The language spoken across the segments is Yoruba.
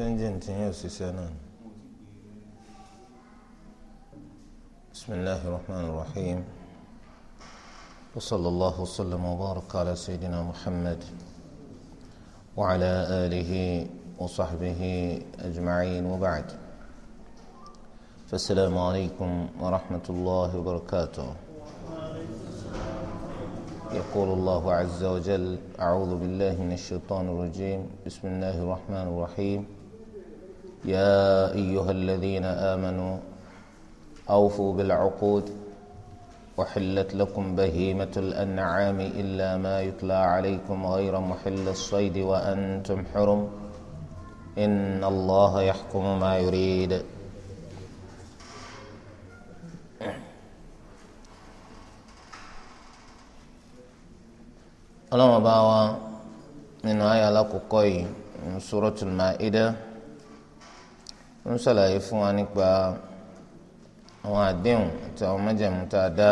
بسم الله الرحمن الرحيم وصلى الله وسلم وبارك على سيدنا محمد وعلى آله وصحبه أجمعين وبعد فالسلام عليكم ورحمة الله وبركاته يقول الله عز وجل أعوذ بالله من الشيطان الرجيم بسم الله الرحمن الرحيم يا ايها الذين امنوا اوفوا بالعقود وحلت لكم بهيمه الانعام الا ما يتلى عليكم غير محل الصيد وانتم حرم ان الله يحكم ما يريد اللهم bá wa nínú ayé alákòókò من سورة المائدة Ma'idah. ń ṣàlàyé fún wa nípa àwọn àdéhùn àti àwọn májẹ̀mú tá a dá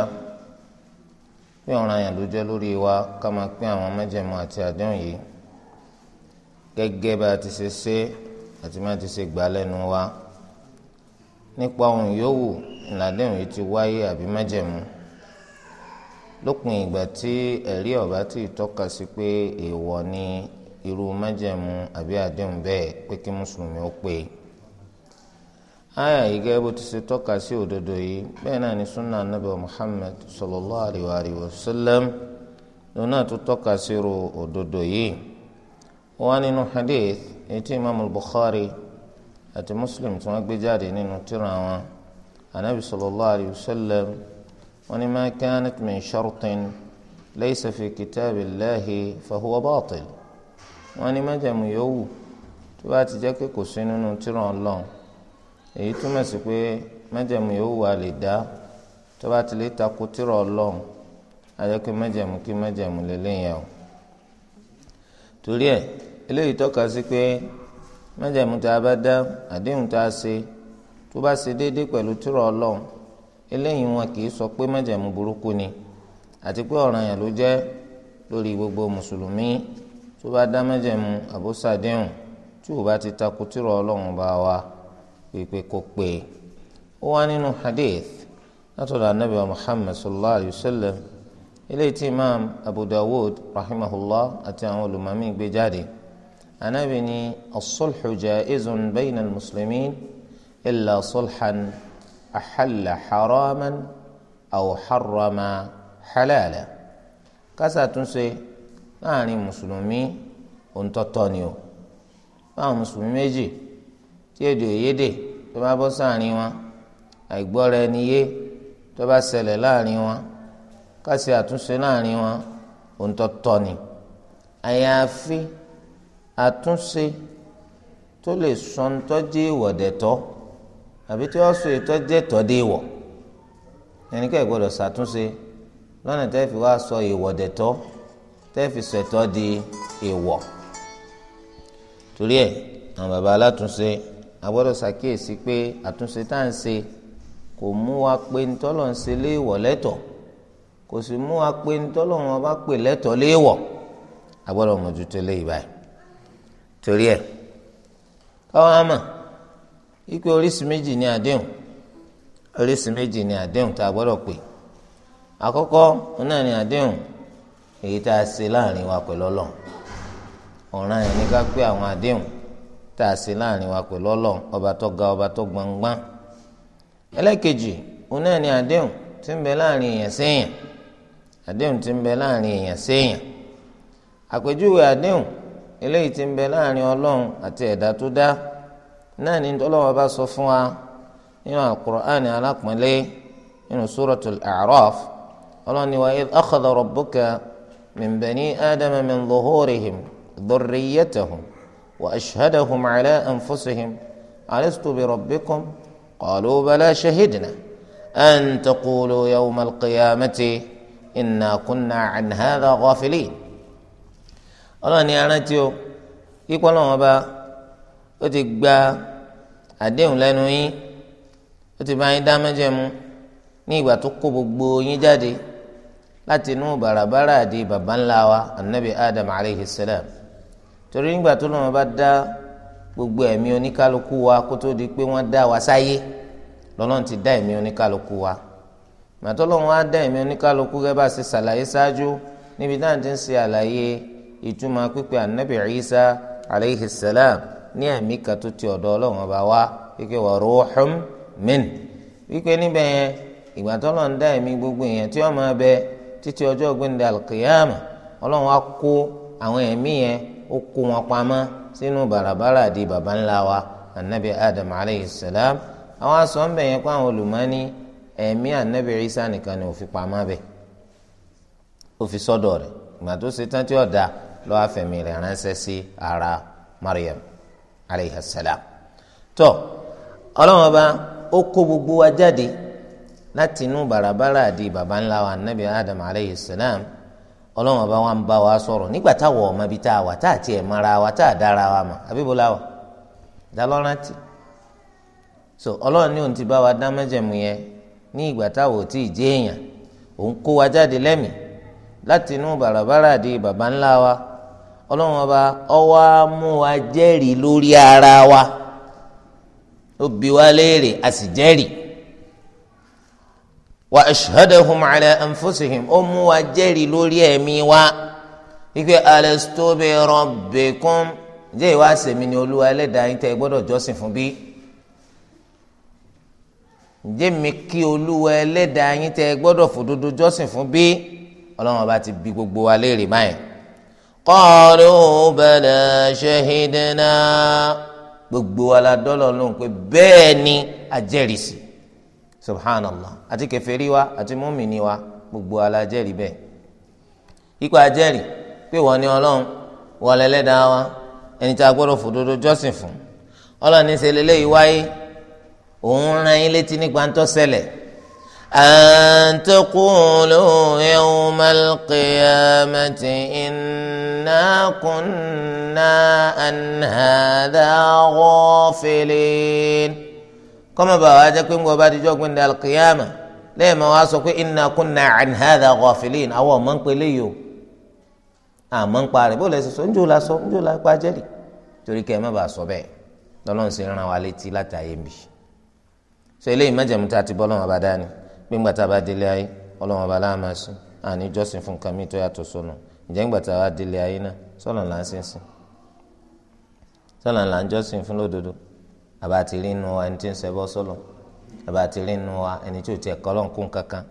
pé ọ̀ràn yẹn ló jẹ́ lórí wa ká máa pín àwọn májẹ̀mú àti àdéhùn yìí gẹ́gẹ́ bá a ti ṣe ṣe àti má ti ṣe gbà lẹ́nu wa nípa ohun yòówù ìlàdéhùn yìí ti wáyé àbí májẹ̀mú lópin ìgbà tí ẹ̀rí ọ̀bá ti tọ́ka sí pé èèwọ̀ ni irú májẹ̀mú àbí àdéhùn bẹ́ẹ̀ pé kí mùsùlùmí ó pè é aya yìí gẹ́gẹ́ bó ti ṣe tọ́ka sí òdodo yìí bẹ́ẹ̀ náà ni sunnah anabi muhammad sallallahu alayhi wa sallam lónà tó tọ́ka sí òdodo yìí wọn nínú hadith etí imaamu bukhari àti muslim tí wọn gbé jáde nínú tírà wọn anabi sallallahu alayhi wa sallam wọn ni ma kanat min shartin laysa fi kitabillahi fahuwa batil wọn ni májàmú yòówù tó bá ti jẹ́ pé kò sí nínú tírà Ọlọ́run èyí túmọ̀ sí pé májẹ̀mú yóò wà lè dá tó bá ti lè takò tìrọ̀ ọlọ́run ayọ́kẹ́ májẹ̀mú kí májẹ̀mú lélẹ́yìn o torí ẹ̀ eléyìí tọ́ka sí pé májẹ̀mú tá a bá dá àdéhùn tá a ṣe tó bá ṣe déédéé pẹ̀lú tìrọ̀ ọlọ́run eléyìí wọn kì í sọ pé májẹ̀mú burúkú ni àti pé ọ̀ràn yẹn ló jẹ́ lórí gbogbo mùsùlùmí tó bá dá májẹ̀mú àbóṣàdéhùn tí ò bá ti takò tìrọ̀ ọlọ́run bá wa pípé kó pé e. ó wá nínú hadith látọ̀dọ̀ anabi muhammad sallallahu alayhi wa sallam eléyìí tí imam abu dawud rahimahullah àti àwọn olùmọ̀mí gbé jáde anabi ni as-sulhu jaizun bayna al-muslimin illa sulhan ahalla haraman aw harrama halala kásàtúnṣe láàrin mùsùlùmí òǹtọ̀tọ̀ ni o báwọn mùsùlùmí tí èdè òyédè tó bá bọ́ sáàrin wọn àìgbọ́ra ẹni yé tó bá ṣẹlẹ̀ láàrin wọn ká ṣe àtúnṣe láàrin wọn ohun tó tọ́ ni àyàfi àtúnṣe tó lè sọ ntọ́jú ìwọ̀dẹ̀tọ́ àbí tí wọ́n sọ ìtọ́jú ẹ̀tọ́ dé ìwọ̀ ẹnikẹ́ni gbọ́dọ̀ ṣàtúnṣe lọ́nà tẹ́ fi wá sọ ìwọ̀dẹ̀tọ́ tẹ́ fi sọ di ìwọ̀ torí ẹ̀ àwọn baba alátúnṣe àgbọ́dọ̀ ṣàkíyèsí pé àtúnṣe tá à ń ṣe kò mú wa pé ntọ́lọ̀ ń ṣe léèwọ̀ lẹ́tọ̀ kò sì mú wa pé ntọ́lọ̀ wọn bá pè lẹ́tọ̀ léèwọ̀ àgbọ́dọ̀ mójútó lé ìbáyìí torí ẹ̀ káwọn á mọ̀ oríṣi méjì ni àdéhùn oríṣi méjì ni àdéhùn tá a gbọ́dọ̀ pè àkọ́kọ́ náà ni àdéhùn èyí tá a ṣe láàrin wa pẹ̀lú ọlọ́run ọ̀ràn ẹ̀ ní ká pé àwọn àdéhùn tá a ṣe láàrin wa pẹ̀lú ọlọ́run ọba tó ga ọba tó gbangban ẹlẹ́kejì òun náà ni àdéhùn tí ń bẹ láàrin èèyàn séèyàn àdéhùn tí ń bẹ láàrin èèyàn séèyàn àpèjúwe àdéhùn eléyìí tí ń bẹ láàrin ọlọ́run àti ẹ̀dá tó dá náà ni ọlọ́run bá sọ fún wa nínú al-Qur'an nínú suratul A'raf ọlọ́run ni wa idh akhadha rabbuka min bani adama min dhuhurihim dhurriyyatahum. وأشهدهم على أنفسهم ألست بربكم قالوا بلى شهدنا أن تقولوا يوم القيامة إنا كنا عن هذا غافلين ọlọ́ni arántí kíkọ́ lọ́wọ́ bá ó ti gba àdéhùn lẹ́nu yín ó ti bá yín dá májẹ̀mú ní ìgbà tó kó gbogbo yín jáde láti inú bàràbàrà àdé baba ńlá wa anabi adam alayhi salam torí nígbà tó lọ́wọ́ bá dá gbogbo ẹ̀mí oníkálukú wa kó tó di pé wọ́n dá wa sáyé lọ́lọ́run ti dá ẹ̀mí oníkálukú wa màtọ́lọ́wọ́n á dá ẹ̀mí oníkálukú gẹ́gẹ́ bá ṣe ṣàlàyé ṣáájú níbi náà ti ń ṣe àlàyé ìtumọ̀ pípẹ́ ànábì Ìsá alayhi salam ní ẹ̀mí kan tó ti ọ̀dọ̀ ọlọ́wọ́n bá wá wípé wa ruhum min wípé níbẹ̀ yẹn ìgbà tọ́lọ́run dá ẹ̀mí gbogbo èèyàn tí wọ́n máa bẹ títí ọjọ́ gbẹ̀ndẹ̀ alqiyama ọlọ́run á kó àwọn ẹ̀mí yẹn ó kó wọn pamọ́ sínú bàràbàrà di baba ńlá wa anabi adam alayhi salam àwọn aṣọ ń bẹ̀ yẹn kó àwọn olùmọ́ni ẹ̀mí anabi isa nìkan ni ó fi pamọ́ bẹ̀ ó fi sọ́dọ̀ rẹ̀ ìgbà tó ṣe tán tí ó da lọ́wọ́ afẹ́mi rẹ̀ ránṣẹ́ sí ara mariam alayhi salam tó ọlọ́run ọba ó kó gbogbo wa jáde látinú bàràbàrà di baba ńlá wa anabi adam alayhi salam ọlọ́run ọba wa ń bá wa sọ̀rọ̀ nígbà táwọ̀ ọmọ ibi tá a wà tá a tiẹ̀ mara wa tá a dára wa mà abíbólá wa dalọ́rántì so ọlọ́run ní òun ti bá wa dá mẹ́jẹ̀mú yẹn ní ìgbà táwọ̀ tí ì jẹ́ èèyàn òun kó wa jáde lẹ́mìí láti inú bàràbàrà di bàbá ńlá wa ọlọ́run ọba ọwọ́ mú wa jẹ́rìí lórí ara wa ó bi wa léèrè a sì jẹ́rìí wa ashhadahum ala anfusihim ó mú wa jẹ́rìí lórí ẹ̀mí wa wípé alastu bi rabbikum jẹ́ ìwà sẹ̀mí ni olúwa ẹlẹ́dàá yín tẹ́ ẹ gbọ́dọ̀ jọ́sìn fún bí. ǹjẹ́ mi kí olúwa ẹlẹ́dàá yín tẹ́ ẹ fòdodo jọ́sìn fún bí ọlọ́run ọba ti bi gbogbo wa léèrè báyìí. qalu bala shahidna gbogbo wa pé bẹ́ẹ̀ ni a subhanallah àti kèfèrí wa àti mùmíní wa gbogbo alájẹ́rìí bẹ́ẹ̀ ipò ajẹ́rìí pé wọ́n ní ọlọ́run wọ́n lẹ́lẹ́dàá wa ẹni tí a gbọ́dọ̀ fòdodo jọ́sìn fún ọlọ́run ṣe lélẹ́yìí wáyé òun rán yín létí nípa ń tó ṣẹlẹ̀ an taqulu yawmal qiyamati inna kunna kọ́mọ bá wa jẹ́ pé ń bọ̀ bá dijọ́ gbé ní alqiyama lẹ́yìn máa wá sọ pé inna kunna an hadha ghafilin àwọn ọmọ ń pelé yìí o àmọ́ ń pa rẹ̀ bó lẹ́sẹ̀ sọ njó la sọ njó la pa jẹ́rì torí kẹ́ ẹ má bàa sọ bẹ́ẹ̀ lọ́lọ́run sì rán wa létí látàyè ń bì so eléyìí mẹ́jẹ̀mú tá a ti bọ́ lọ́wọ́ bá dání gbígbà tá a bá délé ayé ọlọ́wọ́ bá láàmà àní jọ́sìn fún kàmí tó yàtọ̀ àbá ti rí nu ẹni tí ń ṣẹbọ sọlọ àbá ti rí nu wa ẹni tí ò tiẹ̀ kọ́ lọ́n kankan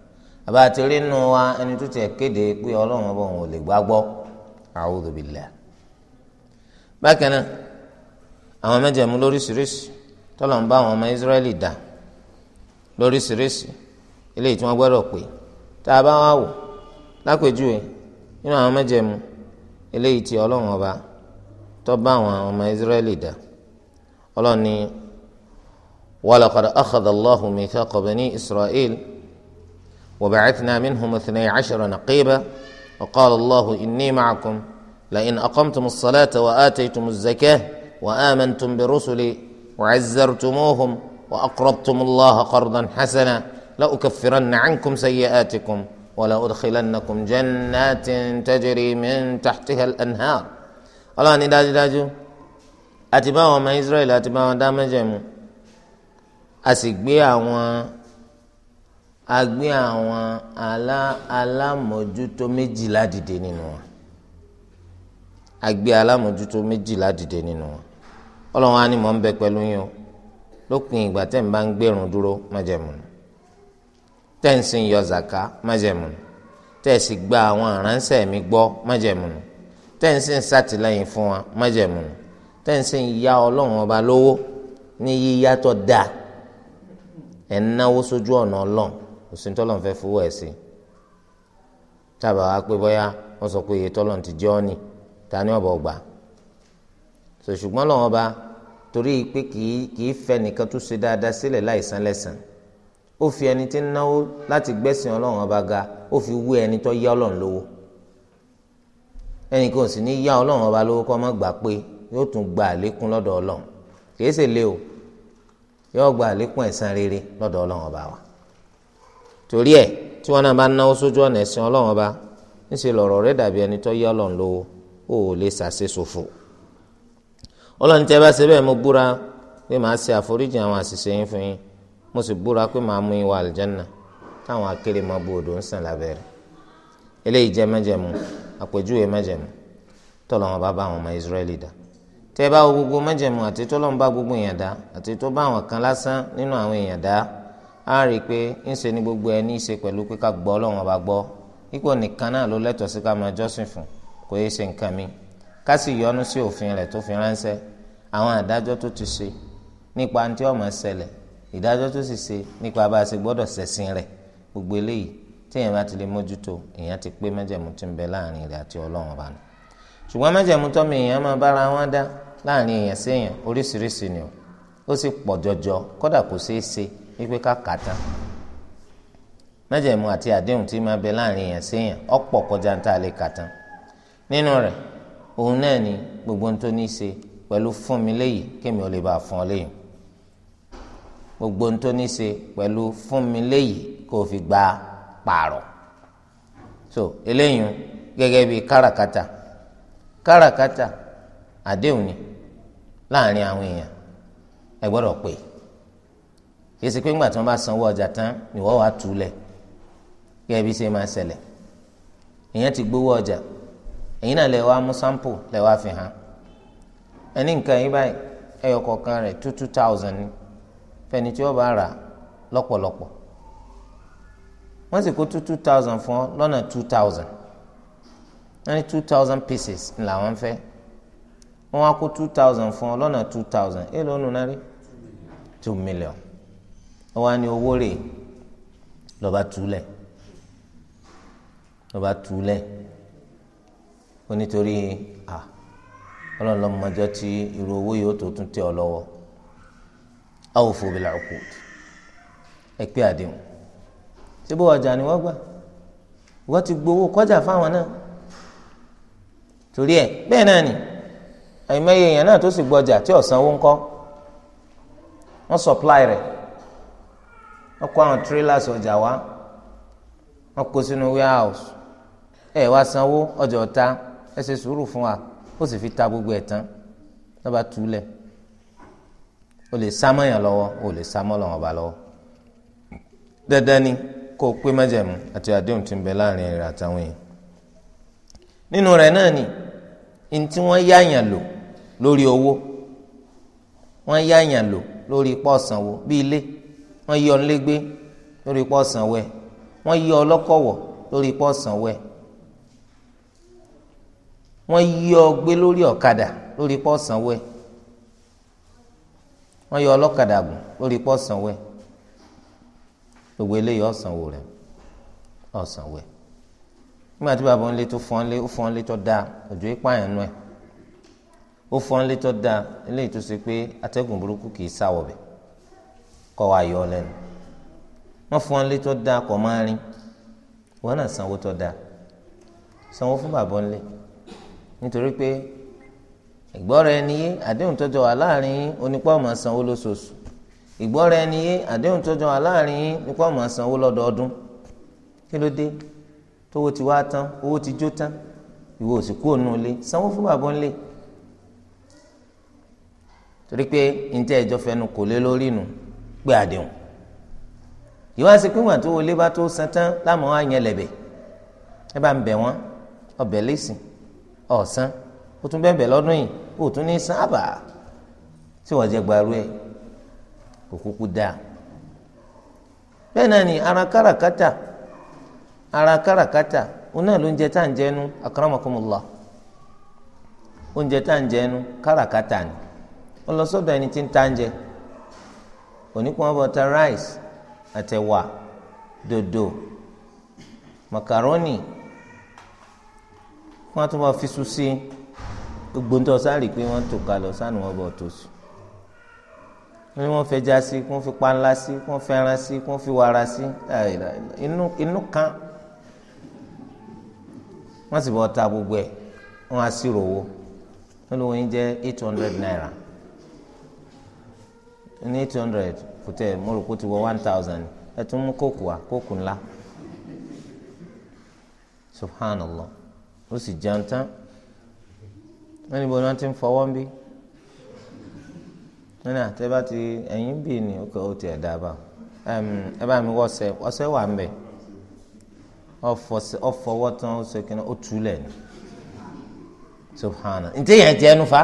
àbá ti wa ẹni tó tiẹ̀ kéde pé ọlọ́run ọba òun ò lè gbàgbọ́ a'udhu billah. bákan náà àwọn mẹ́jẹ̀mú lóríṣiríṣi tọ́lọ̀ ń bá àwọn ọmọ Ísírẹ́lì dà lóríṣiríṣi eléyìí tí wọ́n gbọ́dọ̀ pé tá a bá wà wò lápèjúwe nínú àwọn mẹ́jẹ̀mú eléyìí tí ọlọ́run ọba tó bá àwọn ọmọ Ísírẹ́lì dà. ولاني ولقد أخذ الله ميثاق بني إسرائيل وبعثنا منهم اثني عشر نقيبا وقال الله إني معكم لئن أقمتم الصلاة وآتيتم الزكاة وآمنتم برسلي وعزرتموهم وأقرضتم الله قرضا حسنا لأكفرن عنكم سيئاتكم ولأدخلنكم جنات تجري من تحتها الأنهار الله نداجي داجي àti bá àwọn ọmọ Israẹli àti bá wọn dá májẹ̀mú a sì gbé àwọn a gbé àwọn alá alámòjútó méjìlá dìde nínú wọn a gbé alámòjútó méjìlá dìde nínú wọn Ọlọ́run á ní mò ń bẹ pẹ̀lú yín o lópin ìgbà tẹ̀ ń bá ń gbẹ̀rún dúró májẹ̀mú tẹ̀ yọ zàká májẹ̀mú tẹ̀ gba àwọn aránṣẹ́ mi gbọ́ májẹ̀mú tẹ̀ ń fún wa májẹ̀mú tẹ́ǹsì ń ya ọlọ́run ọba lówó ní yíyá dáa ẹ̀ náwó sójú ọ̀nà ọlọ́run òsì tọ́lọ́run fẹ́ fowó ẹ̀ sí tábà wá pé bóyá wọ́n sọ pé iye tọ́lọ́run ti jẹ́ ọ́nì ta ni ọ̀bọ̀ gbà sọ ṣùgbọ́n ọlọ́run ọba torí pé kì í fẹ́ nìkan tó ṣe dáadáa sílẹ̀ láìsan lẹ́san ó fi ẹni tí ń náwó láti gbẹ́sìn ọlọ́run ọba ga ó fi wú ẹni tó yá ọlọ́run lówó ẹnì kan ò sì ní yá ọlọ́run ọba lówó kọ́ mọ́ gbà pé yóò tún gba àlékún lọ́dọ̀ ọlọ́run kìí ṣe lé o yóò gba àlékún ẹ̀san rere lọ́dọ̀ ọlọ́run ọba wa torí ẹ̀ tí wọn náà bá náwó sójú ọ̀nà ẹ̀sìn ọlọ́run ọba ńṣe lọ̀rọ̀ rẹ dàbí ẹni tó yá ọlọ́run lówó ó ò lè ṣàṣe ṣòfò ọlọ́run tẹ́ bá ṣe bẹ́ẹ̀ mo búra pé màá ṣe àforíjì àwọn àṣìṣe yín fún yín mo sì búra pé màá mú yín wọ táwọn akéré máa bu odò ń sàn lábẹ́rẹ́ eléyìí jẹ́ májẹ̀mú àpèjúwe májẹ̀mú tọ́lọ́run bá bá àwọn ọmọ Ísírẹ́lì dá tẹ bá wo gbogbo májẹ̀mú àti tó lọ́n bá gbogbo èèyàn dá àti tó bá àwọn kan lásán nínú àwọn èèyàn dá á rí i pé ńṣe ni gbogbo ẹni ṣe pẹ̀lú pé ká gbọ́ Ọlọ́run bá gbọ́ ipò nìkan náà ló lẹ́tọ̀ọ́ sí ká máa jọ́sìn fún kò yé ṣe nǹkan mi ká sì yọnu sí òfin rẹ̀ tó fi ránṣẹ́ àwọn àdájọ́ tó ti ṣe nípa ntí ọmọ ṣẹlẹ̀ ìdájọ́ tó sì ṣe nípa bá a ṣe gbọ́dọ̀ ṣẹ̀sìn rẹ̀ gbogbo eléyìí téèyàn bá ti lè mójútó èèyàn ti pé májẹ̀mú ti ń bẹ láàrin rẹ̀ àti Ọlọ́run ọba nù ṣùgbọ́n májẹ̀mú tọ́mi èèyàn máa bára wọn dá láàrin èèyàn séèyàn oríṣiríṣi ni o ó sì pọ̀ jọjọ kódà kò ṣeé ṣe wípé ká kà á tán májẹ̀mú àti àdéhùn tí máa bẹ láàrin èèyàn séèyàn ọ̀pọ̀ kọjá ń tà lè kà tán nínú rẹ̀ òun náà ni gbogbo ohun tó ní í ṣe pẹ̀lú fún mi léyìí kémi ò lè bá a fún ọ léyìí gbogbo ohun tó ní í ṣe pẹ̀lú fún mi léyìí kó o fi gba pààrọ̀ so eléyìí gẹ́gẹ́ bí káràkátà káràkátà àdéhùn ni láàrin àwọn èèyàn ẹ gbọ́dọ̀ pè kìí ṣe pé ńgbà tí bá sanwó ọjà tán ìwọ wàá túlẹ̀ kí ẹbí ṣe máa ti gbowó ọjà ẹ̀yin náà lè wá mú sampo lè fi hàn ẹni nǹkan yín báyìí ẹyọ kọ̀ọ̀kan rẹ̀ two two thousand ni tí wọ́n bá rà lọ́pọ̀lọpọ̀ wọ́n sì kó two two thousand fún ọ lọ́nà two thousand wọ́n two thousand pieces wọ́n wá kó two thousand fún ọ lọ́nà two thousand èló nù náírà two million wọ́n wá ní owó rẹ̀ lọ́ba túlẹ̀ lọ́ba túlẹ̀ ó nítorí à ọlọ́run lọ́mọ ọjọ́ tí irú owó yìí ó tó tún tẹ ọ lọ́wọ́ awfu bil uqud ẹ pé àdéhùn síbò ọjà ni wọ́n gbà wọ́n ti gbowó kọjá fáwọn náà torí ẹ̀ bẹ́ẹ̀ náà ni àìmọye èèyàn náà tó sì gbọjà tí ọ̀sánwó ńkọ́ wọ́n supply rẹ̀ wọ́n kó àwọn trailers ọjà wá wọ́n kó sínú warehouse ẹ̀ wá sanwó ọjà ọ̀ta ẹ ṣe sùúrù fún wa ó sì fi ta gbogbo ẹ̀ tán lọ́ba túlẹ̀ o lè sá mọ́yàn lọ́wọ́ o lè sá mọ́ lọ́wọ́ lọ́wọ́ dandan ni kó o pé májẹ̀mú àti àdéhùn tí ń bẹ láàrin rẹ̀ àtàwọn èèyàn nínú rẹ̀ náà ni ní tí wọ́n yáàyàn lò lórí owó wọ́n yáyàn lò lórí pọ́ọ̀sánwó bí ilé wọ́n yọ ọ́nlégbé lórí pọ́ọ̀sánwó ẹ̀ wọ́n yọ ọlọ́kọ̀wọ̀ lórí pọ́ọ̀sánwó ẹ̀ wọ́n yọ ọgbé lórí ọ̀kadà lórí pọ́ọ̀sánwó ẹ̀ wọ́n yọ ọlọ́kadà gùn lórí pọ́ọ̀sánwó ẹ̀ gbogbo eléyìí ọ̀sánwó rẹ̀ ọ̀sánwó ẹ̀ nígbà tí bàbá ń lé tó fọ́n lé ó fọ́n lé tó dáa òjò ìpààyàn nù ẹ̀ ó fọ́n létọ́ dáa eléyìí tó ṣe pé atẹ́gùn burúkú kì í sáwọ̀ bẹ̀ kọ́ wa yọ lẹ́nu wọ́n fọ́n létọ́ dáa kọ́ máa rin wọ́n náà sanwó tọ́ dáa sanwó fún bàbá ńlẹ̀ nítorí pé ìgbọ́ra ẹni yé àdéhùn tọ́jọ́ wà láàrin onípò ọmọ sanwó lóṣooṣù ìgbọ́ra ẹni yé àdéhùn tọ́jọ́ wà láàrin onípò ọmọ sanwó lọ́dọọdún kí ló dé tówó ti wá tán owó ti jó tán ìwọ òsì kúrò nù ilé sanwó fún bàbá ńlẹ̀ torí pé njẹ́ ìjọ fẹnu kò lé lórí nu pé àdéhùn ìwà sí pé wọn tó wọlé bá tó san tán láwọn àyàn lẹ̀bẹ̀ ẹ bá ń ọ̀sán o tún bẹ́ẹ̀ bẹ̀ lọ́dún yìí tún ní sábà tí jẹ kò kúkú náà ni ara ara ló ń jẹ tá ó lọ sọ́dọ̀ ẹni tí ń ta oúnjẹ onípọn bọta rice àtẹwà dòdò macaroni wọn tún bá fi susi gbogbo ntọ́ sáré pé wọ́n tò kalọ̀ sánú wọn bọ̀ tó sùn wọ́n ní wọ́n fẹ́ sí kí wọ́n fi panla sí kí wọ́n fẹ́ràn sí kí wọ́n fi wàrà sí inú kan wọ́n sì bọ́ ta gbogbo ẹ̀ wọ́n á sírò owó wọ́n lówó yín eight hundred naira ní eight hundred kò tẹ̀ mo rò kó ti wọ one thousand ẹ tún mú kóòkù wá kóòkù ńlá subhanallah ó sì jẹun tán wọ́n níbo ni wọ́n ti ń fọwọ́ ń bí nínú àtẹ́bá ti ẹ̀yìn bì ní ọkọ̀ ó tiẹ̀ dábàá ẹ bá mi wọ́sẹ̀ ọ̀sẹ̀ wà ń bẹ̀ ọ̀fọwọ́ tán ó ṣe kí ni ó túlẹ̀ ni subhanallah ntẹ́yìn ẹ̀ tiẹ̀ nu fa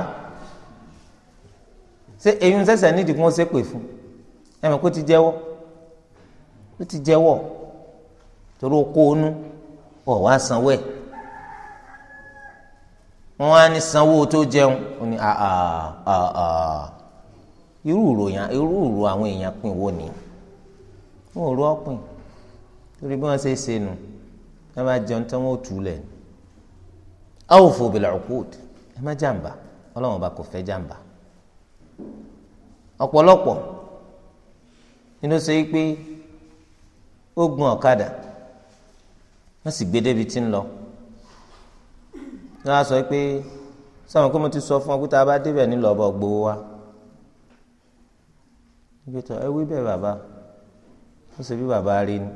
ṣé eyín sẹsẹ nídìí kí wọn ṣe pè fún ẹ mọ̀ kó ti jẹ́wọ́ ó ti jẹ́wọ́ torí o kó onú ọ wá sanwó ẹ wọn á ní sanwó tó jẹun ó ní àà àà irú ìròyìn irú ìrò àwọn èèyàn pin wo ni wọn ò rú ọpin torí bí wọn ṣe ṣe nù ẹ bá jẹun tán wọn ò tù lẹ awfu bil uqud ẹ má jàǹbá Ọlọ́run ọba kò fẹ́ jàǹbá ọ̀pọ̀lọpọ̀ nínú ṣe pé ó gun ọ̀kadà wọ́n sì gbé débi tí ń lọ wọ́n á sọ pé sáwọn kó mo ti sọ fún ọ pé tá a bá débẹ̀ nílò ọba gbowó wa ibi tó ẹ wí bẹ́ẹ̀ bàbá ó ṣe bí bàbá rí ni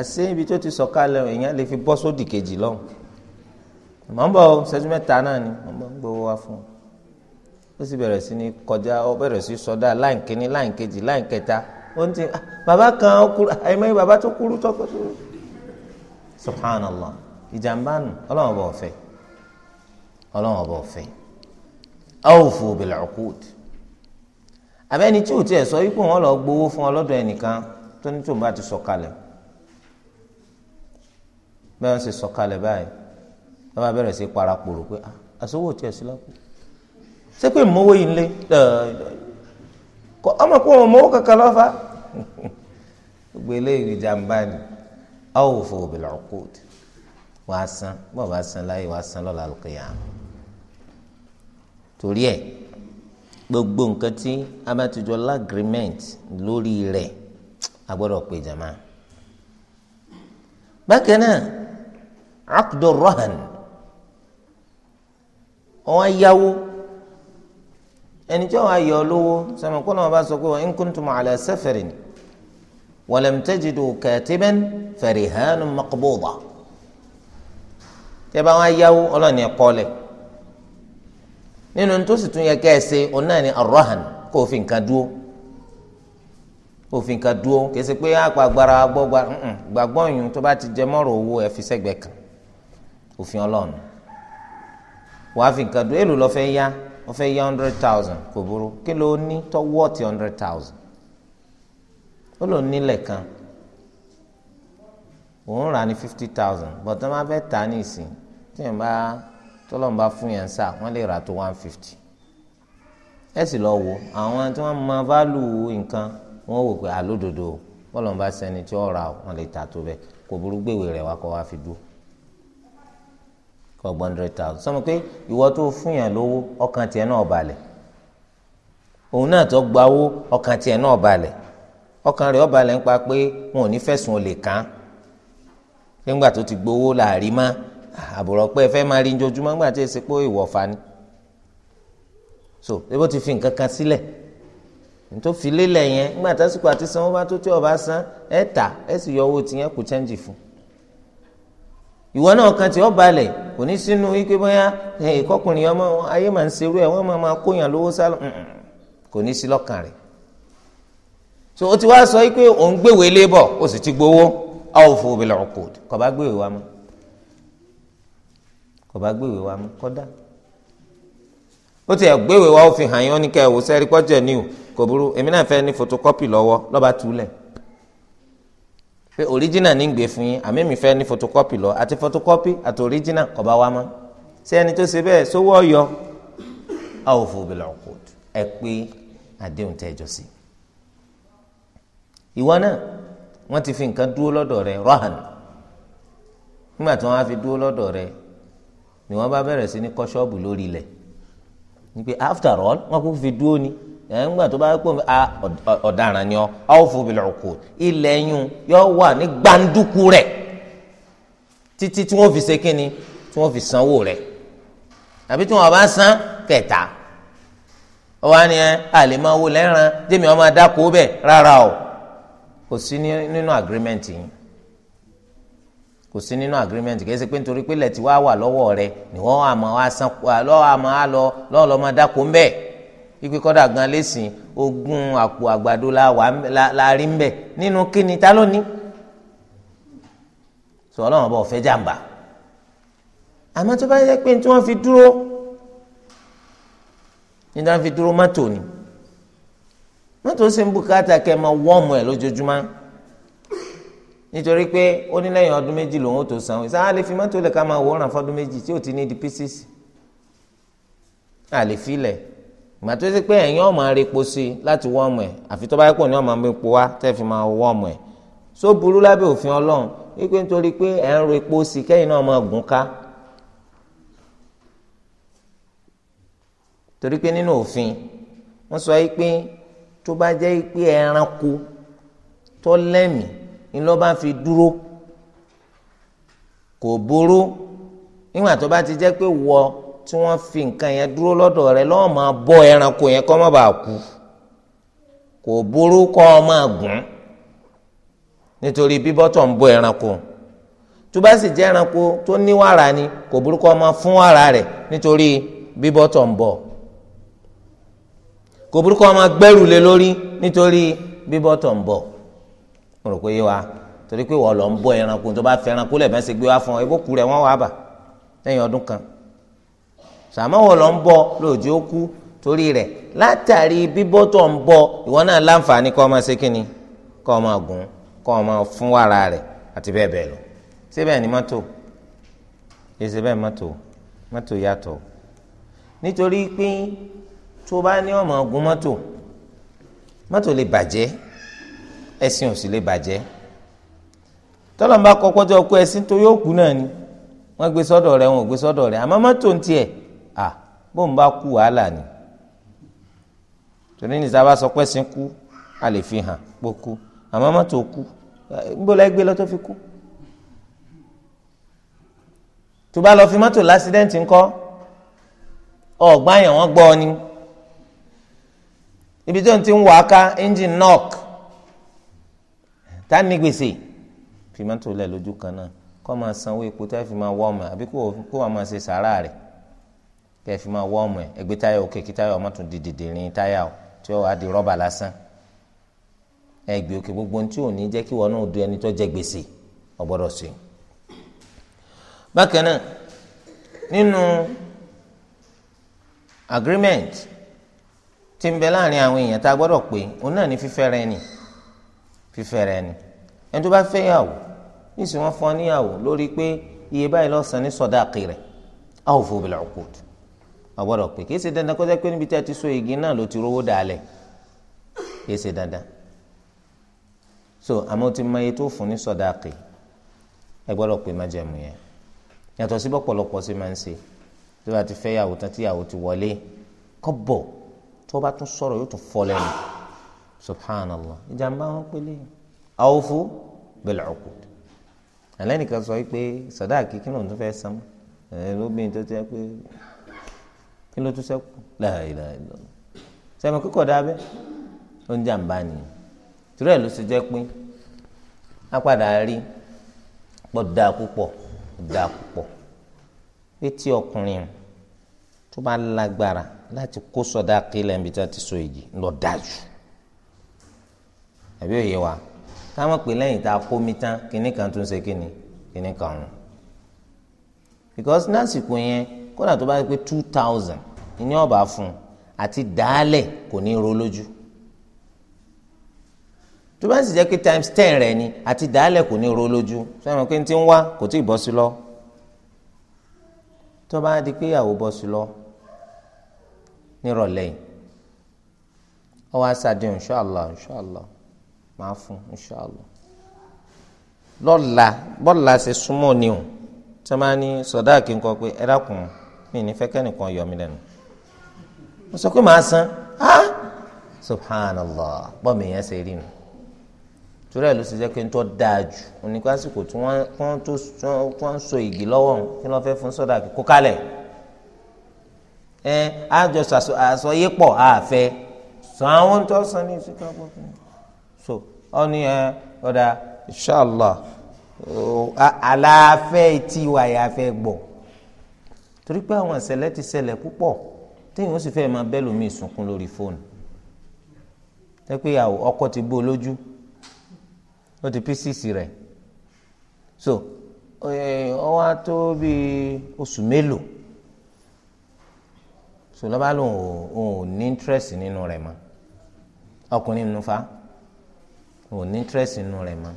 àṣé ibi tó ti sọ kálẹ̀ èèyàn lè fi bọ́ sódì kejì lọ́hùn mọ̀ bọ̀ ṣẹ́jú mẹ́ta náà ni mọ̀ ń gbowó wa fún un ó sì bẹ̀rẹ̀ sí ní kọjá ó bẹ̀rẹ̀ sí sọdá láì kíní láì kejì láì kẹta ó ń ti ah, bàbá kan àìmọye bàbá tó kúrú tọkọ tó subhanallah ìjàmbá nù ọlọ́run ọba ọ̀fẹ́ ọlọ́run ọba ọ̀fẹ́ awfu bil uqud abẹ́ni tí ò tiẹ̀ sọ wípé wọ́n lọ gbowó fún ọlọ́dọ̀ ẹnìkan tó ní tòun bá ti sọ̀kalẹ̀ bẹ́ẹ̀ wọ́n sì sọ̀kalẹ̀ báyìí wọ́n bá bẹ̀rẹ̀ sí parapòrò ṣé pé mowó yìí lé ọmọ kó wọn mowó kankan lọ́fà gbogbo eléyìí ìjàmbá ni awfu bil uqud wà á san bọ́ọ̀ bá san láyé wà á san lọ́la al-qiyam torí ẹ̀ gbogbo nǹkan ti jọ lágrímẹ́ǹt lórí rẹ̀ a gbọ́dọ̀ pè bákan náà aqdu rahan wọ́n yáwó ẹni tí wọn ayọ lówó sọmọ kó náà bá sọ pé in kuntum ala safarin wa lam tajidu katiban farihanun maqbuda tẹ bá wọn ayáwó ọlọ́ọ̀ni ẹ̀kọ́ lẹ̀ nínú tó sì tún yẹ kẹ́ ẹ ṣe òun náà ni arọ́hàn kó o fi nǹkan dúró kó o fi nǹkan dúró kì pé àpò agbára gbọ́gba gbàgbọ́ ìyún tó bá ti jẹ mọ́rọ̀ owó ẹ fi sẹ́gbẹ̀ẹ́ kan òfin ọlọ́run wàá fi nǹkan dúró èlò lọ́ọ́ fẹ́ yá wọ́n fẹ́ yá hundred thousand kò burú kí ló ní tó wọ́ọ̀tì hundred thousand ó lò nílẹ̀ kan òun rà ní fifty thousand bọ̀tán máa fẹ́ tà ní ìsìn tí yẹn bá tọ́lọ́mù bá fún yẹn sáà wọ́n lè rà tó one fifty ẹ sì lọ wo àwọn tí wọ́n máa válù nǹkan wọ́n wò pé àlódodo bọ́lọ́mù bá sẹni tí ó rà wọ́n lè tà tó bẹ́ẹ̀ kò burú gbèwè rẹ̀ wá kọ́ wá fi dúró ọgbọ̀n hundred thousand sọmọ pé ìwọ tó fún yàn lówó ọkàn tiẹ̀ náà balẹ̀ òun náà tó gba owó ọkàn tiẹ̀ náà balẹ̀ ọkàn rẹ̀ ó balẹ̀ ń pa pé wọn ò ní fẹ̀sùn olè kàn án nígbà tó ti gbowó làárí mọ́ àbùrọ̀ pé ẹ fẹ́ máa rí njojúmọ́ nígbà tí èsì pé ìwọ̀fà ni so ebó ti fi nǹkan kan sílẹ̀ nítorí fi lélẹ̀ yẹn nígbà tásìkò àti sanwó bá tó tí ọba san ẹ tà ẹ sì yọ owó tiyẹn kù chẹ́ǹjì fún ìwọ náà kan tí ó balẹ̀ kò ní sínú wípé bóyá ìkọkùnrin ọmọ ayé máa ń serú ẹ̀ wọ́n máa máa kóyàn lówó sálọ kò ní sí lọ́kàn rẹ̀ so ó ti wá sọ wípé òun gbéwèé lébọ̀ ó sì ti gbowó awfu bil uqud kò bá gbéwèé wa mọ́ kò bá gbéwèé wa mọ́ kódà ó ti ẹ̀ gbéwèé wa ó fi hàn yín ó ní kẹ́ ẹ̀ wò sẹ́rí kọ́jẹ̀ ni o kò burú èmi náà fẹ́ ní fotokọ́pì lọ́wọ́ lọ́ba túlẹ̀ pé original ní gbé fún yín àmì mi fẹ́ ní photocopy lọ àti photocopy àti original kò bá wa mọ́ ṣé ẹni tó ṣe bẹ́ẹ̀ sówó ọ̀yọ́ a ò fò bìlà ọ̀kọ́ ẹ pé àdéhùn tẹ́ ẹjọ́ sí. ìwọ náà wọ́n ti fi nǹkan dúró lọ́dọ̀ rẹ rọ́hàn nígbà tí wọ́n á fi dúró lọ́dọ̀ rẹ ni wọ́n bá bẹ̀rẹ̀ sí ní kọ́ ṣọ́ọ̀bù lórí ilẹ̀ ni pé after all wọ́n kò fi dúró ni ẹ̀ ń gbà tó bá pọ̀ a ọ̀daràn ni ọ awfu bil uqud ilẹ̀ yún yóò wà ní gbàǹdùkú rẹ̀ títí tí wọ́n fi ṣe kínni tí wọ́n fi sanwó rẹ̀ àbí tí wọ́n bá san kẹta ọwọ́ ni ẹ àlè máa wo lẹ́ran jẹ́mi ọmọ adáko bẹ́ẹ̀ rárá o kò sí nínú agreement yìí kò sí nínú agreement kì í ṣe pé nítorí pé ilẹ̀ tí wà lọ́wọ́ rẹ̀ ni wọ́n àmọ́ wá san lọ́wọ́ àmọ́ á lọ lọ́ọ́ lọ́ọ́ máa ń bẹ́ẹ̀ ikú kọ́dà gan lẹ́sìn ogún àpò àgbàdo la rí mbẹ nínú kíni ta ló ní sọ ọlọ́run ọba ọ̀fẹ́ jàǹbá àmọ́ tó bá yẹ pé tí fi dúró ní tí fi dúró ni mọ́tò sì ń bùkátà kẹ́ ẹ máa wọ́ọ̀mù ẹ̀ nítorí pé ó ní lẹ́yìn ọdún méjì lòun tó sanwó sáà lè fi ká máa méjì tí ò ti ní di ìgbà tó ṣe pé ẹ̀yin ọmọ arepo sí láti wọ́ọ̀mù ẹ̀ àfi tó bá yẹ kó ní ọmọ mi po wá tẹ́ fi máa wọ́ọ̀mù ẹ̀ só burú lábẹ́ òfin ọlọ́run wípé nítorí pé ẹ̀ ń ro epo sí kẹ́yìn náà máa gùn ká torí pé nínú òfin wọ́n sọ yìí tó bá jẹ́ pé ẹranko tó lẹ́mìí ni ló bá fi dúró kò burú nígbà tó bá ti jẹ́ pé wọ́ọ́ tí wọ́n fi nǹkan yẹn dúró lọ́dọ̀ rẹ lọ́ọ́ máa bọ́ ẹranko yẹn kọ́ má bàa kú kò burú kọ́ ọ máa gùn nítorí bíbọ́tọ̀ ń bọ́ ẹranko tó bá sì jẹ́ ẹranko tó ní wàrà ni kò burú kọ́ ọ máa fún wàrà rẹ̀ nítorí bíbọ́tọ̀ ń bọ̀ kò burú kọ́ ọ máa gbẹ́rù lé lórí nítorí bíbọ́tọ̀ ń bọ̀ mo rò pé yé wa torí pé wọ́n lọ ń bọ́ ẹranko tó bá fẹ́ ẹranko lẹ́ẹ̀mẹ́sẹ̀ gbé wá fún ọ ebó kú wọ́n wá bà lẹ́yìn ọdún kan sàmáwọ̀ lọ ń bọ lòdì ó kú torí rẹ̀ látàrí bíbọ́ tó ń bọ ìwọ náà láǹfààní kọ́ máa ṣe kínni kọ́ máa gùn kọ́ máa fún wàrà rẹ̀ àti bẹ́ẹ̀ bẹ́ẹ̀ lọ síbẹ̀ ni mọ́tò èsì bẹ́ẹ̀ mọ́tò mọ́tò yàtọ̀ nítorí pé tó bá ní ọmọ ogun mọ́tò mọ́tò lè bàjẹ́ ẹ̀sìn ò sì lè bàjẹ́ tọ́lọ́mùbá kọ́kọ́ tó ọkọ ẹ̀sìn tó yóò kú náà ni wọ́n gbé sọ́dọ̀ rẹ̀ wọn gbé sọ́dọ̀ rẹ̀ àmọ́ mọ́tò ń tiẹ̀ bóun bá kú wàhálà ni torí nìta bá sọ pé sin kú a lè fi hàn pé kú àmọ́ mọ́tò kú gbọ́dọ̀ ẹ gbé lọ tó fi kú tó bá lọ fi mọ́tò lásìdẹ́ǹtì ńkọ́ ọ̀gbọ́n àyàn wọn gbọ́ ni ibi tó ń ti ń wà á engine knock tá ní gbèsè fi mọ́tò lẹ̀ lójú kan náà kọ́ máa sanwó epo tá fi máa wọ́ ọmọ àbí kó wàá máa ṣe sàárà rẹ̀ kẹ́ ẹ fi máa wọ́ọ̀mù ẹ̀ ẹgbẹ́ táyà òkè kí táyà ọmọ tún di dìdìrín táyà ọ̀ tí ó wà á di rọ́bà lásán ẹgbẹ́ òkè gbogbo ohun tí ò ní jẹ́ kí wọn náà du ẹni tó jẹ gbèsè ọ̀gbọ́dọ̀ sí. bákan náà nínú agreement tí ń bẹ láàrin àwọn èèyàn tá a gbọ́dọ̀ pé òun náà ní fífẹ́ ni fífẹ́ rẹ ni ẹni tó bá fẹ́ yàwó nísìnyí wọ́n fọ́ níyàwó lórí pé iye báyìí lọ́sàn-án ní sọ̀dáàkì rẹ̀ awfu bil uqud àgbọ̀dọ̀ pé kìí ṣe dandan kó jẹ́ pé níbi tí a ti so igi náà ló ti rówó dalẹ̀ kìí ṣe dandan so àmọ́ ti mọ iye tó fún ní sọ̀dáàkì ẹ gbọ́dọ̀ pé má jẹ̀mú yẹn yàtọ̀ sí bọ́pọ̀lọpọ̀ sí máa ń ṣe tó bá ti fẹ́ yàwó tán tí yàwó ti wọlé kọ́bọ̀ tó bá tún sọ̀rọ̀ yóò tún fọ́ lẹ́nu subhanallah ìjàmbá wọn pé lẹ́yìn awfu bil alẹ́ nìkan sọ pé sọ̀dáàkì kí lóun tún fẹ́ san ẹ̀ lóbìnrin tó ti ẹ pé kí ló tún sẹ́kù láìláì lọ́nà sẹ́mi kíkọ̀ dábẹ́ ó ń jàǹbá nìyẹn torí ẹ̀ ló ṣe jẹ́ pé á padà rí pọ̀ dáa púpọ̀ dáa púpọ̀ pé tí ọkùnrin tó bá lágbára láti kó sọdá kílẹ̀ níbi tí wọ́n ti so èyí lọ dájú àbí òye wa táwọn pè lẹ́yìn tá a kó mi tán kíní kan tún ṣe kíni kíní kan rùn because lásìkò yẹn kódà tó bá yẹ pé two thousand ní ọba fún un àti dàálẹ̀ kò ní ro lójú tó bá sì jẹ́ pé times ten rẹ̀ ni àti dàálẹ̀ kò ní ro lójú sọ́yìn pé ti ń wá kò tí ì bọ́ sí lọ tó bá di pé ìyàwó bọ́ sí lọ nírọ̀lẹ́ yìí ó wá sàdé inṣàlá inṣàlá máa fún inṣàlá lọ́la bọ́la ṣe súnmọ́ ni o tí wọ́n máa ní sọ̀dá kí n kọ pé ẹ dákun mi ní fẹ́ kẹ́nìkan yọ mí lẹ́nu mo sọ pé màá san á subhanallah bọ́ọ̀mù yẹn ṣe rí nu torí ẹ̀ ló ṣe jẹ́ pé ń tọ́ dáa jù oníkó àsìkò tí wọ́n tó wọ́n so igi lọ́wọ́ kí wọ́n fẹ́ fún sọ́dà kó kálẹ̀ ẹ àjọ àsọyé pọ̀ àfẹ́ sọ àwọn tó san ní ìsìnká pọ̀ fún so ọ ẹ ọ̀dà inshallah aláfẹ́ tí wàyà fẹ́ gbọ̀ torí pé àwọn ìṣẹ̀lẹ̀ ti ṣẹlẹ̀ púpọ̀ téèyàn ó sì fẹ́ẹ́ máa bẹ́ẹ̀ lómi ìsúnkún lórí fóònù tẹ́ pé ọkọ ti bó lójú ó ti pcc rẹ̀ so ọ eh, wá tó bíi oṣù mélòó so lọ́ba lòun ò ní interest nínú rẹ̀ mọ́ ọkùnrin nínú fa ò ní interest nínú rẹ̀ mọ́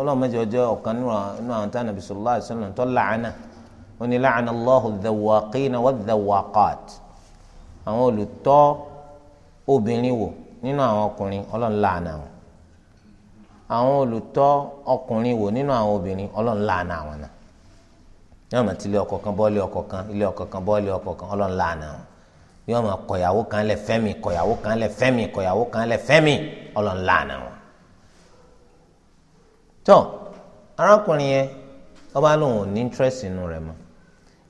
ọlọ́mọdé ọjọ́ ọ̀kan nínú àwọn tánàbí sallallahu alaihi wasallam tó làánà. wọ́n ní la'ana Allahu dhawaqina wa dhawaqat àwọn olùtọ obìnrin wò nínú àwọn ọkùnrin ọlọ́run làánà wọn àwọn olùtọ́ ọkùnrin wò nínú àwọn obìnrin wọn ti ilé ọkọ kan bọ́ ọkọ kan ilé ọkọ kan bọ́ ọkọ kan ọlọ́run làánà wọn yóò máa kan lẹ̀ fẹ́mi kọ̀yàwó kan lẹ̀ fẹ́mi kọ̀yàwó kan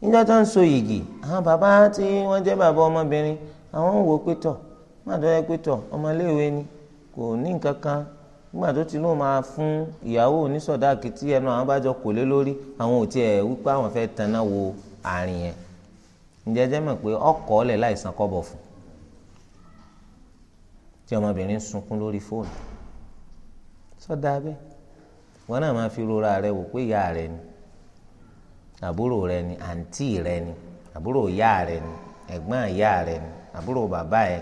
níjọ́ tó ń so yìgì àwọn bàbá tí wọ́n jẹ́ bàbá ọmọbìnrin àwọn ń wo pétọ̀ má dọ́ yẹ pétọ̀ ọmọléèwé ni kò ní nǹkan kan nígbà tó ti lóun máa fún ìyàwó onísọ̀dá àkìtì ẹnu àwọn bá jọ kò lé lórí àwọn ò tiẹ̀ wípé àwọn fẹ́ tanná wo àárín yẹn ǹjẹ́ jẹ́ mọ̀ pé ọkọ̀ ọ̀lẹ̀ láìsàn kọ́bọ̀ sunkún lórí fóònù sọ́dà bẹ́ẹ̀ wọn náà máa fi rora rẹ wò pé ìyá rẹ àbúrò rẹ ni àǹtí rẹ ni àbúrò ìyá rẹ ni ẹ̀gbọ́n ìyá rẹ ni àbúrò bàbá ẹ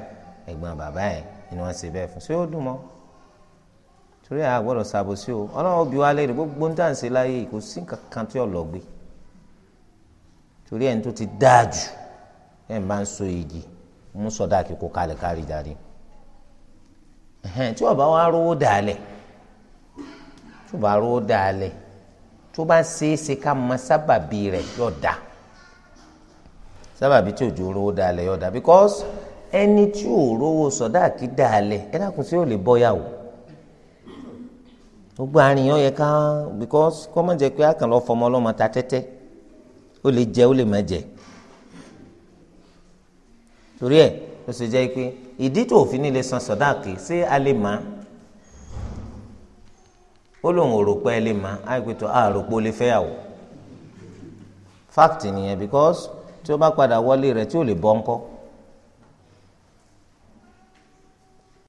ẹ̀gbọ́n bàbá ẹ ni wọ́n ṣe bẹ́ẹ̀ fún ṣé ó dùn mọ́ torí a gbọ́dọ̀ ṣàbòsí o Ọlọ́run òbí wa léèrè gbogbo ń tàǹsí láyé kò sí kankan tí ọlọgbẹ torí ẹni tó ti dáa jù ẹ máa ń so igi mú sọdá kíkó kalẹ̀ kárí darí tí ọba wa rówó dàálẹ̀ tí ọba rówó dàálẹ̀ tó bá ṣeé ṣe ká mọ sábàbí rẹ̀ yóò da. sábàbí tí òjò rówó dalẹ̀ yóò dá because ẹni tí ò rówó sọdáàkì dalẹ̀ ẹ dákun sí ò lè bọ́ yàwó gbogbo àárín yẹn yẹ ká because kọ́ mọ̀ jẹ́ pé a kàn lọ fọmọ ọlọ́mọ ta tẹ́tẹ́ ó lè jẹ ó lè má jẹ torí ẹ̀ ó sì jẹ́ pé ìdí tó òfin ní lè san sọdáàkì ṣé a lè máa ó lóun ò rò pé ẹ lè máa á pé tó àrò pé ó lè fẹ́yàwó fact nìyẹn because tí ó bá padà wọlé rẹ̀ tí ò lè bọ́ ńkọ́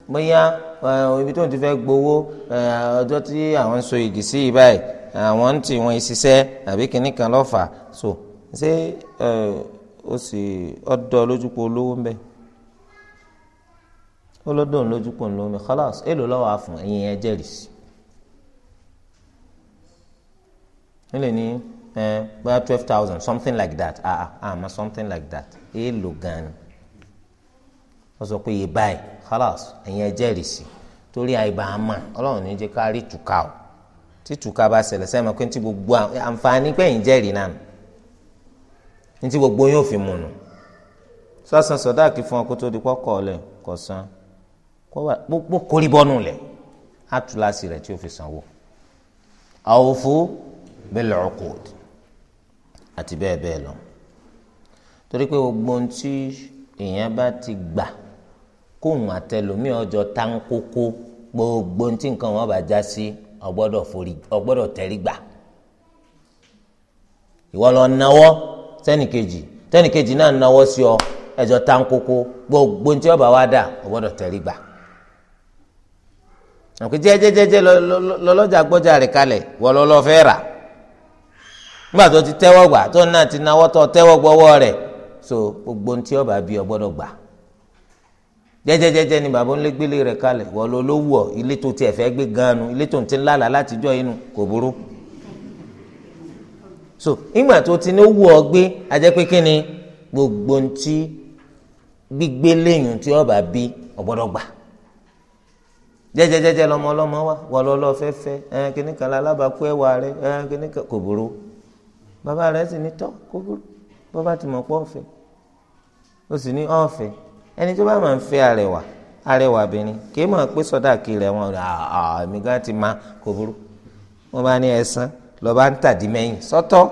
bóyá eh, ibi tó ń ti fẹ́ gbowó eh, ọjọ́ tí àwọn ń so igi sí ibáyìí àwọn ń tì wọ́n ṣiṣẹ́ àbí kinní kan lọ́fà so ṣé eh, ó sì ọdọ lójúpọ̀ olówó ń ó lọ́dọ̀ lójúpọ̀ olówó ń bẹ́ẹ̀ èlò lọ́wọ́ àfọ̀n ẹ̀yìn ẹ̀ jẹ́rìí ó ni ní twelve thousand something like that ah ah, ah ma something like that èèlò gan ni wọ́n sọ pé yé báyìí khalas ẹ̀yin ẹ jẹ́rìí sí torí àìbá àmà ọlọ́run ní jẹ́ ká rí tùkà o tí tùkà bá ṣẹlẹ̀ sẹ́yìn máa pé ní ti gbogbo àǹfààní pẹ̀yìn jẹ́rìí náà ní ti gbogbo yóò fi mùnú sọ́sàn sọ́dáàkì fún ọkọ tó di kọ́kọ́ lẹ̀ kọ̀sán gbogbo kórìbọ́nù lẹ̀ á tu tí ó fi sanwó àwòfó bil-uqud àti bẹ́ẹ̀ bẹ́ẹ̀ lọ torí pé gbogbo ohun tí èèyàn bá ti gbà kóhun àtẹlómi ọjọ́ táǹkókó gbogbo ohun tí nǹkan wọn bá já sí ọgbọ́dọ̀ forí ọgbọ́dọ̀ tẹrí gbà ìwọ lọ náwó tẹnìkejì tẹnìkejì náà náwó sí ọ ẹjọ́ táǹkókó gbogbo ohun tí ọba wa dà ọgbọ́dọ̀ tẹrí gbà òkè jẹjẹjẹjẹ lọlọjà gbọjà rẹ kalẹ̀ wọlọlọ fẹẹ rà. nígbà tó ti tẹ́wọ́ gbà tó náà ti náwó tó tẹ́wọ́ gbọ́wọ́ rẹ̀ so gbogbo ntí ọba bí ọ gbọ́dọ̀ gbà jẹ́jẹ́jẹ́jẹ́ ni bàbá ńlẹ gbélé rẹ̀ kalẹ̀ wọ́n lọ ló wọ̀ ilé tó tiẹ̀ fẹ́ gbé ganu ilé tó ń ti lálàá látijọ́ inú kò burú so ìgbà tó ti ní wù ọ gbé ajẹ́ pé kí ni gbogbo ntí gbígbé lẹ́yìn tí ọba bí ọ gbọ́dọ̀ gbà jẹ́jẹ́jẹ́jẹ́ lọ́mọ wa wọ́n lọ lọ fẹ́fẹ́ ẹ kíníkan lálábàápọ̀ ẹwà rẹ ẹ kíníkan kò burú bàbá rẹ̀ sì ní tọ́ kúkúrú bó bá ti mọ̀ pọ̀ ọ̀fẹ́ ó sì ní ọ̀fẹ́ ẹni tó bá máa ń fẹ́ arẹwà arẹwà obìnrin kì í mọ̀ pé sọ́dà kí rẹ̀ wọ́n rà àmì gan ti máa kò burú wọ́n bá ní ẹ̀sán lọ́ba ń tàdí mẹ́yìn sọ́tọ́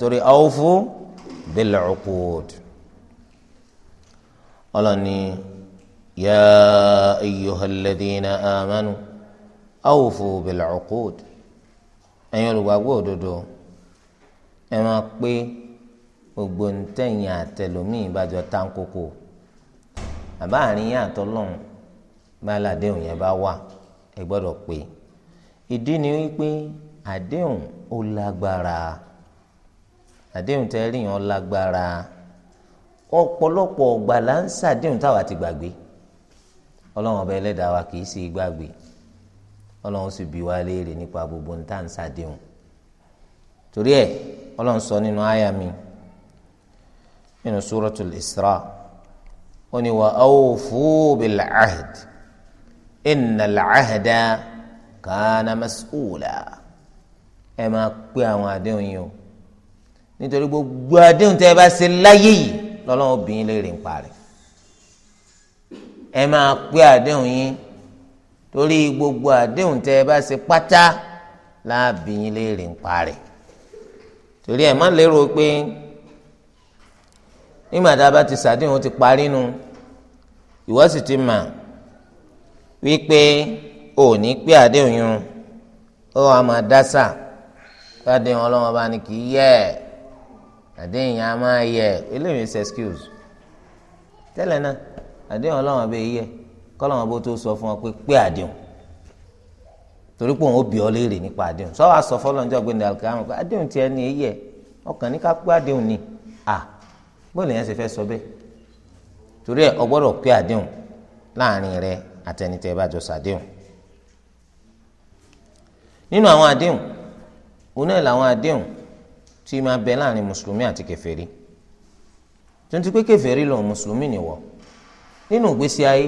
torí awfu bil uqud ọlọ́ni yá ayyuhal ladhina amanu awfu bil uqud ẹ̀yin olùgbàgbọ́ òdodo ẹ máa pé ògbóǹtẹ̀yìn àtẹlómìn ìbàjọ táǹkókò àbá àárín yín àtọ́lọ́hún bá aládéhùn yẹn bá wà ẹ gbọ́dọ̀ pé ìdí ni wípé àdéhùn ó lágbára àdéhùn tẹ́ rí yẹn ó lágbára ọ̀pọ̀lọpọ̀ ọ̀gbà là ń ṣàdéhùn táwa ti gbàgbé ọlọ́run ọba ẹlẹ́dàá wa kì í ṣe gbàgbé ọlọ́run sì bi wá léèrè nípa gbogbo ní torí ẹ̀ ọlọ́run sọ nínú àyà mi nínú suratul Isra ó ní wa awfu bil ahd innal ahda kana mas'ula ẹ máa pé àwọn àdéhùn yìí o nítorí gbogbo àdéhùn tẹ́ ẹ bá ṣe láyé yìí lọ́lọ́run obìnrin lè rìn parí ẹ máa pé àdéhùn yín torí gbogbo àdéhùn tẹ́ ẹ bá ṣe pátá láàbìyín lè rìn parí torí ẹ má lérò pé nígbà tá a bá ti sàdéhùn ti parí nu ìwọ sì ti mà wípé ò ní pé àdéhùn yun ó wà máa dásà fàdéhùn ọlọ́wọ́n bá ní kì í yẹ àdéhùn yẹn á máa yẹ eléyìí ṣe excuse tẹ́lẹ̀ náà àdéhùn ọlọ́wọ́n bẹ́ẹ̀ yẹ kọ́lọ́wọ́n bó tó sọ fún ọ pé pé àdéhùn torí pé òun ó bí ọ léèrè nípa àdéhùn sọ wá sọ fọlọ́njọ́ gbẹ̀ndẹ̀ alikiyama pé àdéhùn tiẹ̀ ní eyẹ ọkàn ní ká àdéhùn ni à bóòlù yẹn ṣe fẹ́ sọ bẹ́ẹ̀ torí ẹ ọ gbọ́dọ̀ pé àdéhùn láàrin rẹ àtẹnitẹ bá jọ sàdéhùn nínú àwọn àdéhùn òun náà làwọn àdéhùn tí máa bẹ láàrin mùsùlùmí àti kèfèrí tuntun pé kèfèrí lòun mùsùlùmí nìwọ nínú ìgbésí ayé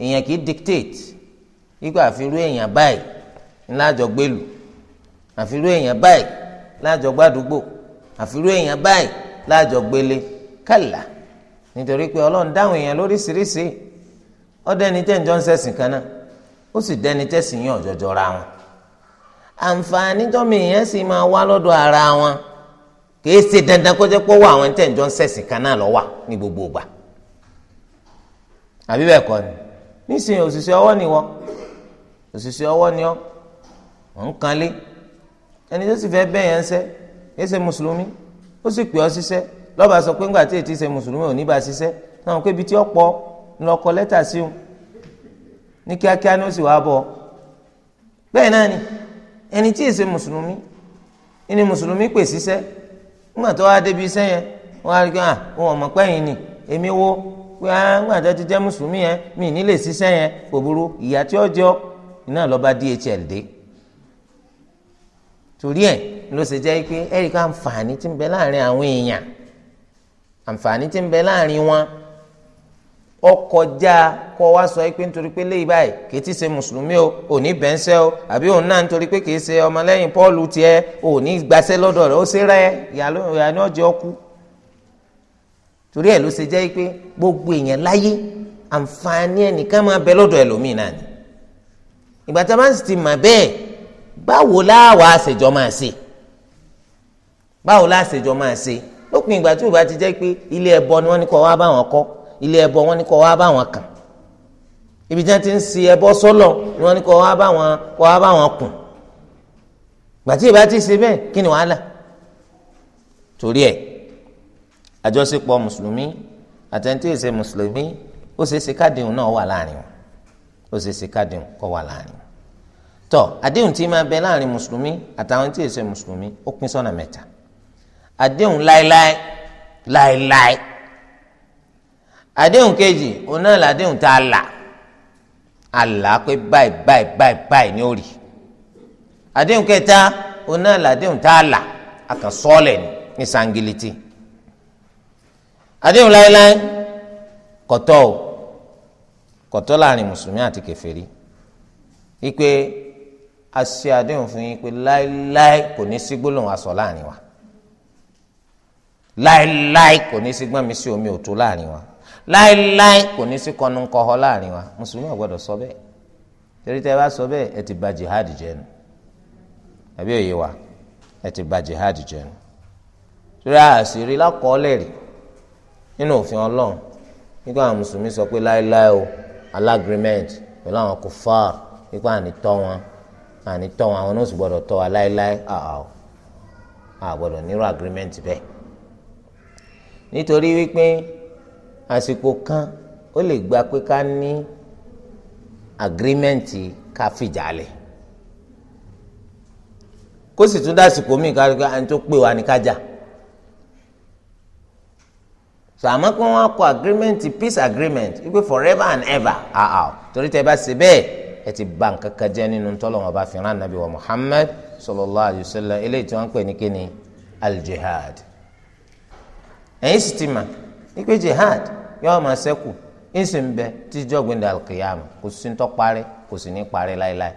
èèyàn kì í dictate ikú àfirú èèyàn báyìí ńlájọ gbèlú àfirú èèyàn báyìí lájọ gbàdúgbò àfirú èèyàn báyìí lájọ gbélé kàlà nítorí pé ọlọ́run dáhùn èèyàn lóríṣiríṣi ó dẹni tẹ́ ń jọ ń ṣẹ̀sìn kan náà ó sì dẹni tẹ́sìn yín ọ̀jọ̀jọ̀ ra wọn àǹfààní jọ́mi èèyàn sì máa wá lọ́dọ̀ ara wọn kìí ṣe dandan kó jẹ́ pé ó wà àwọn tẹ́ ń jọ ń ṣẹ̀sìn kan náà lọ́wà ní gbogbo ìgbà àbí bẹ́ẹ̀ kọ́ ni nísìnyí òṣìṣẹ́ ọwọ́ nìwọ osisi ọwọ́ ni ọ òun kan lé ẹni tó sì fẹ́ bẹ́ẹ̀ yẹn ń sẹ́ yéé ṣe mùsùlùmí ó sì pè ọ́ ṣiṣẹ́ lọ́ba sọ pé ńgbà tí ti ṣe mùsùlùmí ò ní bá ṣiṣẹ́ náà pé ibi tí ó pọ̀ ńlọ kọ lẹ́tà sí òun ní kíákíá ni ó sì wáá bẹ́ẹ̀ náà ni ẹni tí mùsùlùmí ẹni mùsùlùmí pè ṣiṣẹ́ ńgbà tó débi iṣẹ́ yẹn wọ́n á rí wọ́n wo pé ńgbà tó ti jẹ́ mi ní lè ṣiṣẹ́ yẹn kò burú tí ó jẹ́ iná lọ bá DHL dé torí ẹ̀ ló ṣe jẹ́ pé ẹ̀ríkà àǹfààní ti ń bẹ láàrin àwọn èèyàn àǹfààní ti ń bẹ láàrin wọn ọkọjá kọ wá sọ pé nítorí pé léyìí báyìí kì í ti ṣe mùsùlùmí o ò ní bẹ́ńsẹ́ o àbí òun náà nítorí pé kì í ṣe ọmọlẹ́yìn pọ́ọ̀lù tiẹ̀ ò ní gbaṣẹ́ lọ́dọ̀ rẹ̀ ó ṣe rẹ̀ ìyá ni ọjọ́ kú. torí ẹ̀ ló ṣe jẹ́ pé gbogbo èèyàn láyé àǹfààní ẹnìkan máa bẹ lọ́dọ̀ ẹlòmíì náà ni ìgbà tá a bá sì ti mà bẹ́ẹ̀ báwo láwa àṣejọ máa ṣe báwo láṣejọ máa ṣe lópin ìgbà tí ò ti jẹ́ pé ilé ẹbọ ni wọ́n ní kó wá bá wọn kọ́ ilé ẹbọ wọ́n ní kó wá bá kàn ibi tí wọ́n ti ń ṣe ẹbọ sọ́lọ̀ ni wọ́n ní kó wá bá wọn kó wá bá wọn kùn ìgbà tí ò bá ti ṣe bẹ́ẹ̀ kí ni wàhálà torí ẹ̀ àjọṣepọ̀ mùsùlùmí àtẹ̀ntì ìṣe mùsùlùmí ó ṣe kádìhùn ṣe kádìhùn tọ àdéhùn tí máa bẹ láàrin mùsùlùmí àtàwọn tí èso mùsùlùmí ó pín sọ́nà mẹ́ta àdéhùn láéláé láéláé àdéhùn kejì òun náà làdéhùn tá a là a là pé báyìí báyìí báyìí báyìí ni ó rí àdéhùn kẹta òun náà làdéhùn tá a là a kàn sọ́ọ̀lẹ̀ ni ní sangiliti àdéhùn láéláé kọ̀tọ́ o kọ̀tọ́ láàrin mùsùlùmí àti kèfèrí wípé a ṣe àdéhùn fún yín pé láéláé kò ní sí gbólóhùn asọ̀ láàrin wa láéláé kò ní sí gbọ́nmi sí omi òtó láàrin wa láéláé kò ní sí kọnukọhọ láàrin wa mùsùlùmí ò gbọ́dọ̀ sọ bẹ́ẹ̀ torí tẹ́ ẹ bá sọ bẹ́ẹ̀ ẹ ti bà jihad jẹ́ nu òye wa ẹ ti bà jihad jẹ́ torí àṣírí lákọọ́lẹ̀ rí nínú òfin Ọlọ́run nígbà àwọn mùsùlùmí sọ pé láéláé o alágrímẹ́ǹtì pẹ̀lú àwọn kòfáà nípa ànítọ́ wọn àní tọ́ wọn àwọn náà sì gbọ́dọ̀ tọ́ wa láéláé àwọ̀ àgbọ́dọ̀ nírò agreement bẹ́ẹ̀ nítorí wípé àsìkò kan ó lè gba pé ká ní agreement ká fìjàlẹ̀ kó sì tún dásìkò míì ká rí ẹni tó pè wá ní kájà so àmọ́ kí wọ́n kọ agreement peace agreement wípé forever and ever àwọ̀ torí tẹ́ bá ṣe bẹ́ẹ̀ ẹ ti bà nǹkan kan jẹ́ nínú tọ́lọ́wọ́n bá fi rán anabi wa muhammad sallallahu alayhi wa sallam eléyìí tí wọ́n ń pè ní kíni aljihad ẹ̀yin sì ti mà wípé jihad yóò máa ṣẹ́kù ìsì ń bẹ tíjọ́ gbẹ̀ndà alkiyama kò sí tó parí kò sì ní parí láéláé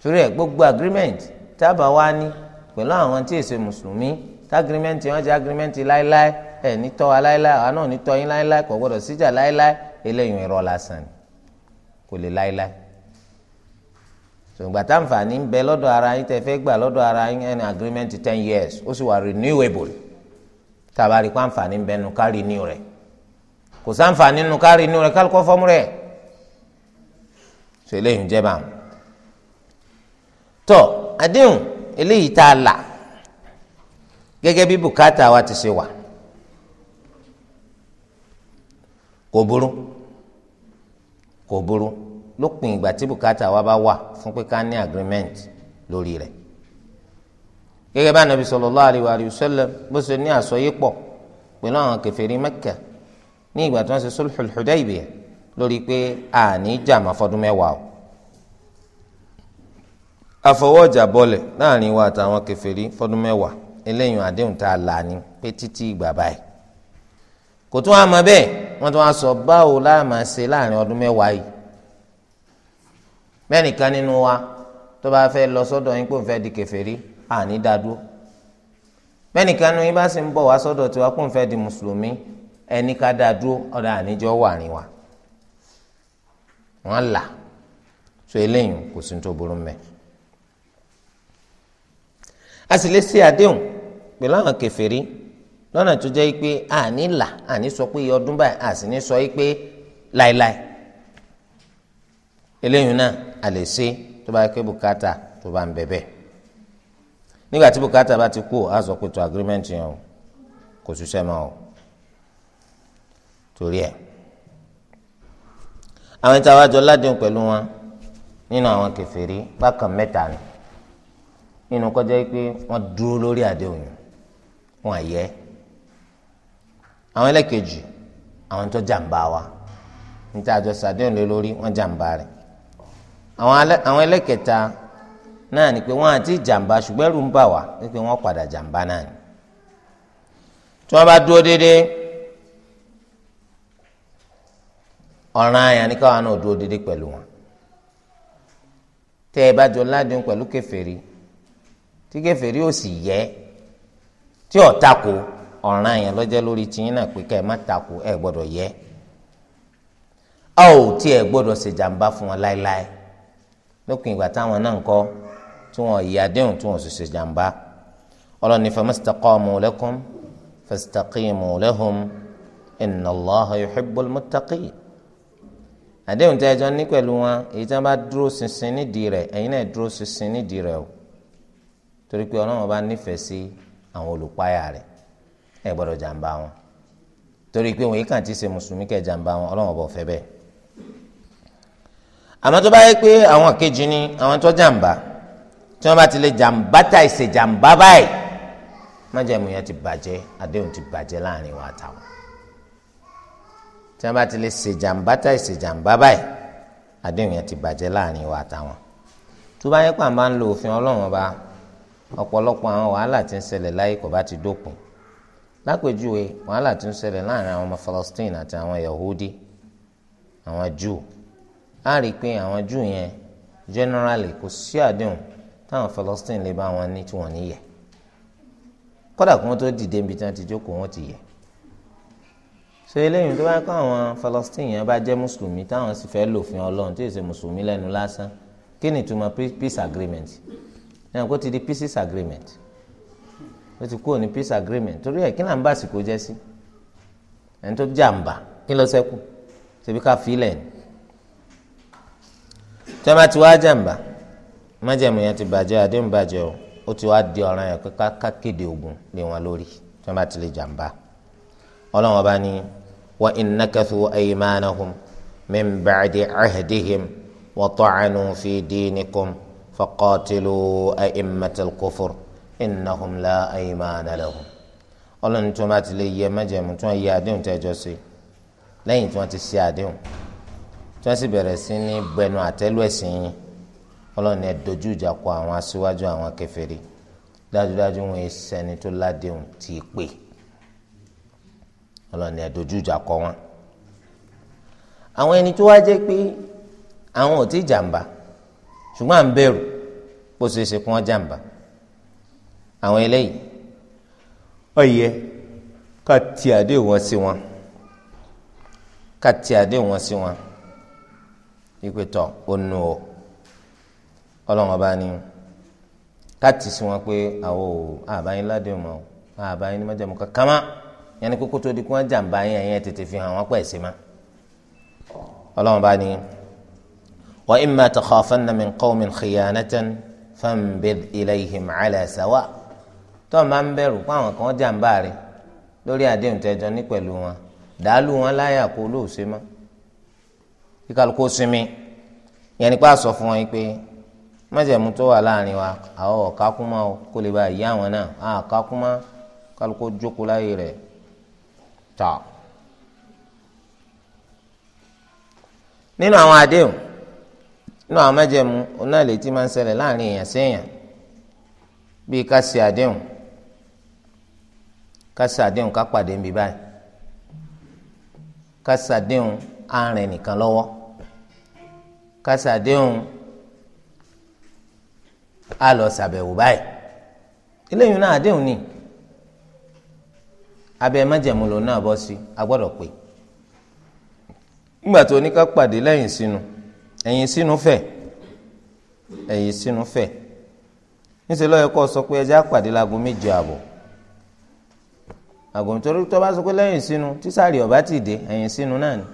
torí ẹ gbogbo agreement tábà wá ní pẹ̀lú àwọn tí èsè mùsùlùmí tá agreement wọn jẹ́ agreement láéláé ẹ̀ nítọ́ wa láéláé àwọn náà nítọ́ yín láéláé kò gbọ́dọ̀ síjà láéláé eléyìí irọ́ lásán ni. kò lè láéláé sọgbà táǹfààní ń bẹ lọ́dọ̀ ara yín tẹ́ fẹ́ gbà lọdọ ara yín ẹni agreement ten years ó sì wà renewable tàbárí kó àǹfààní ń bẹ nu ká renew rẹ̀ kò sáǹfààní nu ká renew rẹ̀ kálukọ́ fọ́ọ̀mù rẹ̀ sọ eléyìí ń jẹ́ bá wọn. tọ́ àdéhùn eléyìí tá a là bí bùkátà wa ti ṣe wà kò burú. kò burú lópin ìgbà tí bùkátà wa bá wà fún pé ká ní agreement lórí rẹ̀ gẹ́gẹ́ bá nàbí sallallahu alaihi wa sallam bó ṣe ní àsọyípọ̀ pẹ̀lú àwọn kèfèrí Mẹ́kà ní ìgbà tí wọ́n ṣe sulhul Hudaybiyah lórí pé àní jà má fọdún mẹ́wàá o àfọwọ́jà bọ́lẹ̀ láàrin wa àtàwọn kèfèrí fọdún mẹ́wàá eléyìí àdéhùn tá a là ní pé títí ìgbà báyìí kò tún àmọ́ bẹ́ẹ̀ wọ́n tún wá sọ báwo la máa ṣe láàrin ọdún mẹ́wàá yìí mẹ́nìkan nínú wa tó bá fẹ́ lọ sọ́dọ̀ yín pò ń fẹ́ di kèfèrí àní dádúró mẹ́nìkan nínú yín bá sì ń bọ̀ wá sọ́dọ̀ tiwa pò ń fẹ́ di mùsùlùmí ẹni ká dádúró ọ̀dà àníjọ́ wà rìn wa wọ́n là so eléyìí kò sí tó burú mẹ́ a sì lè ṣe àdéhùn pẹ̀lú àwọn kèfèrí lọ́nà tó jẹ́ pé àní là àní sọ pé ọdún báyìí àsì ní sọ pé láéláé eléyìí náà a lè ṣe tó bá yẹ pé bùkátà tó bá ń bẹ̀bẹ̀ nígbà tí bùkátà bá ti kú a pé tó agreement yẹn o kò ṣiṣẹ́ mọ́ o torí ẹ̀ àwọn ìta wájọ ládùn pẹ̀lú wọn nínú àwọn kèfèrí bákan mẹ́ta nínú kọjá pé wọ́n dúró lórí àdéhùn wọn àyẹ́ àwọn ẹlẹ́kejì àwọn tó jàǹbá wa níta àjọ sàdéhùn lé lórí wọ́n jàǹbá rẹ̀ àwọn ẹlẹ́kẹta náà ni pé wọn àti jàǹbá ṣùgbọ́n ẹ̀rù ń bà wá pé wọ́n padà jàǹbá náà ni tí wọ́n bá dúró déédéé ọ̀ràn àyàn ni káwọn náà dúró déédéé pẹ̀lú wọn tẹ́ ẹ bá jọ ládùn ọ̀ràn yẹn lọ́jẹ́ lórí tiyín náà pé kẹ́ ẹ má takò ẹ gbọ́dọ̀ yẹ a ò tí ẹ gbọ́dọ̀ ṣèjàmbá fún wọn láéláé lópin ìgbà táwọn náà ń kọ́ tí wọn yí adéhùn tí wọn sì ṣèjàmbá ọlọ́ni famastaqamu lakum fastaqimu lahum inna Allaha yuhibbul muttaqin tí ẹjọ́ ní pẹ̀lú wọn èyí tí wọ́n bá dúró ṣinṣin nídìí rẹ̀ ẹ̀yin náà dúró ṣinṣin nídìí rẹ̀ o torí pé ọlọ́run bá nífẹ̀ẹ́ sí àwọn olùpáyà rẹ̀ ẹ gbọ́dọ̀ jàǹbá wọn torí pé wọn yìí kàn ti ṣe mùsùlùmí kẹ jàǹbá wọn Ọlọ́run ọbọ fẹ́ bẹ́ẹ̀ àmọ́ tó bá yẹ pé àwọn kejì ni àwọn tó jàǹbá tí wọn bá ti lè jàǹbá ta ìṣe jàǹbá báyìí májẹ̀mú yẹn ti bàjẹ́ àdéhùn ti bàjẹ́ láàrin wa àtàwọn tí wọn bá ti lè ṣe jàǹbá ta ìṣe jàǹbá báyìí àdéhùn yẹn ti bàjẹ́ láàrin wa àtàwọn tó bá yẹ pé à máa ń lo òfin Ọlọ́run ọba ọ̀pọ̀lọpọ̀ àwọn wàhálà ti ń ṣẹlẹ̀ láyé kò bá ti dópin lápèjúwe wàhálà tí ń ṣẹlẹ̀ láàrin àwọn ọmọ Palestine àti àwọn Yahudi àwọn Jew á rí i pé àwọn Jew yẹn generally kò sí àdéhùn táwọn Palestine lè bá wọn ní tí wọ́n ní yẹ kódà kí wọ́n tó dìde níbi tí wọ́n ti jókòó wọ́n ti yẹ so eléyìí tó bá kọ́ àwọn Palestine yẹn bá jẹ́ mùsùlùmí táwọn sì fẹ́ lòfin Ọlọ́run tí èsè mùsùlùmí lẹ́nu lásán kí ni ìtumọ̀ peace agreement ẹ̀ kó ti di peace agreement ó ti kúrò ní peace agreement torí ẹ̀ kí náà ń bá àsìkò jẹ́ sí ẹni tó jàǹbá kí ló ṣẹ́kù ṣebí ká filẹ̀ ni tí wọ́n bá ti wá jàǹbá májẹ̀mú yẹn ti bàjẹ́ àdéhùn o ó ti wá di ọ̀ràn yẹn pé kéde ogun lé wọn lórí tí wọ́n bá ti lè jàǹbá ọlọ́wọ́n bá ní wa in nakathu aymanahum min ba'di ahdihim wa ta'anu fi dinikum faqatilu a'immatal kufur innahum la aymana lahum ọlọ́run tí wọ́n bá ti lè yẹ májẹ̀mú tí wọ́n yẹ àdéhùn tẹ́jọ́ sí lẹ́yìn tí wọ́n ti ṣe àdéhùn tí wọ́n sì bẹ̀rẹ̀ sí ní bẹnu àtẹ́lù ẹ̀sìn yín ọlọ́run ẹ̀ dojú ìjà kọ àwọn aṣíwájú àwọn kèfèrí dájúdájú wọn ìsẹni tó ládéhùn ti pè ọlọ́run ẹ̀ dojú ìjà kọ wọn. àwọn ẹni tó wá jẹ́ pé àwọn ò tí jàǹbá ṣùgbọ́n à ń bẹ̀rù bó ṣe ṣe kí wọ́n jàǹbá àwọn eléyìí ó yẹ ká ti àdéhùn wọn sí wọn ká ti àdéhùn wọn sí wọn ìpè tọ ònù o Ọlọ́run ọba ni ká ti sí wọn pé àwọn ò àbáyín ládéhùn mọ àbáyín ní májàmú kankan má yẹn ni kókó tó di kó wọn jàǹbá yẹn yẹn tètè fi hàn wọn pẹ̀ sí ma Ọlọ́run ọba ni wa imma takhafanna min qawmin khiyanatan fanbidh ilayhim ala sawa. tó máa ń bẹ̀rù pé kan jàǹbá rẹ̀ lórí àdéhùn tẹjọ ní pẹ̀lú wọn dàálù wọn láyà kó lóòsè mọ́ kíkàlùkù sinmi yẹn nípa sọ fún wọn pé májẹ̀mú tó wà láàrin wa àwọn kó lè bá yí àwọn náà kálukó jókòó láyé rẹ̀ tà. nínú àwọn àdéhùn nínú àwọn máa ń ṣẹlẹ̀ láàrin èèyàn ká ṣàdéhùn ká pàdé ń bí báyìí ká ṣàdéhùn arìn nìkan lọ́wọ́ ká ṣàdéhùn a lọ ṣàbẹ̀wò báyìí eléyìí náà àdéhùn ni abẹ májẹ̀mú lòun náà bọ́ sí a gbọ́dọ̀ pé nígbà tó ní ká pàdé lẹ́yìn sínú ẹ̀yìn sínú fẹ̀ ẹ̀yìn sínú fẹ̀ níṣẹ́ lọ́yẹ̀kọ́ sọ pé ẹjẹ́ àpàdé láago méje ààbọ̀ àgùntàn tó bá sọ pé lẹ́yìn sínú tí sáré ọ̀bá ti dé ẹ̀yìn sínú náà ni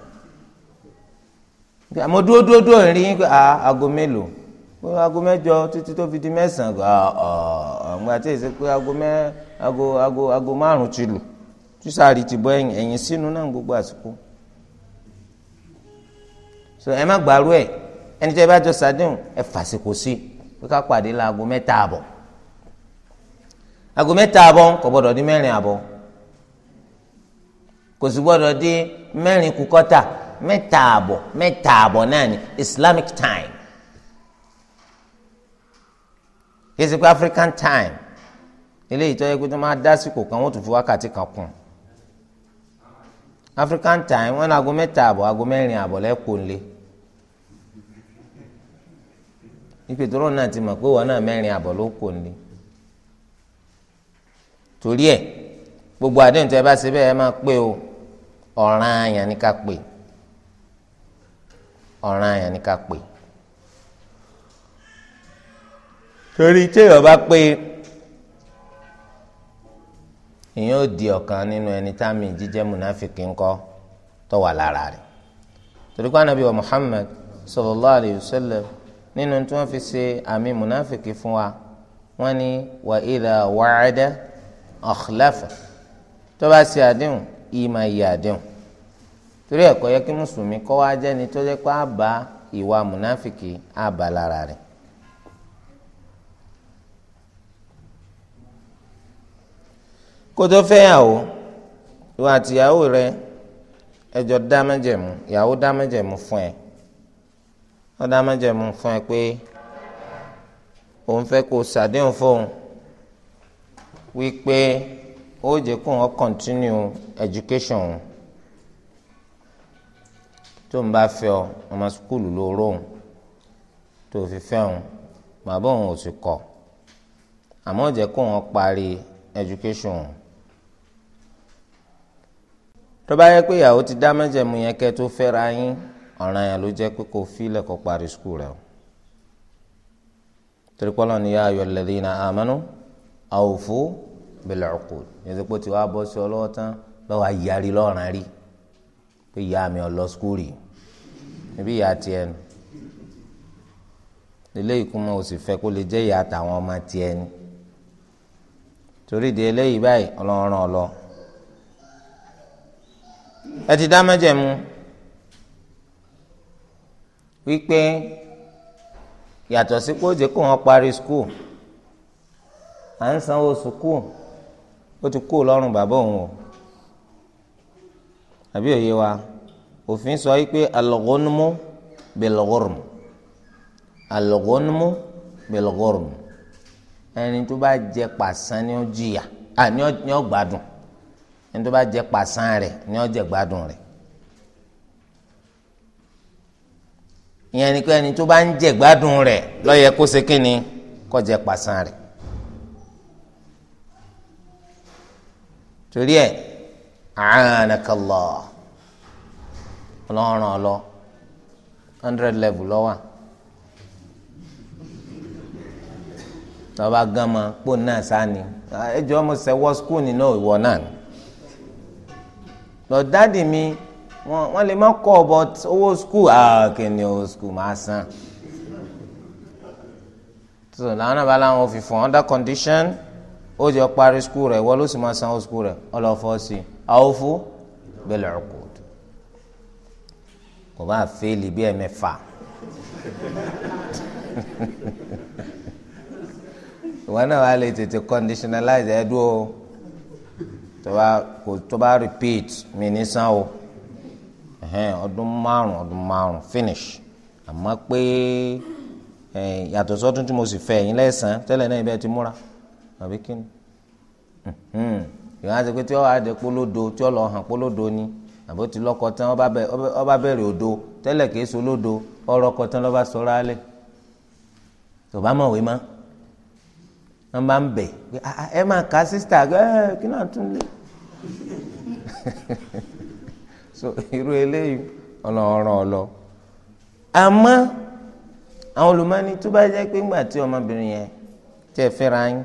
àmọ́ dúró dúró dúró rí yín pé aago mélòó pé aago mẹ́jọ títí tó fi di mẹ́sàn-án ọ̀gbọ́n àti èsì pé aago mẹ́ aago aago aago márùn-ún ti lù tí sáré ti bọ́ ẹ̀yìn ẹ̀yìn sínú náà gbogbo àsìkò so ẹ má gbàrú ẹ ẹni tí ẹ bá jọ sàdéhùn ẹ fàsìkò sí pé ká pàdé la aago mẹ́ta àbọ̀ aago mẹ́ta àbọ̀ kò gbọ́dọ̀ di mẹ́rin àbọ̀ kò sì gbọ́dọ̀ dé mẹ́rin kù kọ́tà mẹ́ta àbọ̀ mẹ́ta àbọ̀ náà ni islamic time kìí ṣe pé african time eléyìí tó yẹ kó tó máa dásìkò kan wọ́n tún fi wákàtí kan kún african time wọ́n ní aago mẹ́ta àbọ̀ aago mẹ́rin àbọ̀ lẹ́kọ̀ọ́ nílé ìpètòrò náà ti mọ̀ pé wọn náà mẹ́rin àbọ̀ ló kò ní torí ẹ̀ gbogbo àdéhùn tó ẹ bá ṣe bẹ́ẹ̀ ẹ máa pé o ọ̀ràn àyàn ni ká pè ọ̀ràn àyàn ni ká pè torí téèyàn bá pé èèyàn ò di ọ̀kan nínú ẹni táàmì jíjẹ́ múnáfìkì ńkọ́ tó wà lára rẹ̀ torí pé anabi wa Muhammad sallallahu alayhi wa sallam nínú tí wọ́n fi ṣe àmì múnáfìkì fún wa wọ́n ní wa idha wa'ada akhlafa tó bá ṣe àdéhùn yìí máa yẹ àdéhùn torí ẹ̀kọ́ yẹ kí mùsùlùmí kọ́ wá jẹ́ ni tó jẹ́ pé á bá ìwà mùnáfìkì á bá lára rẹ̀. kó tó fẹ́yàwó ìwà àtìyàwó rẹ̀ ẹjọ́ dá májẹ̀mú ìyàwó fún ẹ wọ́n dá fún ẹ pé òun fẹ́ kó ṣàdéhùn fóun wípé ó jẹ́ kó wọn continue education wọn tó ń bá fẹ́ ọ ọmọ sukùlù ló róhùn tó fi fẹ́ òun bàbá òun ò sì kọ̀ àmọ́ ó jẹ́ kó wọn parí education wọn tó bá yẹ pé ìyàwó ti dá mẹ́jẹ̀mú yẹn kẹ́ tó fẹ́ra yín ọ̀ràn yẹn ló jẹ́ pé kó fílẹ̀ kó parí sukùlù rẹ̀ o torí pé Ọlọ́run ní yā ayyuhalladhīna āmanū awfū bẹ̀lẹ̀ ọ̀kù ìdìpọ̀ tí wàá bọ́ sí ọ lọ́wọ́ tán lọ́wọ́ ayárí lọ́ràn rí pé ìyá mi ọ̀ lọ skúlì níbí ìyá tiẹ̀ nu eléyìí kún mọ́ o sì fẹ́ kó lè jẹ́ ìyá àtàwọn ọmọ tiẹ̀ nu torí di eléyìí báyìí ọlọ́run ọlọ́ ẹ ti dá mẹ́jẹ̀mú wípé yàtọ̀ sí pé jẹ́ kó wọn parí skul à ń sanwó sukuu ó ti kú lọ́rùn bàbá òun o àbí òye wa òfin sọ wípé alọ́gọ́nùmọ́ bẹ̀lọ́gọ́rùm alọ́gọ́nùmọ́ bẹ̀lọ́gọ́rùm ẹni tó bá jẹ pàṣán ni ó jìyà à ni ó gbádùn ẹni tó bá jẹ pàṣán rẹ̀ ni ó jẹ gbádùn rẹ̀ ìyẹn ni pé ẹni tó bá ń jẹ gbádùn rẹ̀ ló kó ṣe kí ni kó jẹ pàṣán rẹ̀. torí ẹ̀ àánàkàlọ́ ọlọ́run ọlọ́ hundred level lọ́wọ́ tọ́ba gan ma kpó náà sáni ẹjọ́ mo sẹ́wọ́ skul nínú ìwọ náà lọ dáàdì mi wọ́n lè má kọ́ but owó skul kìíní owó skul máa san so làwọn náà bá láwọn fi fún under condition ó jọ parí skul rẹ̀ wọ́n ló sì máa sanwó skul rẹ̀ ọlọ́fọ́ sí i àwòfó bẹ́lẹ̀ ọ̀kọ́ kò bá fẹ́ẹ́lì bí ẹ̀mẹ́fà ìwọ náà wà lè tètè conditionalize ẹ̀dùn o tó bá kò tó bá repeat mi ní san o ọdún márùn ọdún márùn finish àmọ́ pé yàtọ̀ sọ́dún tí mo sì fẹ́ yín lẹ́sàn-án tẹ́lẹ̀ náà ibẹ̀ ti múra. àbí kí ni ìwọ́n pé tí wọ́n á dé tí wọ́n lọ odo tẹ́lẹ̀ kìí so tán tó bá mọ̀ wí wọ́n bá ń bẹ̀ pé ah, ah, ẹ máa so irú eléyìí ọlọ àmọ́ àwọn olùmọ́ni tó bá jẹ́ pé ńgbà tí ọmọbìnrin yẹn tẹ́ fẹ́ra yín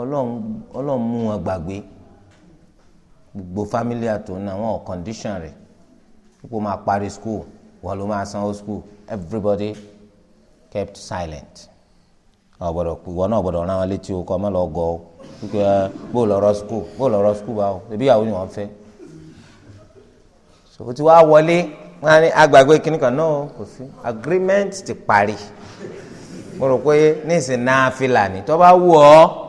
ọlọ́run mú wọn gbàgbé gbogbo family àtòun àwọn condition rẹ̀ pípò máa parí school wọn ló máa sanwó school everybody kept silent ọ̀gbọ̀dọ̀ ìwọ náà gbọ́dọ̀ rán wọn létí o kọ́ ọmọ lọ gọ ọ pípẹ́ ah, bó lọ́rọ́ school bó lọ́rọ́ school báwo ẹbí ìyàwó ni wọ́n fẹ́ so ó ti wá wọlé wọn á ní agbàgbé kínní kan náà kò sí agreement ti parí mo rò pé nísìnyí náà fìlà ni tó bá wù ọ́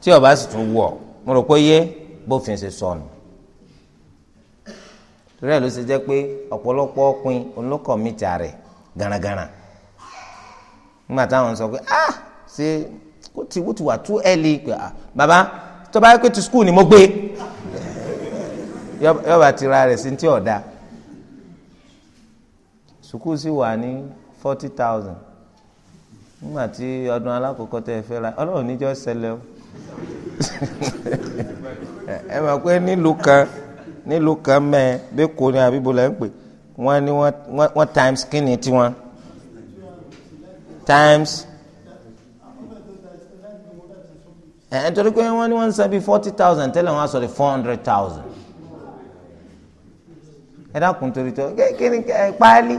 tí ó bá sì tún wọ mo rò pé yé bófin ṣe sọnù torí ẹ̀ ló ṣe jẹ́ pé ọ̀pọ̀lọpọ̀ ọpin olókọ mìtà rẹ̀ garagara nígbà táwọn sọ pé ah ṣe kó ti wó ti wà too early pé ah bàbá tó bá yẹ pé ti skul ni mo gbé yọba ti ra sí ti ọ̀dà sukuu sì wà ní forty thousand nígbà tí ọdún alákọ̀ọ́kọ́ tẹ̀ fẹ́ ra ọlọ́run níjọ́ ṣẹlẹ̀ o ẹ mọ̀ pé nílùú kan nílùú kan mẹ́ẹ̀ bẹ́ẹ̀ kò ní àbíbo lẹ́ ń pè wọ́n ní wọ́n times kíni tiwọn times ẹ̀ ẹ̀ torí pé wọ́n ní wọ́n ń forty thousand tẹ́lẹ̀ wọ́n á sọ di four hundred thousand ẹ dákun torí tó kí ni páálí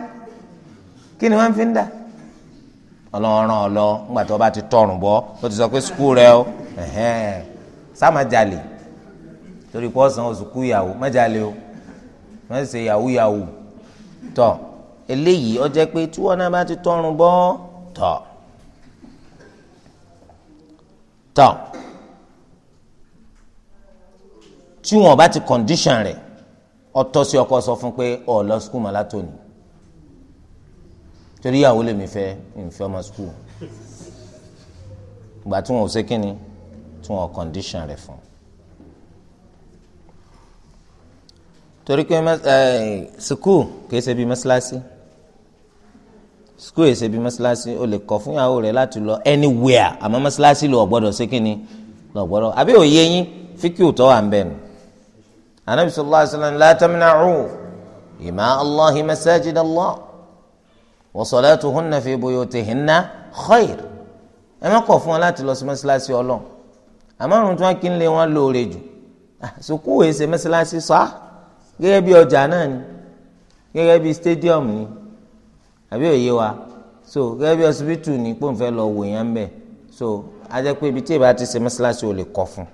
kí ni wọ́n fi ń dà ọlọ́run ọlọ́ ńgbà tó bá ti tọrùn bọ́ ó ti sọ pé skul rẹ o ẹ̀hẹ́n sámàjálè torí pé ọ̀sán oṣù kú ìyàwó májálè o wọ́n ṣe yahoo yahoo tọ̀ eléyìí ó jẹ́ pé tí wọ́n náà bá ti tọrùn bọ́ tọ̀ tọ̀ tí wọ́n bá ti condition rẹ̀ ọtọ́ sí ọkọ sọ fún pé ọ lọ skul màlá tóni torí ìyàwó lèmi fẹ́ ìfẹ́ ọmọ skul ìgbà tí wọn ò ṣe kínni fún ọ kọ̀ǹdíṣàn rẹ̀ fún. torí pé sukuu kìí ṣe bí mọ́ṣáláṣí sukuu yìí ṣe bí mọ́ṣáláṣí o lè kọ̀ fún ìyàwó rẹ̀ láti lọ anywhere àmọ́ mọ́ṣáláṣí lọ gbọ́dọ̀ ṣé kí ni lọ gbọ́dọ̀ àbí òye yín fíkì òtọ́ wà ń bẹ̀ nù. anabi sallallahu alaihi wasallam la tamna'u ima allahi masajid allah wa salatuhunna fi buyutihinna khair ẹ má kọ̀ fún wọn láti lọ sí mọ́ṣáláṣí ọlọ́run àmọ́rùn tí wọ́n kí ń lé wọn lóore jù ah, sùkú wèé ṣe mẹ́sàlásì á ah, gẹ́gẹ́ bí ọjà náà ni gẹ́gẹ́ bí stadium ni àbí òye wa so gẹ́gẹ́ bí hospital ni pò ń fẹ́ lọ wò yẹn bẹ́ẹ̀ so ajẹ́ pé ibi tí ìbá ti ṣe mẹ́sàlásì ò lè kọ́ fún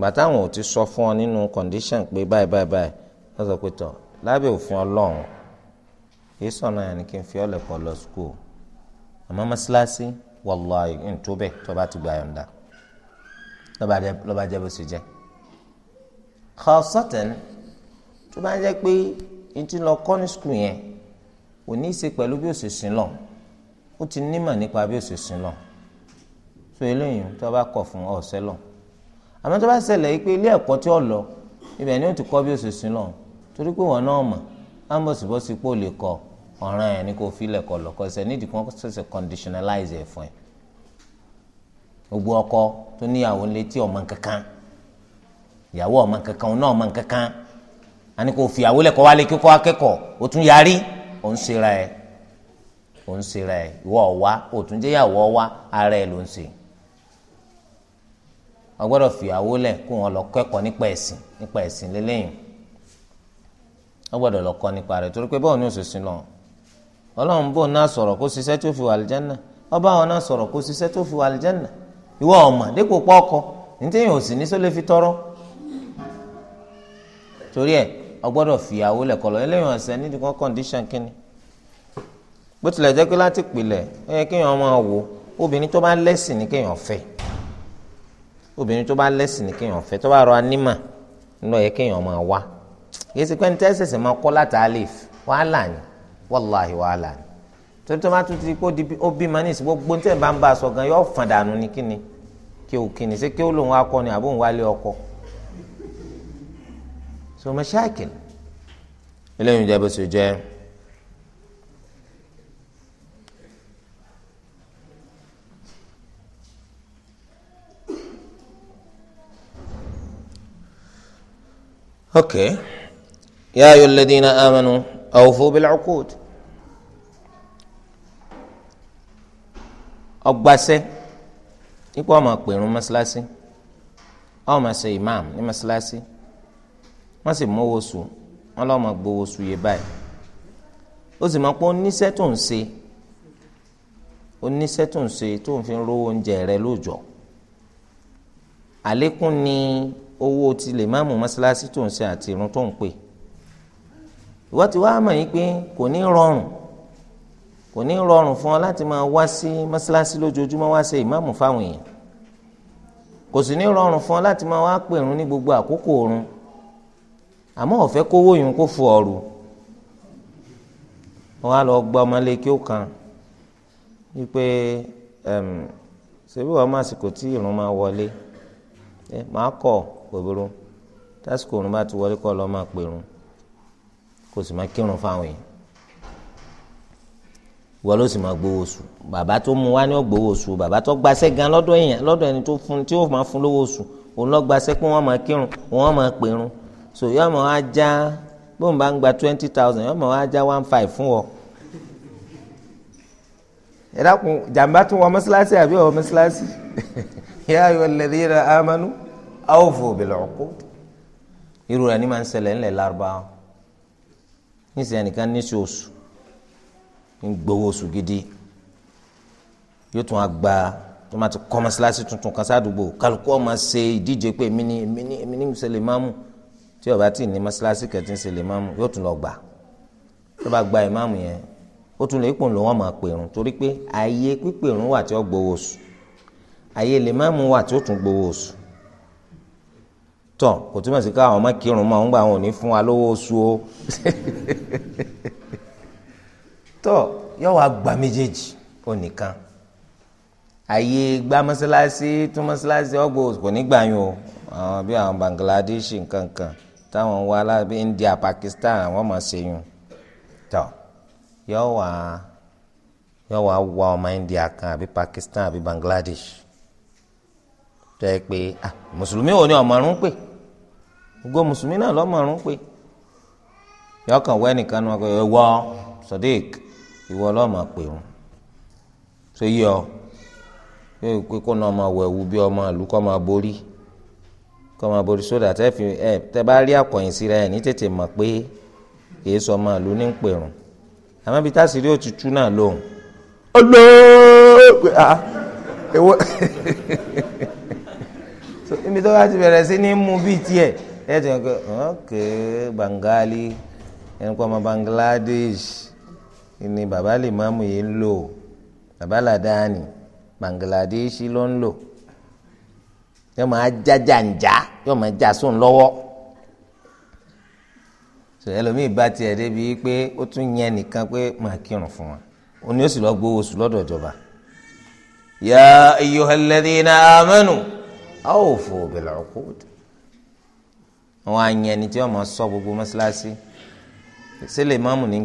bàtà àwọn ò ti sọ fún ọ nínú condition pé báyìí báyìí báyìí wọ́n sọ pé tọ̀ lábẹ́ òfin ọlọ́run èyí sọ̀nà yẹn ni kí n fi ọ̀lẹ̀ kọ́ lọ school àmọ́ mẹ́sàlásì wàlláhì ntúbẹ̀ tó bá ti gbà yọ̀ǹda lọ́ba jẹ́ bó ṣe jẹ́ kọ́sọ́tẹ̀n tó bá jẹ́ pé n ti lọ kọ́ ní skul yẹn kò ní í ṣe pẹ̀lú bí òṣè sìn lọ ó ti nímọ̀ nípa bí òṣè sìn lọ so eléyìí tó bá kọ̀ fún ọ̀sẹ̀ lọ àmọ́ tó bá ṣẹlẹ̀ yìí pé ilé ẹ̀kọ́ tí ó lọ ibẹ̀ ni ó ti kọ́ bí òṣè sìn lọ torí pé wọn náà mọ̀ ámbọ̀sibọ́sí pò lè kọ ọ̀ràn ẹ̀ ní kò fi lẹ̀kọ̀ lọ́kọ̀ ṣẹ̀ nídìí kan ṣẹ̀ṣẹ̀ conditionalize gbogbo ọkọ tó níyàwó ń létí ọmọ nkankan ìyàwó ọmọ nkankan náà ọmọ nkankan àní kò fìyàwó lẹkọọ wálé kíkọ akẹ́kọ̀ọ́ ó tún yarí ó ń ṣera ẹ ó ń ìwọ ọwá ó tún jẹyàwó ọwá ara ẹ ló ń ṣe fìyàwó kó wọn lọ kẹ́kọ̀ọ́ nípa ẹ̀sìn nípa ẹ̀sìn lọ kọ́ nípa rẹ̀ torí ìwọ ọmọ dípò pọ ọkọ nítẹ̀yìn ò sì ní sólè fi tọrọ torí ẹ ọgbọdọ fìyàwó lẹ̀kọ́lọ́ ẹlẹ́yìn ọ̀sẹ̀ nídìí kan kọ́ndíṣàn kínní bó tilẹ̀ jẹ́ pé láti pìlẹ̀ ó yẹ kéèyàn máa wò obìnrin tó bá lẹ́sìn ní kéèyàn fẹ́ obìnrin tó bá lẹ́sìn ní kéèyàn fẹ́ tó bá rọ anímà yẹ kéèyàn máa wá pé ní tẹ́sẹ̀sẹ̀ máa kọ́ látàlẹ́ wàhálà ni torí tó má tún ti kó ó bímọ ní ìsìn gbogbo ní tẹ̀ bá ń bá a sọ gan yóò fàn dànù ní kíni kí o kíni ṣé kí ó lòun akọ ni àbóun wálé ọkọ so mashakil eléyìí jẹ bó ṣe jẹ ok ya ayyuhalladhina amanu awfu bil'uqud. ọgbàṣẹ ipò ọmọ pèrún mọ́ṣáláṣí ọmọ ṣe imam ní mọ́ṣáláṣí wọ́n sì mú owó sùn wọ́n lọ́mọ gbowó sùn yé báyìí ó sì mọ̀ pé oníṣẹ́ tó ń ṣe oníṣẹ́ tó ń ṣe tó ń fi rówó oúnjẹ rẹ lóòjọ́ àlékún ni owó ti lè má mú mọ́ṣáláṣí tó ń ṣe àti irun tó ń pè ìwọ́n ti wá mọ̀ yín pé kò ní rọrùn kò ní rọrùn fún ọ láti máa wá sí mọ́sálásí lójoojúmọ́ wá ṣe ìmáàmù fáwọn èèyàn kò sì ní rọrùn fún ọ láti máa wá pèrún ní gbogbo àkókò oorun àmọ́ ọ̀fẹ́ kówó yìí kó fò ọ̀rù wọ́n á lọ gba ọmọlé kí ó kan wípé ṣebí wọ́n máa sìkò tí ìrun máa wọlé máa kọ̀ gbogbo tásìkò ìrun bá ti wọlé kọ́ lọ́ọ́ máa pèrún kò sì máa kírun fáwọn èèyàn wọ́n ló sì máa gbowó oṣù bàbá tó mú wá ní ọ̀gbowó oṣù bàbá tó gbaṣẹ́ gan lọ́dọ̀ èèyàn lọ́dọ̀ ẹni tó fún tí ó máa fún lówó oṣù òun lọ́ gbaṣẹ́ pé wọ́n máa kírun wọ́n máa pèrun so yọ́ mọ̀ á já bóun bá ń gba twenty thousand yọ́ mọ̀ á já one five fún ọ. ẹ dákun jàǹbá tún wọ mọ́ṣáláṣí àbí wọ mọ́ṣáláṣí yá ayọ̀ alladhina amanu awfu bil uqud irú rẹ̀ ní máa ń ṣẹlẹ̀ ńlẹ̀ lárúbáwá ń gbowó oṣù gidi yóò tún agba tó máa ti kọ́ mọ́sálásí tuntun kan sádùúgbò kálukú ọmọ ṣe ìdíje pé èmi ni èmi ni èmi ni mo ṣe lè máa mú tí ó bá tí ní mọ́sálásí kẹtí ń ṣe lè máa mú yóò tún lọ gbà tó bá gba ìmáàmù yẹn ó tún lè pòun lò wọ́n máa pèrún torí pé ààyè pípèrún wà tí ó gbowó oṣù ààyè lè máàmù wà tí ó tún gbowó oṣù tọ kò túmọ̀ sí káwọn ọmọ kírun mọ́ àwọn gbà wọn ò ní fún wa lówó oṣù o tó yọ wá gba méjèèjì onìkan àyè gba mọ́sálásí tún mọ́sálásí ọgbọ kò ní gbà yín o àwọn bí àwọn Bangladesh nkankan táwọn wá lábẹ India Pakistan àwọn máa ṣe yún tó yọ wá yọ wá wá ọmọ India kan àbí Pakistan àbí Bangladesh tó yẹ pé ah mùsùlùmí wo ni ọmọọrùn pè gbogbo mùsùlùmí náà lọmọọrùn pè yọkàn wẹ́nìkan ni wọn kọ ẹ wọ Sadiq ìwọ ọlọ́mọ pèrún tó yí ọ yóò pé kó náà máa wọ ẹ̀wù bí ọmọ àlù kọ́ máa borí kọ́ máa borí sódà tẹ́ fi ẹ tẹ́ bá rí àkọyìn síra ẹ̀ ní tètè mọ̀ pé kìí sọ ọmọ àlù ní ń pèrún àmọ́ ibi táṣìírí òtútù náà lòun olóògbé ah ewo so ibi tó bá ti bẹ̀rẹ̀ sí ní mú bíi tiẹ̀ ẹ̀ tẹ̀ ọ́ kẹ́ bangali ẹ̀ ń kọ́ ọmọ Bangladesh. ni bàbá lè máàmù yìí ń lò bàbá làdáni Bangladeshi ló ń lò yóò máa já jàǹjá yóò máa já sóun lọ́wọ́ ẹlòmíì bá tiẹ̀ débi pé ó tún yẹn nìkan pé máa kírun fún wa ó ní ó sì lọ gbowó oṣù lọ́dọ̀ ìjọba. ya ayyuhal ladhina wọn á yẹn ni tí wọn máa sọ gbogbo mọ́ṣáláṣí sílẹ̀ máàmù ní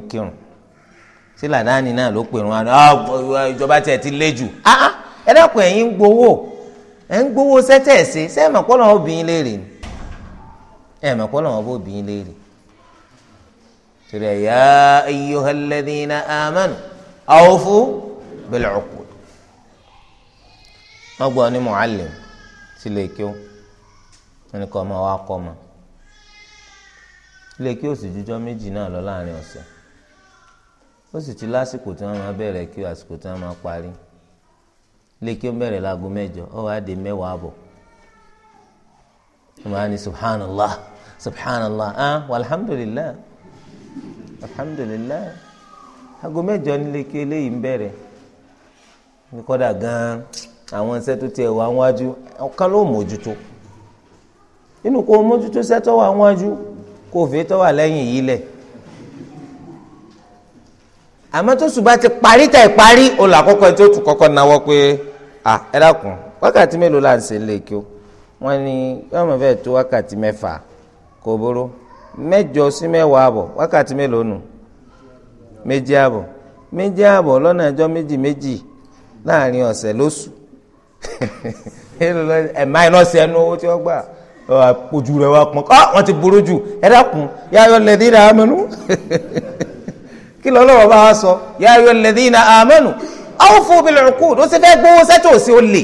sí làdáni náà ló pè wọn ah, ìjọba ti lé jù ah, ah, ẹ dákun ẹ̀yin ń gbowó ẹ̀ ń gbowó sẹ́tẹ̀ ẹ̀ ṣe sẹ́ẹ̀ mọ̀ pọ́nlọ́wọ́ obìnrin léèrè ni ẹ̀ mọ̀ pọ́nlọ́wọ́ obìnrin léèrè torí ẹ̀ yá ayyuhal ladhina amanu awfu bil uqud méjì náà lọ láàrin ọ̀sẹ̀ ó sì ti lásìkò tí wọ́n máa bẹ̀rẹ̀ kí àsìkò tí wọ́n máa parí lè kí ó bẹ̀rẹ̀ láago mẹ́jọ ó wàá di máa ní subhanallah subhanallah ah alhamdulillah alhamdulillah aago mẹ́jọ ni lè kí eléyìí ń bẹ̀rẹ̀ kọ́dà gan-an àwọn iṣẹ́ tó tiẹ̀ wá wájú ọ̀kan ló mójútó inú kó mójútó iṣẹ́ wá wájú àmọ́ tó ṣùgbọ́n ti parí tẹ̀ parí olè àkọ́kọ́ tó tù kọ́kọ́ náwó pé à ẹ dákun wákàtí mélòó là ń ṣe lè kí o wọ́n ní yóò mọ̀ fẹ́ẹ́ tó wákàtí mẹ́fà kò burú mẹ́jọ sí mẹ́wàá àbọ̀ wákàtí mélòó nù méjì àbọ̀ méjì àbọ̀ lọ́nà ẹjọ́ méjì méjì láàrin ọ̀sẹ̀ lóṣù ẹ̀ máa iná sí ẹnu owó tí wọ́n gbà ojú rẹ̀ wá pọ̀n kọ́ wọ́n ti burú jù ẹ dákun yáyọ lẹ́dí rà kí lọ́lọ́wọ́ bá wa sọ ya ayyuhal ladhina amanu awfu bil uqud ó sì fẹ́ gbowó sẹ́tò sí ó lè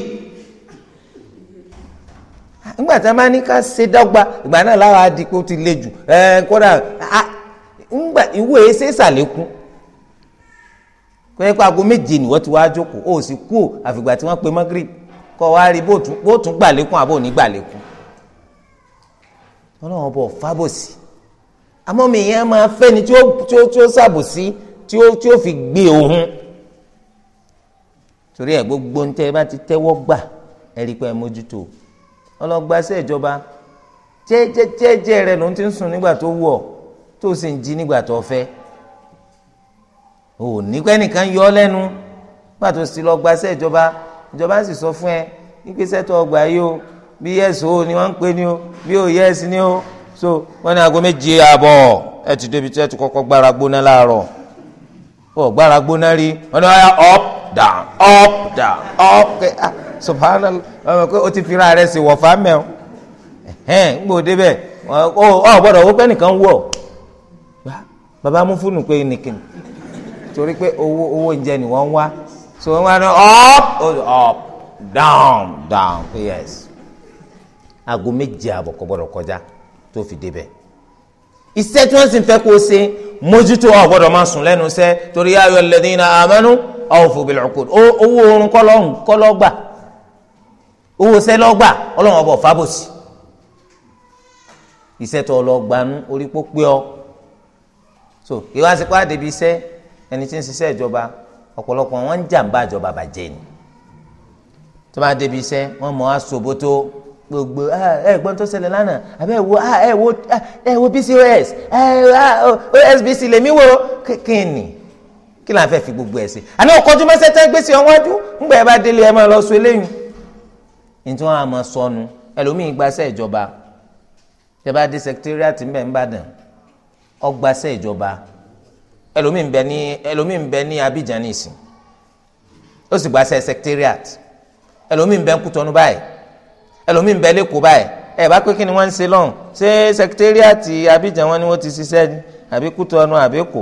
nígbà tí a máa ní ká ṣe dọ́gba ìgbà náà láwa di pé ti le jù ẹ kódà ńgbà ìwé ṣe ṣàlékún pé aago méje ni wọ́n ti wá jókòó ó àmọ́ mi yẹn máa fẹ́ ni tí ó tí ó tí ó ṣàbòsí tí ó tí ó fi gbé òun torí ẹ gbogbo ń tẹ ẹ bá ti tẹ́wọ́ gbà ẹ rí i pé ẹ mójútó ọlọ́gbàṣẹ́ ìjọba jẹ́jẹ́jẹ́ rẹ ló ń ti ń sùn nígbà tó wù ọ́ tó sì ń jí nígbà tó fẹ́ ò ní pẹ́ yọ ọ́ lẹ́nu nígbà tó sì lọ gbàṣẹ́ ìjọba ìjọba sì sọ fún ẹ ìgbésẹ̀ tó ọgbà yìí o bí yẹ́sì o ni wọ́n ń pè ní o bí o yẹ́sì ni o so wọ́n ní aago méje àbọ̀ ẹ ti débi tí ẹ ti kọ́kọ́ gbára gbóná láàárọ̀ ọ gbára gbóná rí wọ́n ní wọ́n yá up down up down up ah subhanallah ọmọ pé o ti fi ra rẹ sí wọ̀fà mẹ́wọ́ ẹ̀hẹ́n gbòó débẹ̀ ọ gbọ́dọ̀ wọ́pẹ́ nìkan wọ̀ bàbá mú fóònù pé nìkan torí pé owó owó oúnjẹ ni wọ́n ń wá so wọ́n wá ní up up down down yes aago méje àbọ̀ kò gbọ́dọ̀ kọjá tó fi débẹ̀ iṣẹ́ tí wọ́n sì fẹ́ kó ṣe mójútó ọ̀ gbọ́dọ̀ máa sùn lẹ́nu iṣẹ́ torí ya ayyuhal ladhina amanu awfu bil uqud owó oorun kọ́lọ́gbà owó sẹ́lọ́gbà ọlọ́run ọbọ̀ fábòsì iṣẹ́ tó lọ gbanú orí pópé ọ so ìwà sípò àdébí iṣẹ́ ẹni tí ń ṣiṣẹ́ ìjọba ọ̀pọ̀lọpọ̀ wọn ń jàǹbá ìjọba bàjẹ́ ni tó bá débi iṣẹ́ wọ́n mọ̀ á sobo tó gbogbo ah, ẹ gbọ́n tó ṣẹlẹ̀ lánàá àbẹ́ ẹ wo ah, ẹ wo ah, ẹ wo PCOS ẹ OSBC lèmi wo kíni kí là ń fẹ́ fi gbogbo ẹ̀ sí àná ọkọ̀jú mẹ́sẹ̀ tẹ́ gbèsè ọwájú ńgbà ẹ bá délé ẹ máa lọ sọ eléyìí nítorí wọn àmọ́ sọnù ẹlòmíín gbaṣẹ́ ìjọba tẹ bá dé sẹkítírìàtì ńbẹ ńbàdàn ọgbàṣẹ́ ìjọba ẹlòmíín bẹ ní Abidjan nìsín ó sì gbaṣẹ́ sẹkítírìàtì ẹlòmíín bẹ ń Kútọ́nù báyìí ẹlòmíì bẹ lẹ́kọ̀ọ́ báyìí ẹ bá pé kí ni wọ́n ń ṣe lọ́hùn ṣé sẹkítẹ́rìàtì Abidjan wọn ni wọ́n ti ṣiṣẹ́ ni àbí Kútọ́nù àbí Èkó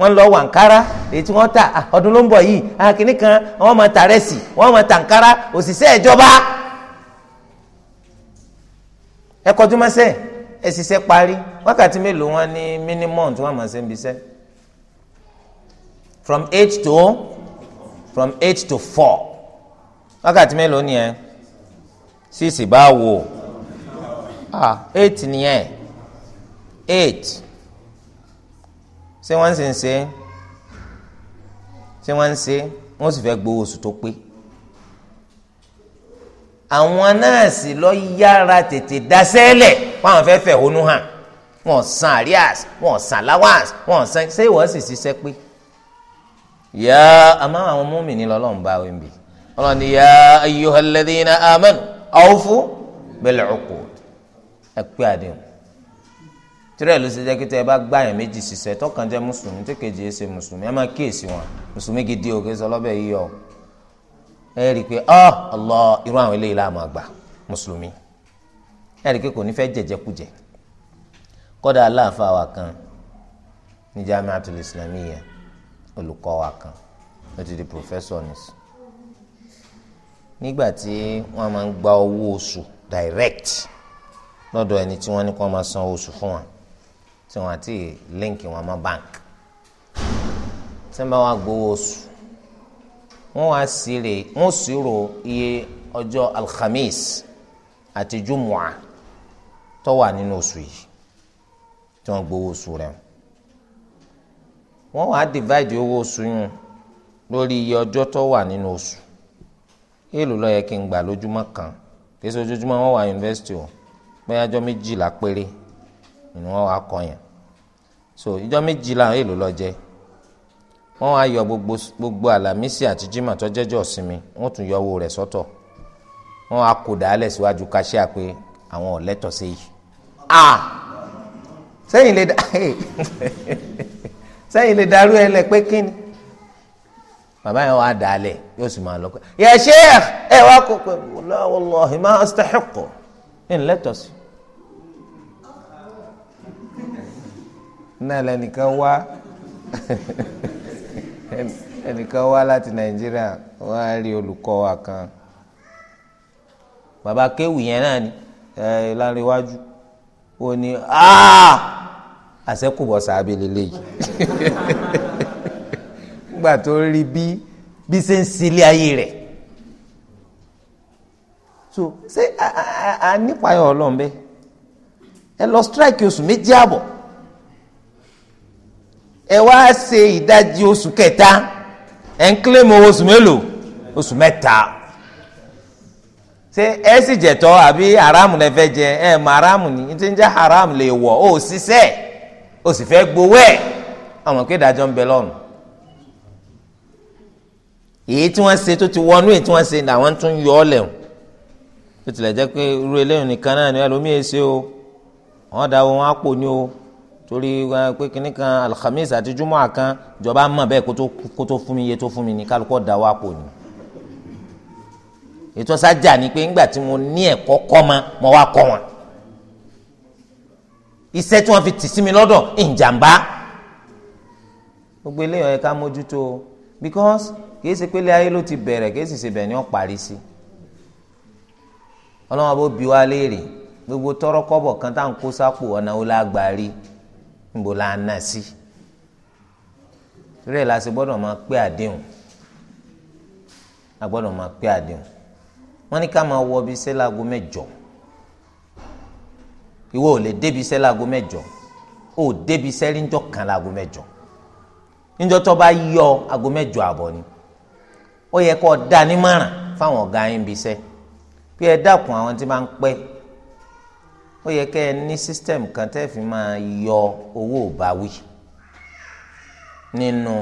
wọ́n lọ wàǹkárá èyí tí wọ́n ta ọdún ló ń bọ̀ yìí akínní kan wọ́n máa ta rẹ́sì wọ́n máa ta nkárá òṣìṣẹ́ ìjọba ẹ kọjú mọ́sẹ́ ẹ ṣiṣẹ́ parí wákàtí mélòó wọn ní minimum tí wọ́n máa ṣe ń bíṣẹ́ from eight to from eight to four wákàtí mélòó ni ẹ. Sisi bá wo ah eight nìyẹn eight ṣé wọ́n ń ṣe ń ṣe ṣé wọ́n ń ṣe wọ́n sì fẹ́ gbowó oṣù tó pé àwọn náà sì lọ yára tètè dasẹ́lẹ̀ fáwọn fẹ́ fẹ̀hónú hàn wọ́n san arias wọ́n san lawas wọ́n san ṣé wọ́n sì ṣiṣẹ́ pé yá àmọ́ àwọn mùmínì lọ́lọ́run bá wí bì ọlọ́ni yá ayyuhalladhina amanu. awufu bẹ̀lẹ̀ ọkọ̀ ẹ pé àdéhùn tirẹ̀ ló ṣe jẹ́ kí tẹ́ ẹ bá gbá yẹn méjì ṣiṣẹ́ tọkàn jẹ́ mùsùlùmí tí kejì ẹ mùsùlùmí ẹ máa kíyèsí wọn mùsùlùmí gidi òkè sọ lọ́bẹ̀ yíyọ ẹ rí i pé ọ Allah irú àwọn eléyìí láàmú àgbà mùsùlùmí ẹ rí i pé kò ní fẹ́ jẹjẹkújẹ kọ́dà aláàfáà wa kan wa kan ti di professor nìsí nígbà tí wọ́n máa ń gba owó oṣù direct lọ́dọ̀ ẹni tí wọ́n ní kó máa san oṣù fún wọn tí wọ́n àti líǹkì wọn mọ́ bank tí wọ́n bá wá gbowó oṣù wọ́n wá síre wọ́n ṣírò iye ọjọ́ alhamis àti jumua tó wà nínú oṣù yìí tí wọ́n gbowó oṣù rẹ̀ wọ́n wá divide owó oṣù yìí lórí iye ọjọ́ tó wà nínú oṣù èèlò ló yẹ kí n gbà lójúmọ́ kan kìí ṣe ojoojúmọ́ wọn wà yunifásitì o bóyá ọjọ́ méjìlá péré ni wọ́n wá kọyàn so ọjọ́ méjìlá èèlò ló jẹ́ wọ́n wá yọ gbogbo gbogbo àlàmísì àti jimá tó jẹ́jọ́ sinmi wọ́n tún yọ owó rẹ̀ sọ́tọ̀ wọ́n wá kó dàálẹ̀ síwájú kásíà pé àwọn ọ̀lẹ́tọ̀ sí yìí a sẹ́yìn lè dá sẹ́yìn lè darú ẹ lẹ pé kíni bàbá yẹn wàá dàálẹ̀ yóò sì máa ya sheikh ẹ wá kó pé wallahi ma astahiqu ń lẹ́tọ̀ sí. náà wá ẹnìkan wá láti nàìjíríà wọ́n á rí olùkọ́ wa kan bàbá kéwì yẹn náà ni ẹ láríwájú ó ní aaa sábẹ́ gbà tó rí bí bí ṣe ń sílé ayé rẹ̀ so ṣé a nípayọ̀ ọlọ́run bẹ́ẹ̀ ẹ lọ strike oṣù méjì àbọ̀ ẹ wá ṣe ìdajì oṣù kẹta ẹ ń kílèmù oṣù mélòó oṣù mẹ́ta ṣé ẹ sì jẹ̀tọ́ àbí haramu lẹ fẹ́ jẹ ẹ mọ haramu ni ní ti ń jẹ́ haramu lè wọ̀ ó ṣiṣẹ́ ó sì fẹ́ gbowó ẹ̀ àwọn kéde àjọ ń bẹ lọ́rùn èyí tí wọ́n ṣe tó ti wọnú èyí tí wọ́n ṣe làwọn tún yọ ọ́ lẹ̀hún tó tilẹ̀ jẹ́ pé irú eléyìí nìkan náà ni ẹlòmíì ṣe o wọ́n da wọn á pò ní o torí pé kínní kan alhamis àti jumọ́ àkan ìjọba mọ̀ bẹ́ẹ̀ kó tó fún mi iye tó fún mi ní kálukọ́ da wọn á pò ní. ètò sájà ni pé ńgbà tí mo ní ẹ̀kọ́ kọ́ ma mo wá kọ́ wọn iṣẹ́ tí wọ́n fi tì sí mi lọ́dọ̀ ìjàmbá gbogbo eléyìí ó kìí ṣe pé láyé ló ti bẹ̀rẹ̀ kìí sì ṣe bẹ̀ ni ó parí sí ọlọ́wọ́n bó bi wá léèrè gbogbo tọrọ kan tá à ń kó sápò ọ̀nà ó níbo la nà sí rẹ̀ la ṣe gbọ́dọ̀ máa pé àdéhùn a gbọ́dọ̀ máa pé àdéhùn wọ́n ní ká máa wọ mẹ́jọ ìwọ ò lè débi mẹ́jọ ò débi kan ó yẹ kó dá nímọ̀ràn fáwọn ọ̀gá yín bí iṣẹ́ bí ẹ dákun àwọn tí máa ń pẹ́ ó yẹ kẹ́ ẹ ní system kan tẹ́ fi máa yọ owó ìbáwí nínú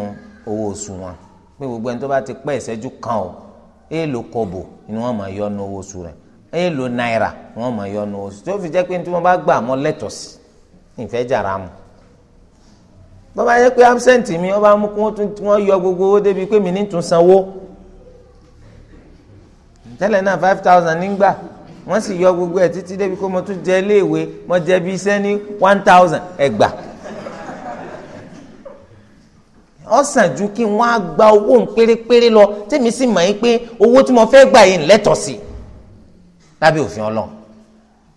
owó oṣù wọn pé gbogbo ẹni tó bá ti pẹ́ ìṣẹ́jú kan o èèlò kọ́bọ̀ ni wọ́n máa yọ nu owó oṣù rẹ̀ èèlò náírà ni wọ́n máa yọ nu owó oṣù tó fi jẹ́ pé tí wọ́n bá gbà mọ́ lẹ́tọ̀ sí ìfẹ́ jàrá mu bọ́n bá yẹ pé absent mi wọ́n bá mú kí wọ́n yọ gbogbo owó débi pé mi ní tún sanwó tẹ́lẹ̀ náà five thousand nígbà wọ́n sì yọ gbogbo ẹ̀ títí débi kó mo tún jẹ iléèwé mo jẹ bí iṣẹ́ ní one thousand ẹgbà. ó sàn ju kí wọ́n á gba owó pérépéré lọ tèmi sì mọ̀ yín pé owó tí mo fẹ́ gbà yìí lẹ́tọ̀ọ́ sí i lábẹ́ òfin ọlọ́run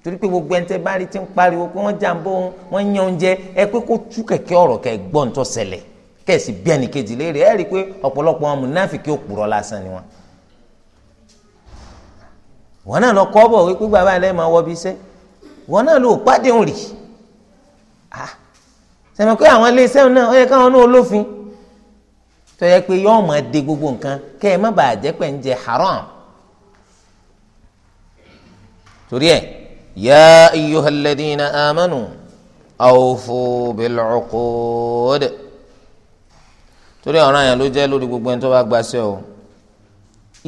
torí pé gbogbo ẹni tẹ bá rí ti ń pariwo pé wọ́n jàǹbó wọ́n yan oúnjẹ ẹ pé kó tú kẹ̀kẹ́ ọ̀rọ̀ kẹ́ gbọ́n tó ṣẹlẹ̀ kẹ́sì bí ẹnìkejì léèrè ẹ rí i pé ọ̀pọ̀lọpọ̀ wọn mùnáfìkì òpùrọ̀ lásán ni wọn wọn náà lọ kọ́ bọ̀ wípé bàbá ilẹ̀ máa wọbi iṣẹ́ wọn náà lò pàdéhùn rì á ah, sẹ́mi pé àwọn ilé iṣẹ́ náà ó yẹ káwọn náà lófin tó yẹ pé yọ́ọ̀ máa de gbogbo nǹkan kẹ́ ẹ má bàa jẹ́ pé ń jẹ haram torí ẹ yá iyuhalladina amanu awfu bil'uqud torí ọ̀ràn yẹn ló jẹ́ lórí gbogbo ẹni tó bá gbaṣẹ́ o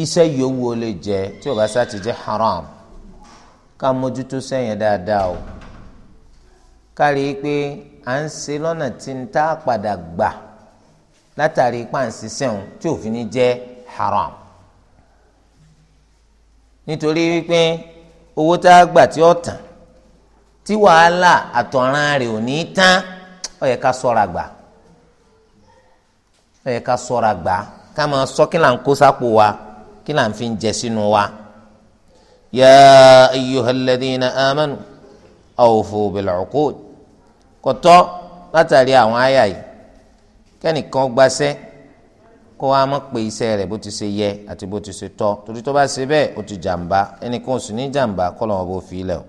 iṣẹ́ yòówù ó lè jẹ́ tí ó bá sá ti jẹ́ haram ká mójútó sẹ́yìn dáadáa o kárí pé à ń ṣe lọ́nà tí ń tá a padà gbà látàrí pàǹsí sẹ́wọ̀n tí òfin ní jẹ́ haram nítorí wípé owó tá a gbà tí ó tàn tí wàhálà àtọ̀ràn rẹ̀ ò ní tán ó yẹ ká sọ́ra gbà ó yẹ ká sọ́ra gbà ká máa sọ́kínlá ń kó sápò wa kí là ń fi jẹ sínú wa. ya ayyuhal ladhina amanu awfu bil uqud kọtọ látàrí àwọn àyà yìí kẹ́nìkan gbaṣẹ́ kó wa mọ̀ pé iṣẹ́ rẹ̀ bó ti ṣe yẹ àti bó ti ṣe tọ́ torí tó bá ṣe bẹ́ẹ̀ ó ti jàǹbá ẹnìkan sì ní jàǹbá kọ́ lọ́wọ́ bó fi ilẹ̀ o.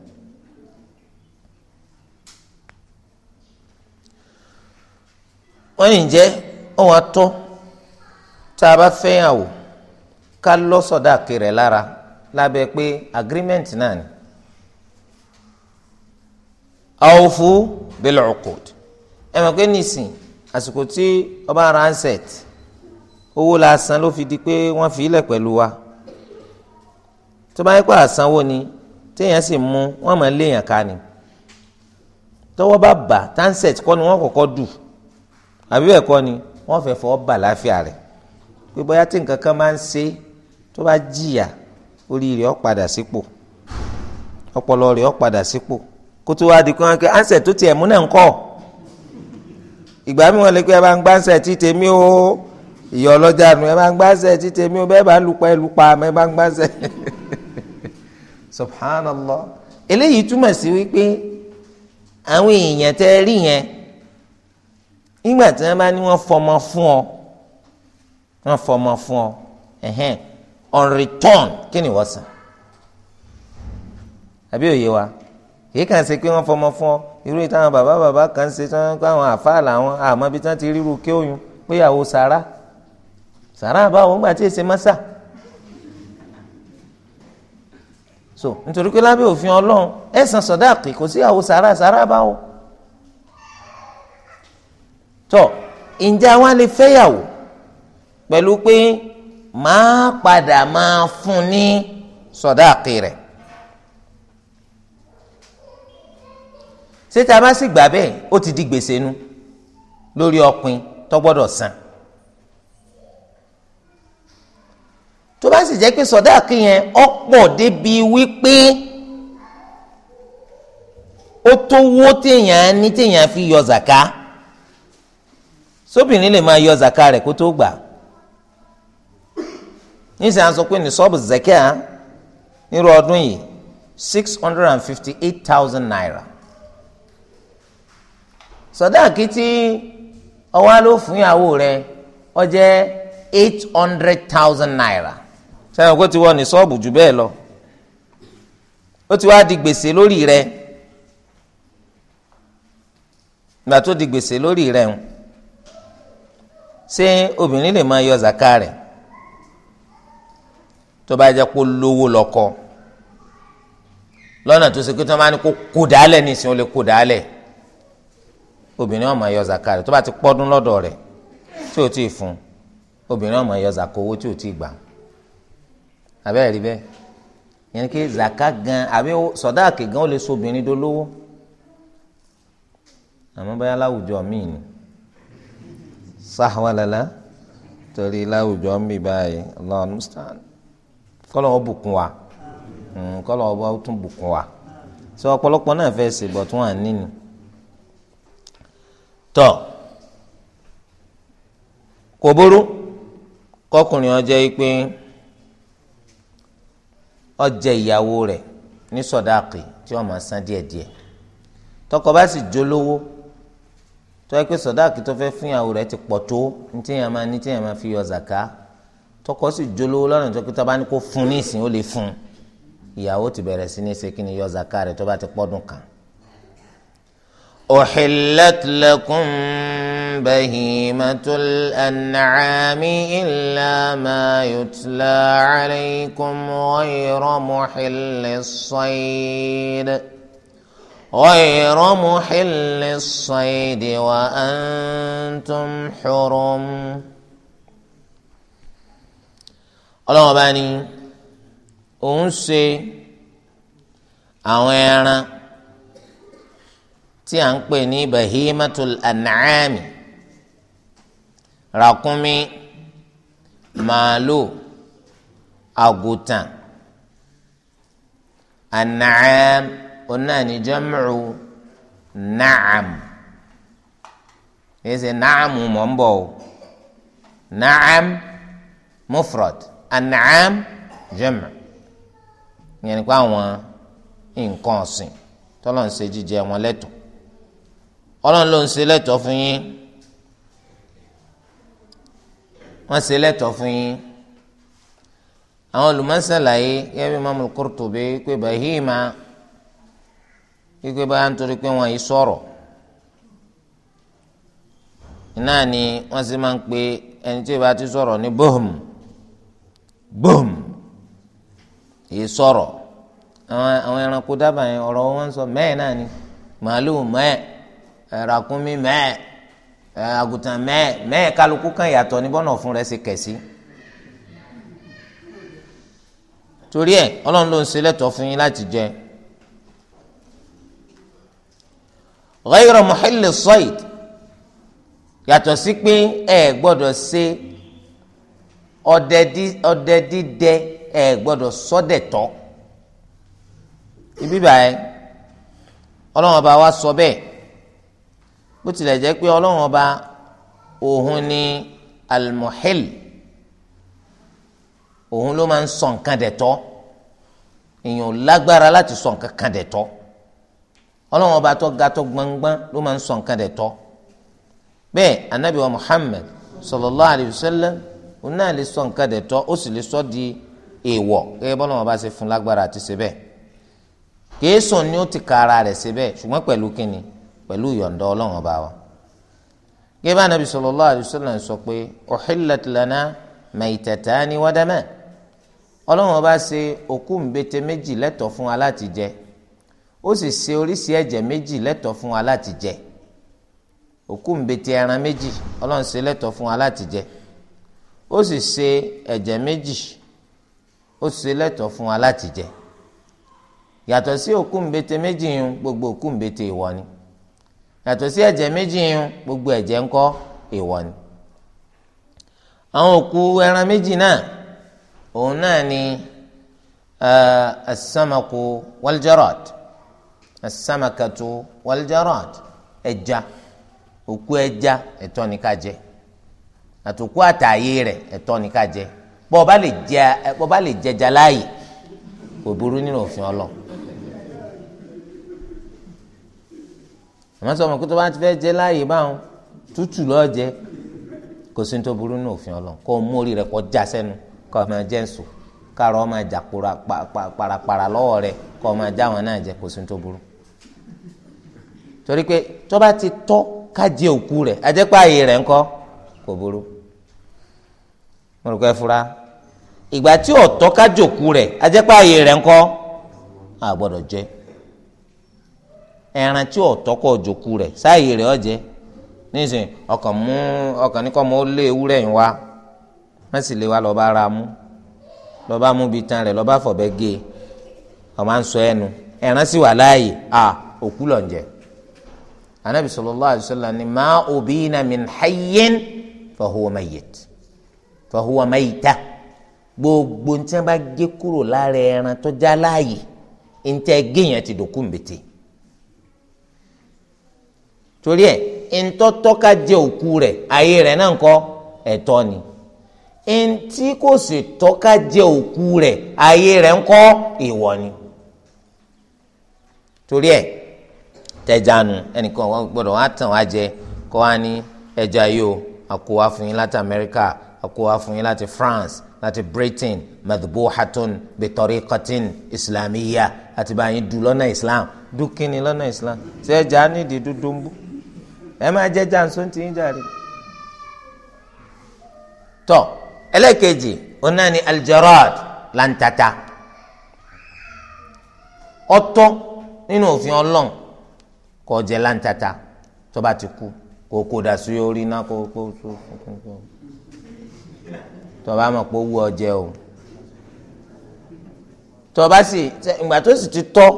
wọ́n ní jẹ́ ó wá tó tá a bá fẹ́yàwó ká lọ sọdáàkì rẹ̀ lára lábẹ́ pé agreement náà ni awfu bil uqud ẹ mọ̀ pé nìsín àsìkò tí ọba ranset owó lásán ló fi di pé wọ́n fi ilẹ̀ pẹ̀lú wa tó bá yẹ pé àsanwó ni téèyàn sì mú wọ́n máa léèyàn ká ni tọ́wọ́ bá bà tanset kọ́ ni wọ́n kọ́kọ́ dù àbí bẹ́ẹ̀ kọ́ ni wọ́n fẹ́ fọ́ bà láfíà rẹ̀ pé bóyá tí nǹkan kan máa ń ṣe tó bá jìyà orí rẹ̀ ó padà sípò ọpọlọ rẹ̀ ó padà sípò kótó wa di kí wọn kí ansẹ tó tiẹ̀ mú náà ń kọ́ ìgbà mi wọn lè pé ẹ bá ń gbánsẹ̀ tí tèmi o ìyá ọlọ́jà nù ẹ bá ń gbánsẹ̀ tí tèmi o bẹ́ẹ̀ bá lupa ẹ lupa ẹ bá ń gbánsẹ̀ subhanallah eléyìí túmọ̀ sí wípé àwọn èèyàn tẹ́ rí yẹn nígbà tí wọ́n bá ní wọ́n fọmọ fún ọ wọ́n fọmọ fún ọ ẹ̀hẹ́n on return kí ni wọ́n san àbí òye wa èyí kàn ṣe pé wọ́n fọmọ fún ọ irú ìtàn bàbá bàbá kan ṣe tí wọ́n pa àwọn àfáà làwọn àmọ́ bí wọ́n ti ríru kí oyún pé àwo sàrà sàrà àbáwọn gbà tí èsè mọ́sà so nítorí pé lábẹ́ òfin ọlọ́run ẹ̀ san sọ̀dáàkì kò sí àwo sàrà sàrà àbáwọn tọ́ ǹjẹ́ àwọn lè fẹ́yàwó pẹ̀lú pé máa padà máa fún ní sọdáàkì rẹ̀ ṣé tá a bá sì gbà bẹ́ẹ̀ ó ti di gbèsè nu lórí ọpin tó gbọ́dọ̀ san tó bá sì jẹ́ pé sọdáàkì yẹn ọ̀pọ̀ débi wípé ó tó wó téèyàn ní téèyàn fi yọ zàká sóbìnrin lè máa yọ zàká rẹ̀ kó tó gbà á níṣẹ́ à ń sọ pé nìṣọ́ọ̀bù zakia nírú ọdún yìí six hundred and fifty eight thousand naira sọdáàkì tí ọwá ló fún ìyàwó rẹ ọ jẹ́ eight hundred thousand naira sẹ́yìn kó ti wọ nìṣọ́ọ̀bù jù bẹ́ẹ̀ lọ ó ti wá di gbèsè lórí rẹ gbà tó di gbèsè lórí rẹ ń ṣé obìnrin lè máa yọ zaka tó bá jẹ́ kó lówó lọ́kọ lọ́nà tó ṣe pé tó máa ní kó kó dálẹ̀ nísìnyí ó lè kó dálẹ̀ obìnrin ọmọ ẹ̀yọ zaka rẹ̀ tó bá ti pọ́dún lọ́dọ̀ rẹ̀ tí ò tí ì fún obìnrin ọmọ ẹ̀yọ zaka owó tí ò tí gbà abẹ́rẹ́ rí bẹ́ẹ̀ yẹn kí zaka gan àbí sọ̀dáàkì gan ó lè so obìnrin dolówó àmọ́ báyà láwùjọ míì ni sáà wà lálá torí láwùjọ mi báyìí Allah musta'an. kọ́lọ̀ wọn bùkún wa hmm, kọ́lọ̀ wọn tún bùkún wa sọ ọ̀pọ̀lọpọ̀ náà fẹ́ ṣe bọ̀ tí wọ́n á níní. tọ́ kò burú kọkùnrin ọjọ́ yìí pé ọjẹ ìyàwó rẹ̀ ní sọdáàkì tí wọ́n máa san díẹ̀díẹ̀ tọkọ bá sì jólówó tọ́ ẹ pé sọdáàkì tó fẹ́ fún ìyàwó rẹ̀ ti pọ̀ tó ní tí yẹn máa ní tí yẹn máa fi yọ zàká tọkọ sì jólówó lọ́nà tó kíta bá ní kó fún ní ìsìn ó lè fún ìyàwó ti bẹ̀rẹ̀ sí ní ṣe kí ni yọ zaka rẹ̀ tó bá ti pọ́dún kan. أحلت لكم بهيمة الأنعام إلا ما يتلى عليكم غير محل الصيد غير محل الصيد وأنتم حرم ọlọ́wọ́n bá ní òun ṣe àwọn ẹran tí à ń pè ní bahimatul an'ami ràkúnmí màálù àgùtàn an'am onáni jam'u na'am kìí ṣe na'am mọ̀ ń bọ̀ o na'am mufrad an'am jẹ́mọ̀ ìyẹn nípa àwọn nǹkan ọ̀sìn tọ́lọ̀ ń ṣe jíjẹ wọn lẹ́tọ̀ ọlọ́run ló ń ṣe lẹ́tọ̀ fún yín wọ́n ṣe lẹ́tọ̀ fún yín àwọn olùmọ̀sálàyé yẹ́n bí Imam pé bahima pípé báyà ń torí pé wọ́n yìí sọ̀rọ̀ náà ni wọ́n sì máa ń pe ẹni tí ìbá ti sọ̀rọ̀ ní bohum boom èyí sọ̀rọ̀ àwọn àwọn ẹranko dábàá yẹn ọ̀rọ̀ wọn sọ mẹ́ẹ̀ náà ni màálùú mẹ́ẹ̀ ẹ̀ràkúnmí mẹ́ẹ̀ àgùntàn mẹ́ẹ̀ mẹ́ẹ̀ kálukú kan yàtọ̀ ní bọ́nà fún rẹ̀ ṣe kẹ̀sí. torí ẹ̀ ọlọ́run ló ń ṣe lẹ́tọ̀ọ́ fún yín láti jẹ. ghayra muhilli sayd yàtọ̀ sí pé ẹ gbọ́dọ̀ ṣe ọdẹ dídẹ ẹ gbọ́dọ̀ sọdẹ tọ ibi báyìí ọlọ́run ọba wa sọ bẹ́ẹ̀ bó tilẹ̀ jẹ́ pé ọlọ́run ọba òun ni almuhil òun ló máa ń sọ nǹkan dẹ̀ tọ́ èèyàn lágbára láti sọ nǹkan kan dẹ̀ tọ́ ọlọ́run ọba tó ga tó gbangban ló máa ń sọ nǹkan dẹ̀ tọ́ bẹ́ẹ̀ anabi wa muhammed sallallahu alayhi wa sallam. òun náà lè sọ nǹkan dẹ̀ tọ́ sì lè sọ di èèwọ̀ gẹ́gẹ́ bọ́lá wọn bá ṣe fún lágbára àti ni ó ti ka ara rẹ̀ ṣe ṣùgbọ́n pẹ̀lú kíni pẹ̀lú ìyọ̀ǹda Ọlọ́run ọba wa. gẹ́gẹ́ bá nàbì sallallahu alaihi wasallam sọ pé uhillat lana maytatani wa daman Ọlọ́run ọba ṣe òkú méjì lẹ́tọ̀ fún wa láti jẹ ó sì ṣe oríṣi ẹ̀jẹ̀ méjì lẹ́tọ̀ fún wa láti jẹ òkú ẹran méjì Ọlọ́run ó sì se ẹ̀jẹ̀ méjì ó si lẹ́tọ̀ọ́ fún wa láti jẹ yàtọ̀ sí òkú mbete méjì yun gbogbo òkú mbete ìwọ ni yàtọ̀ sí ẹ̀jẹ̀ méjì yun gbogbo ẹ̀jẹ̀ ńkọ́ ìwọ ni àwọn òkú ẹran méjì náà òun náà ni asamaku waljarad asamakatu waljarad ẹja òkú ẹja ẹ̀tọ́ ni ká àtòkù àtàyè rẹ̀ ẹ̀tọ́ ni ká jẹ bọ́ ọba lè jẹ ọba lè jẹjà láàyè kò burú nínú òfin ọlọ. àmọ́ sọ ma kó tó bá ti fẹ́ jẹ láàyè báwọn tútù lọ́ọ́ jẹ kò sí ní tó burú nínú òfin ọlọ kó o mú orí rẹ̀ kó já sẹ́nu kó o máa jẹ́ nsò káàrọ̀ ọmọ ẹja parapara lọ́wọ́ rẹ̀ kó o máa wọn náà jẹ kò sí tó burú. torí pé tó bá ti tọ́ ká òkú rẹ̀ ajẹ́pẹ́ ààyè rẹ̀ ńkọ́ kò burú. mo rò pé fura ìgbà tí ọ̀tọ́ ká jòkú rẹ̀ ajẹ́pẹ́ ààyè rẹ̀ ńkọ́ a gbọ́dọ̀ jẹ ẹran tí ọ̀tọ́ kọ́ jòkú rẹ̀ sáàyè rẹ̀ ọ̀jẹ́ nísìnyí ọkàn mú ọkàn ní kọ́ mọ́ le lé ewúrẹ́ yìí wá wọ́n wa lọ́ọ́ bá ra mú lọ́ọ́ bi tán rẹ̀ lọ́ọ́ bá fọ̀bẹ́ gé e ń sọ ẹnu ẹran sì wà láàyè a òkú anabi ma ubina min fa fahuwa mayta gbogbo ní tí wọ́n bá gé kúrò lára ẹran tó já láàyè ní tí wọ́n gé yẹn ti dòkú mbètè torí ẹ̀ ntọ́tọ́ka jẹ òkú rẹ̀ ayé rẹ̀ náà ńkọ́ ẹ̀tọ́ ni ntí kò sì tọ́ka jẹ òkú rẹ̀ ayé rẹ̀ ńkọ́ ìwọ ni torí ẹ̀ tẹjánu ẹnìkan gbọ́dọ̀ wá tàn wá jẹ kọ́ wá ní ẹja yìí o àkó wá fún yín láti Amẹ́ríkà ọkọ wa láti France láti Britain madbuhatun bitariqatin islamiyya àti báyìí du lọ́nà Islam dukini kíni lọ́nà Islam ṣé ẹja nídìí dúdú ń bú ẹ máa jẹ́ jansun tí ń jàre. tọ́ ẹlẹ́kejì ọ̀nà ni aljarad lantata ọ̀tọ̀ nínú òfin Ọlọ́run kó jẹ lantata tó bá ti kú kó kó dà sí orí náà kó kó kó kó kó tọba mọ̀ pé ó wú ọjẹ́ o tọba sì ìgbà tó sì ti tọ́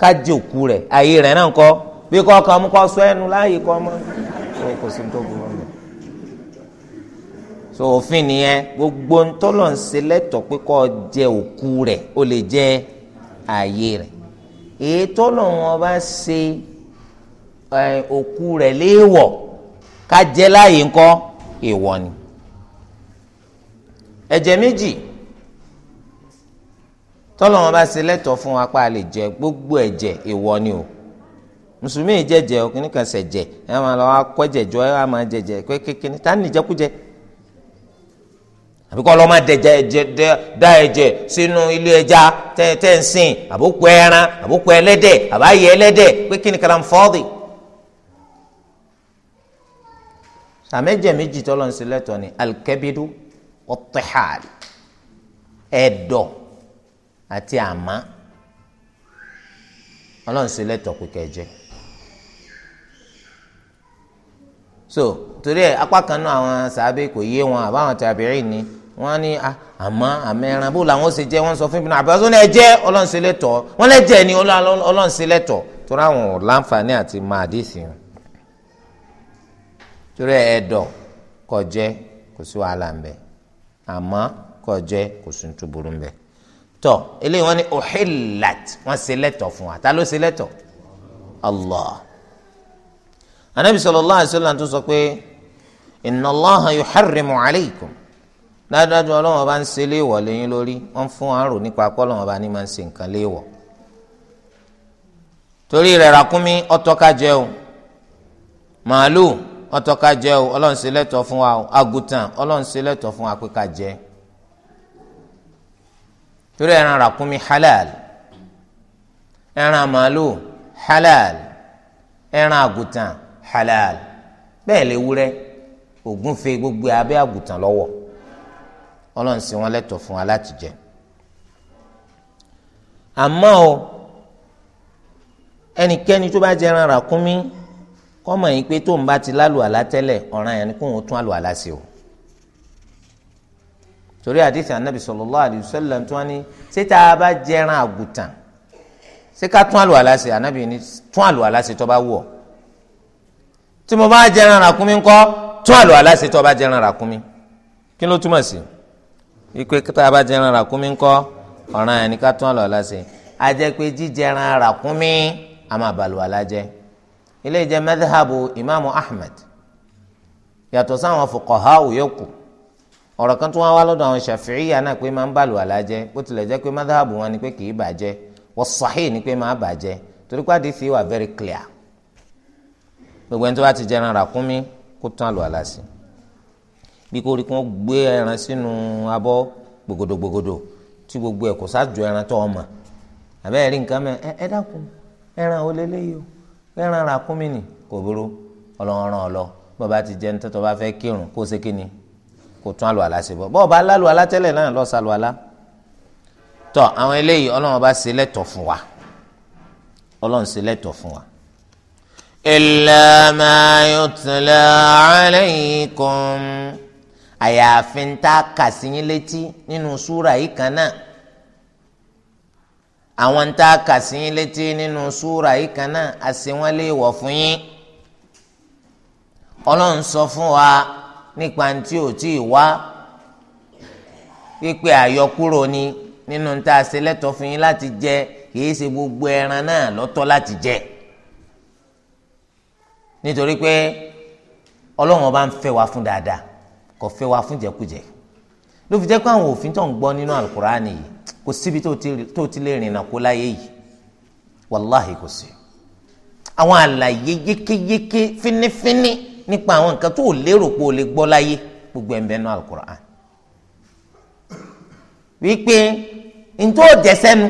ká jẹ òkú rẹ̀ àyè rẹ̀ náà kọ́ bí kò kàn mú kọ́ sọ ẹnu láàyè kọ́ mọ́ kò sí tó burú mọ́ so òfin nìyẹn gbogbo ntọ́lọ̀ ń ṣe lẹ́tọ̀ pé kọ́ jẹ òkú rẹ̀ ó lè jẹ àyè rẹ̀ èyí tọ́lọ̀ wọn bá ṣe òkú rẹ̀ léèwọ̀ ká jẹ láàyè ńkọ́ èèwọ̀ ni ẹ̀jẹ̀ méjì tọ́lọ́wọ́n bá ṣe lẹ́tọ̀ọ́ fún apá lè jẹ gbogbo ẹ̀jẹ̀ èèwọ̀ ni o mùsùlùmí jẹjẹ òkìní kan ṣẹjẹ ẹ máa lọ akọ́jẹ jọ ẹ máa jẹjẹ kékeré tá ní ìjẹkújẹ àbíkọ́ lọ́ máa dẹ̀jẹ̀ ẹ̀jẹ̀ dá ẹ̀jẹ̀ sínú ilé ẹja tẹ́ ń sìn àbókù ẹran àbókù ẹlẹ́dẹ̀ àbáyé ẹlẹ́dẹ̀ pé kí ni kàrà ń fọ́ọ̀dì. sàmẹ́jẹ̀ méjì tọ́lọ́ ń ṣe lẹ́tọ̀ọ́ ni alkẹ́bídú ọtẹhàl ẹ̀dọ̀ àti àmá Ọlọ́run sì kẹjẹ so torí ẹ apá kan náà àwọn sàábé kò yé wọn àbáwọn tàbíìn ni wọn ní àmọ́ ah, àmẹran bó làwọn ṣe jẹ wọn sọ fún ibùdó àbáwọn ní ẹjẹ Ọlọ́run sì wọn lẹjẹ ni Ọlọ́run sì lẹ́tọ̀ọ́ torí àwọn ò láǹfààní àti máa dé sí wọn torí ẹ̀dọ̀ kọjẹ kò sí wàhálà ń bẹ àmọ́ kò jẹ́ kò sùn tó burú mbẹ. tọ eléyìí wọn ni uhillat wọn ṣe lẹ́tọ̀ fún wa ta ló ṣe lẹ́tọ̀ allah anabi sallallahu alaihi wasallam tó sọ pé inna allaha yuharrimu alaykum dájúdájú ọlọ́wọ́n bá ń ṣe léèwọ̀ lẹ́yìn lórí wọ́n fún wa rò nípa pọ́lọ́wọ́n bá ní máa ń ṣe nǹkan léèwọ̀ torí rẹ̀ ràkúnmí ọ̀tọ́ka jẹ́ màálù ọtọ́ka jẹ́ o ọlọ́run ṣe lẹ́tọ̀ fún wa o àgùtàn ọlọ́run ṣe lẹ́tọ̀ fún wa pé ká jẹ torí ẹran ràkúnmí halal ẹran màálù halal ẹran agutan halal bẹ́ẹ̀ lè wúrẹ́ ògúnfe gbogbo abẹ́ àgùtàn lọ́wọ́ ọlọ́run ṣe wọ́n lẹ́tọ̀ fún wa láti jẹ àmọ́ o ẹnikẹ́ni tó bá jẹ ẹran ràkúnmí kọ́mọ̀ yín pé tóun bá ti lálù àlá tẹ́lẹ̀ ọ̀ràn yẹn ni kóun tún àlù àlá sí o torí àdìsí anabi sallallahu alaihi wasallam tí wọn ní ṣé tá a bá jẹran àgùntàn ṣé ká tún àlù àlá sí anabi ni tún àlù àlá sí tó bá wù ọ́ tí mo bá jẹran ràkúnmí ńkọ́ tún àlù àlá sí tó bá jẹran ràkúnmí kí ló túmọ̀ sí ipe tá a bá jẹran ràkúnmí ńkọ́ ọ̀ràn yẹn ni ká tún àlù àlá sí a jẹ́ pé jíjẹran ràkúnmí a àlá jẹ́ ilé jẹ́ madhabu imaamu ahmed yàtọ̀ sáwọn fuqahawu yòókù ọrọ kan tó wá wá lọ́dọ̀ àwọn na náà pé máa ń bàlù àlàjẹ́ bó tilẹ̀ jẹ́ pé madhabu wọn ni pé kì í bàjẹ́ wọ́n sahih ni pé máa bàjẹ́ torí pàdé fi very clear gbogbo ẹni tó bá ti jẹran ràkúnmí kó tán sí bí gbogodogbogodo tí gbogbo kò ẹran tó ọmọ àbẹ́ẹ̀rí nǹkan mẹ́ ẹ dákun ẹran ò lélẹ́yìí o ẹran ràkúnmí ni kò burú ọlọ́run ọlọ bó bá ti jẹ ní tọ́tọ́ bá fẹ́ kírun kó ṣe kíni kó tún àlùwàlá ṣe bọ́ bọ́ọ̀ bá lálùwàlá tẹ́lẹ̀ náà lọ́ọ́ sàlùwàlá tọ́ àwọn eléyìí ọlọ́run bá ṣe lẹ́tọ̀ fún wa ọlọ́run ṣe lẹ́tọ̀ fún wa. illa ma yutla alaykum àyàfi ń ta kà sí yín létí nínú súra yìí kan náà àwọn tá a kà sí yín létí nínú súra yìí kan náà a sì wọ́n lè wọ̀ fún yín ọlọ́run sọ fún wa nípa ntí ò tí ì wá pípé àyọkúrò ni nínú tá a ṣe lẹ́tọ̀ọ́ fún yín láti jẹ kìí ṣe gbogbo ẹran náà lọ́tọ̀ láti jẹ nítorí pé ọlọ́run ọba ń fẹ́ wa fún dáadáa kò fẹ́ wa fún jẹkújẹ ló fi jẹ́ pé àwọn òfin tó ń gbọ́ nínú àlùkùránì yìí kò síbi tó ti lè rìnnà kó láyé yìí wàláhì kò sí àwọn àlàyé yékéyéké fínífíní nípa àwọn nǹkan tó lérò pé o lè gbọ́ láyé gbogbo ẹ̀ńbẹ́ nù wípé ntọ́ dẹ́sẹ́nu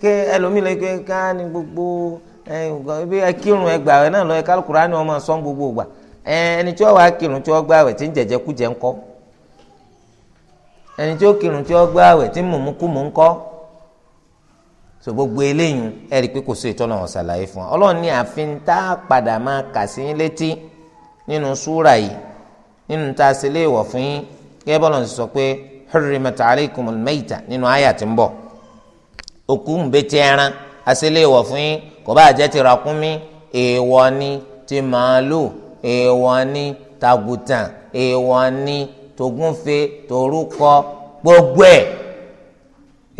kí ẹlòmílẹ̀ kí ká ní gbogbo ẹ kírun ẹgbà náà lọ ẹ gbogbo ẹni tí wá kírun tí gbà tí ẹni tí ó kírun tí ó gbá àwẹ̀ tí mò ń kú mò ń kọ́ so gbogbo eléyìí ẹ rí i pé kò sí ìtọ́nà wọn ṣàlàyé fún wa ọlọ́run ní àfin tá a padà máa kà sí yín létí nínú súrà yìí nínú tá a ṣe lè wọ̀ fún yín gẹ́gẹ́ bọ́lá ń sọ pé hurrimat alaykumul mayta nínú àyà tí ń bọ̀ òkú ń bẹ ti ẹran a ṣe lè wọ̀ fún yín kò bá jẹ́ ti ràkúnmí èèwọ̀ ni ti màálù èèwọ̀ ni tàgùtàn èèwọ̀ ni Togunfe tòrúkọ gbogbo ẹ̀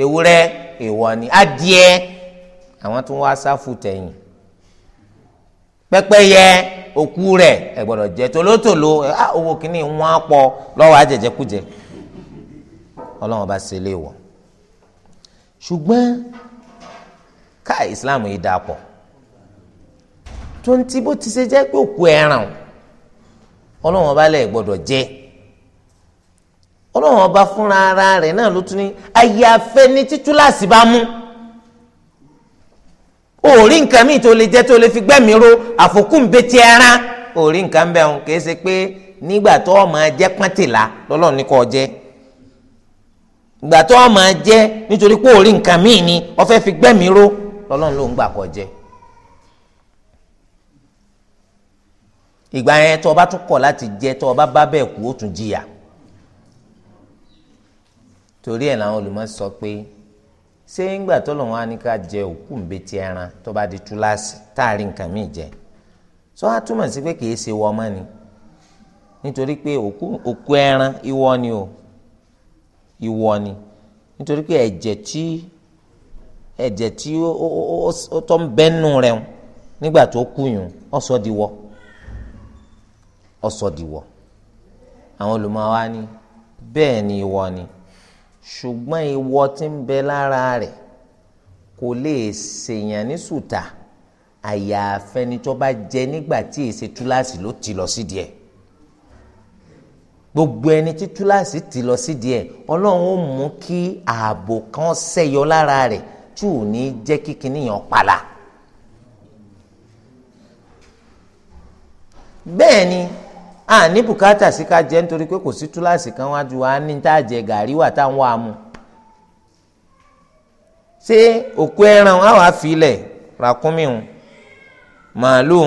ewúrẹ́ èèwọ̀ ni adìẹ àwọn tó ń wá sáfù tẹ̀yìn pẹ́pẹ́yẹ òkú rẹ̀ ẹ gbọ́dọ̀ jẹ tòlótòló ẹ á ah, owó kìíní wọn pọ̀ lọ́wọ́ àjẹjẹkújẹ Ọlọ́run bá ṣe léèwọ̀ ṣùgbọ́n ká Islam yìí dáa pọ̀ tó ń ti bó ti ṣe jẹ́ pé òkú ẹran Ọlọ́run bá lẹ̀ gbọ́dọ̀ jẹ ọlọ́run ọba fúnra ara rẹ̀ náà ló tún ní àyàfẹ́ ní títúláàsì bá mú òórí nǹkan míì tó lè jẹ́ tó lè fi gbẹ́mí ro àfòkù ń betí ẹran òórí nǹkan bẹ́ẹ̀ hùn kìí ṣe pé nígbà tó ọmọ jẹ́ pọ́ntìlá lọ́lọ́run ní kò jẹ́ ìgbà tó ọmọ jẹ́ nítorí pé òórí nǹkan míì ni wọ́n fẹ́ fi gbẹ́mí ro lọ́lọ́run ló ń gbà kò jẹ́ ìgbà yẹn tó o bá tún kọ̀ láti jẹ́ tó o bá bá bẹ́ẹ̀ kú ó tún jìyà torí ẹ̀ làwọn olùmọ̀ sọ pé ṣé ńgbà tó lọ́wọ́ á ní ká jẹ òkú ńbẹ́tì ẹran tó bá di túláàsì táàrí nǹkan mìíràn jẹ sọ á túmọ̀ sí pé kìí ṣe wọ ọmọ ni nítorí pé òkú ẹran ìwọ ni o ìwọ ni nítorí pé ẹ̀jẹ̀ tí ẹ̀jẹ̀ tí ó tọ́ ń bẹ́nu rẹ̀ nígbà tó kú yùn ọ̀sọ́ di wọ ọ̀sọ́ di wọ àwọn olùmọ̀ wa ni bẹ́ẹ̀ ni ìwọ ni ṣùgbọ́n ìwọ tí ń bẹ lára rẹ̀ kò lè ṣèyàn ní sùtà àyàfẹ́ni tó bá jẹ nígbà tí èsì túláàsì ló ti lọ sídìí ẹ̀ gbogbo ẹni tí túláàsì ti lọ sídìí ẹ̀ ọlọ́run ó mú kí ààbò kan ṣẹ́yọ lára rẹ̀ tí ò ní jẹ́ kí kìnìyàn pala. bẹ́ẹ̀ ni a ní bùkátà sí ká jẹ nítorí pé kò sí túláàsì kan wájú wa ní tá a jẹ gàrí wà tá à ń wá a mu ṣé òkú ẹran á wàá filẹ̀ ràkúnmí ń màálù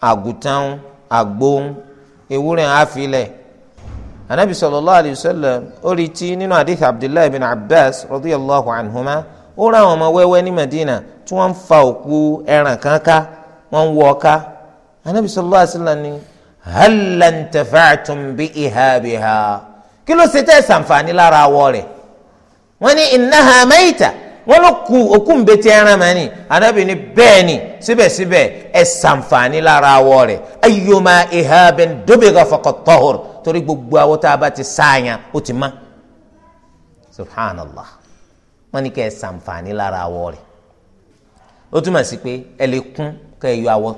àgbo ewúrẹ́ á filẹ̀ anabi sallallahu alayhi wa sallam ó rí tí nínú hadith abdullahi bin abbas radiyallahu anhuma ó rà àwọn ọmọ wẹ́wẹ́ ní madina tí wọ́n ń fa òkú ẹran kan ká wọ́n ń ọ ká anabi sallallahu alayhi sallam ni hàlẹ́ntẹ̀fẹ́tùm bí ìhà bí ha kí ló ṣe tẹ́ ṣàǹfààní lára awọ rẹ̀ wọ́n ní ìnáhà mẹ́yìtà wọ́n ló ku òkú nbẹ́tì ẹran mọ́ ni anábì ní bẹ́ẹ̀ ni síbẹ̀síbẹ̀ ẹ̀ ṣàǹfààní lára awọ rẹ̀ ayọ̀mọ̀ ìhà bẹ́ẹ̀ dóbìgà fọkàtọ́hùr torí gbogbo awọ tá a bá ti sáàyàn ó ti má subhanallah wọ́n ní kẹ́ ẹ̀ ṣàǹfààní lára awọ rẹ̀ ó túmọ̀ sí pé ẹ lè kún kẹ́ ẹ yọ awọ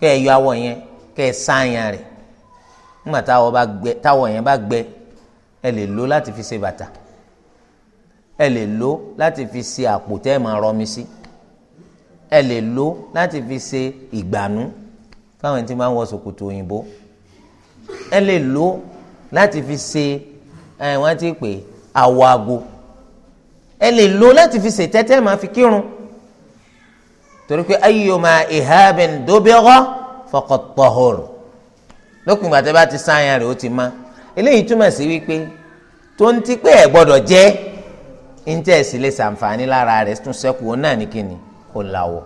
kẹ́ ẹ yọ awọ yẹn kẹ́ ẹ sáyàn rẹ̀ nígbà táwọ̀ bá gbẹ táwọ̀ yẹn bá gbẹ ẹ lè lò láti fi ṣe bàtà ẹ lè lò láti fi ṣe àpò tẹ́ ẹ máa rọmi sí ẹ lè lò láti fi ṣe ìgbànú fáwọn ẹni tí máa ń wọ ṣòkòtò òyìnbó ẹ lè lò láti fi ṣe ẹ wọ́n ti pè àwọ̀ àgbo ẹ lè lò láti fi ṣe tẹ́tẹ́ máa fi kírun torí pé ayyuma ihabin dubigha faqat tahur lópin ìgbà tẹ́ bá ti sáyàn rẹ̀ ó ti má eléyìí túmọ̀ sí wípé tó ń ti pé ẹ̀ gbọ́dọ̀ jẹ́ ńjẹ́ ẹ̀sìn lè ṣàǹfààní lára rẹ̀ tún sẹ́kù ó náà ní kíni kò láwọ̀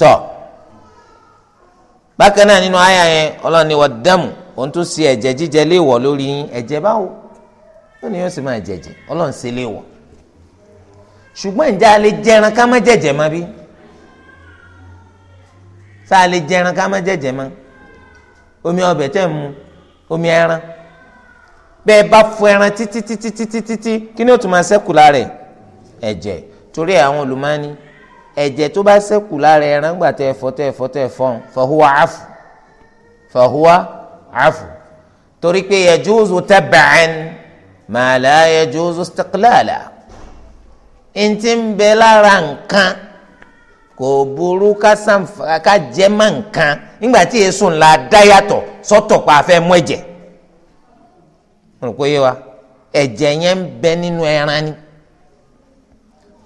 tọ́ bákan náà nínú àyà yẹn ọlọ́ni wọ́n dẹ́mu òun tún ṣe ẹ̀jẹ̀ jíjẹ léèwọ̀ lórí ẹ̀jẹ̀ báwo lónìí yóò sì máa jẹ̀jẹ̀ ọlọ́run ṣe léèwọ̀ ṣùgbọ́n ǹjẹ́ lè jẹran ká má jẹ̀jẹ̀ má bí tá a lè jẹran ká má jẹjẹ mọ́ omi ọbẹ̀ tẹ̀ mu omi ẹran bẹ́ẹ̀ bá fọ ẹran títí títí títí títí kí ni ó tún máa ṣẹ́kù lára ẹ̀ ẹ̀jẹ̀ torí àwọn olùmọ́ni ẹ̀jẹ̀ tó bá ṣẹ́kù lára ẹran gbà tẹ́ fọ́ tẹ́ fọ́ tẹ́ fọ́ fọ̀húwa àfù fọ̀húwa àfù torí pé yajuzu tab'an ma la yajuzu istiqlala ntí ń bẹ lára nǹkan kò burú ká sànfà ká jẹ́ mọ́ nǹkan nígbà tí èso ńlá dáyàtọ̀ sọ́tọ̀ pa afẹ́ mú ẹ̀jẹ̀ wa ẹ̀jẹ̀ yẹn ń bẹ nínú ẹran ni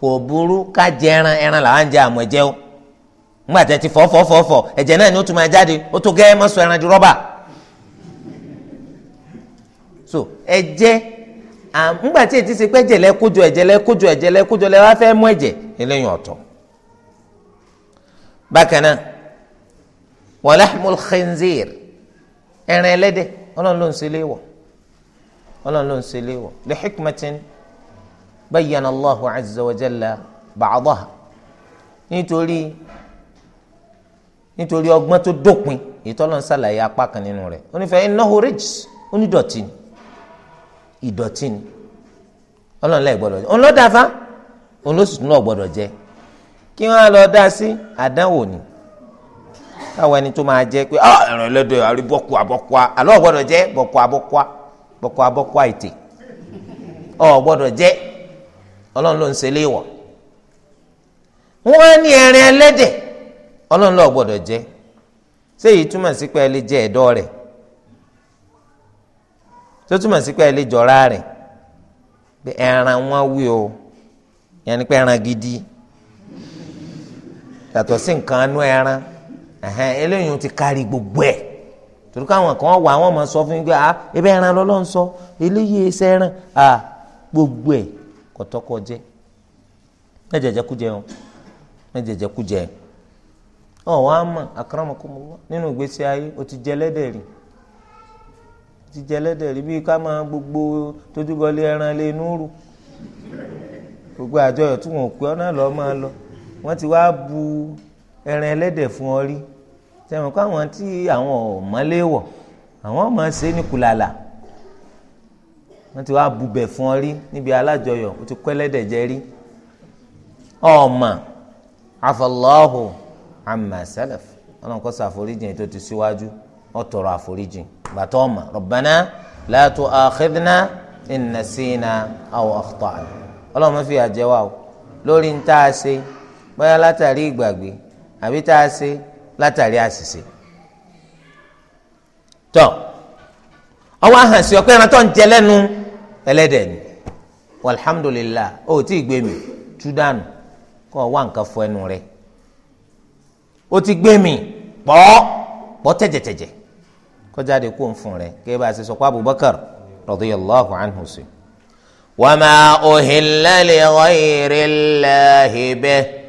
kò burú ká jẹ ẹran ẹran làwa ń jẹ àmọ́ ẹ̀jẹ̀ o nígbà tí ti fọ́fọ́fọ́fọ́ ẹ̀jẹ̀ náà ni ó tún máa jáde ó gẹ́ mọ́sọ ẹran rọ́bà so ẹ̀jẹ̀ nígbà tí ètí ṣe ẹ̀jẹ̀ bákan náà walahmul khinzir ẹran ẹlẹ́dẹ̀ ọlọ́run ló ń ṣe léèwọ̀ ọlọ́run ló ń ṣe léèwọ̀ li hikmatin bayyana Allahu azza wa jalla ba'daha nítorí nítorí ọgbọ́n tó dópin ìtọ́lọ́n ṣàlàyé apá kan nínú rẹ̀ onífẹ́ innahu rijs onídọ̀tí ni ìdọ̀tí ni ọlọ́run lẹ́ẹ̀ gbọ́dọ̀ jẹ́ òun náà gbọ́dọ̀ jẹ́ kí wọ́n lọ dá sí àdánwò ni káwọn ẹni tó máa jẹ pé ah ẹran ẹlẹdọ àrí bọkù àbọkùá àlọ ọgbọdọ jẹ bọkù àbọkùá bọkù àbọkùá ọgbọdọ jẹ Ọlọ́run ló ń ṣe léèwọ̀ ní ẹran jẹ ṣé èyí túmọ̀ yàtọ̀ sí nǹkan anú ẹran eléyìí ti kárí gbogbo ẹ̀ torí káwọn kan wà wọn máa sọ fún yín pé ah ebe ẹran lọ́lọ́ ń sọ eléyìí ẹsẹ̀ e ẹran ah gbogbo ẹ̀ kọ̀tọ́kọ̀ jẹ́ mẹ́jẹ̀jẹ̀ kú jẹun mẹ́jẹ̀jẹ̀ kú mọ̀ akramakumullah nínú ìgbésí ayé o ti jẹ lẹ́dẹ̀ ti jẹ rí bí ká máa gbogbo tójúbọlé ẹran lé núrù gbogbo àjọyọ̀ tí ọ wọ́n ti wá bu ẹran ẹlẹ́dẹ̀ fún ọ rí sẹ́wọ̀n kó àwọn tí àwọn ọ̀mọ́léwọ̀ àwọn ọmọ ṣe ní kùlàlà wọ́n ti wá bubẹ̀ fún ọ rí níbi alájọyọ̀ o ti kọ́ ẹlẹ́dẹ̀ jẹ rí ọ̀mà afọlọ́hù àmà sálẹ̀f ọlọ́run kó ṣàforíjìn ètò ti síwájú wọ́n tọrọ àforíjìn bàtọ́ ọ̀mà rọ̀bánà láàtò àkẹ́dínà ìnàsínà àwọn ọ̀tọ̀ àná ọlọ́run fi àjẹwà o lórí ń bóyá látàrí ìgbàgbé àbí tá a ṣe látàrí àṣìṣe. tọ́ ọwọ́ àhàn sí ọpẹ́ ẹran tó ń jẹ lẹ́nu ẹlẹ́dẹ̀ ni alhamdulilah ó tí ì gbé mi tú dànù kó o wá nǹkan fọ ẹnu rẹ ó ti gbé mi pọ̀ pọ̀ tẹ̀jẹ̀tẹ̀jẹ̀ kó jáde kó ń fún rẹ kí ẹ bá ṣe sọ pé Abubakar radiyallahu anhu sí. wàmà òhìnlẹ́lẹ̀ ọ̀hìnrẹ́lẹ́ hìbẹ́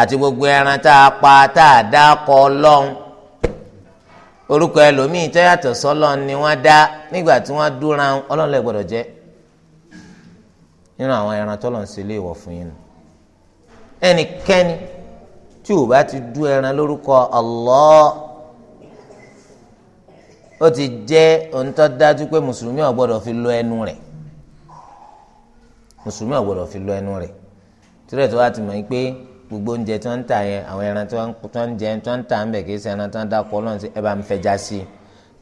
àti gbogbo ẹran tá a pa tá a dá kọ ọlọ́run orúkọ ẹlòmíì tó yàtọ̀ sọ́lọ́n ni wọ́n dá nígbà tí wọ́n dúnra ọlọ́run lè gbọ́dọ̀ jẹ nínú àwọn ẹran tọ́lọ̀ ń ṣe ilé ìwọ̀ fún yín nù ẹnikẹ́ni tí ò bá ti dú ẹran lórúkọ Allah ó ti jẹ́ òǹtọ́ dájú pé mùsùlùmí ò gbọ́dọ̀ fi lọ ẹnu rẹ̀ mùsùlùmí ò gbọ́dọ̀ fi lọ ẹnu rẹ̀ tí rẹ̀ tó wá ti mọ̀ yín pé gbogbo oúnjẹ tí wọ́n ń tà yẹn àwọn ẹran tí wọ́n ń jẹ tí wọ́n ń tà ń bẹ̀ kì í ṣe ẹran tí wọ́n dákọ̀ ọlọ́run sí ẹ bá ń fẹja sí i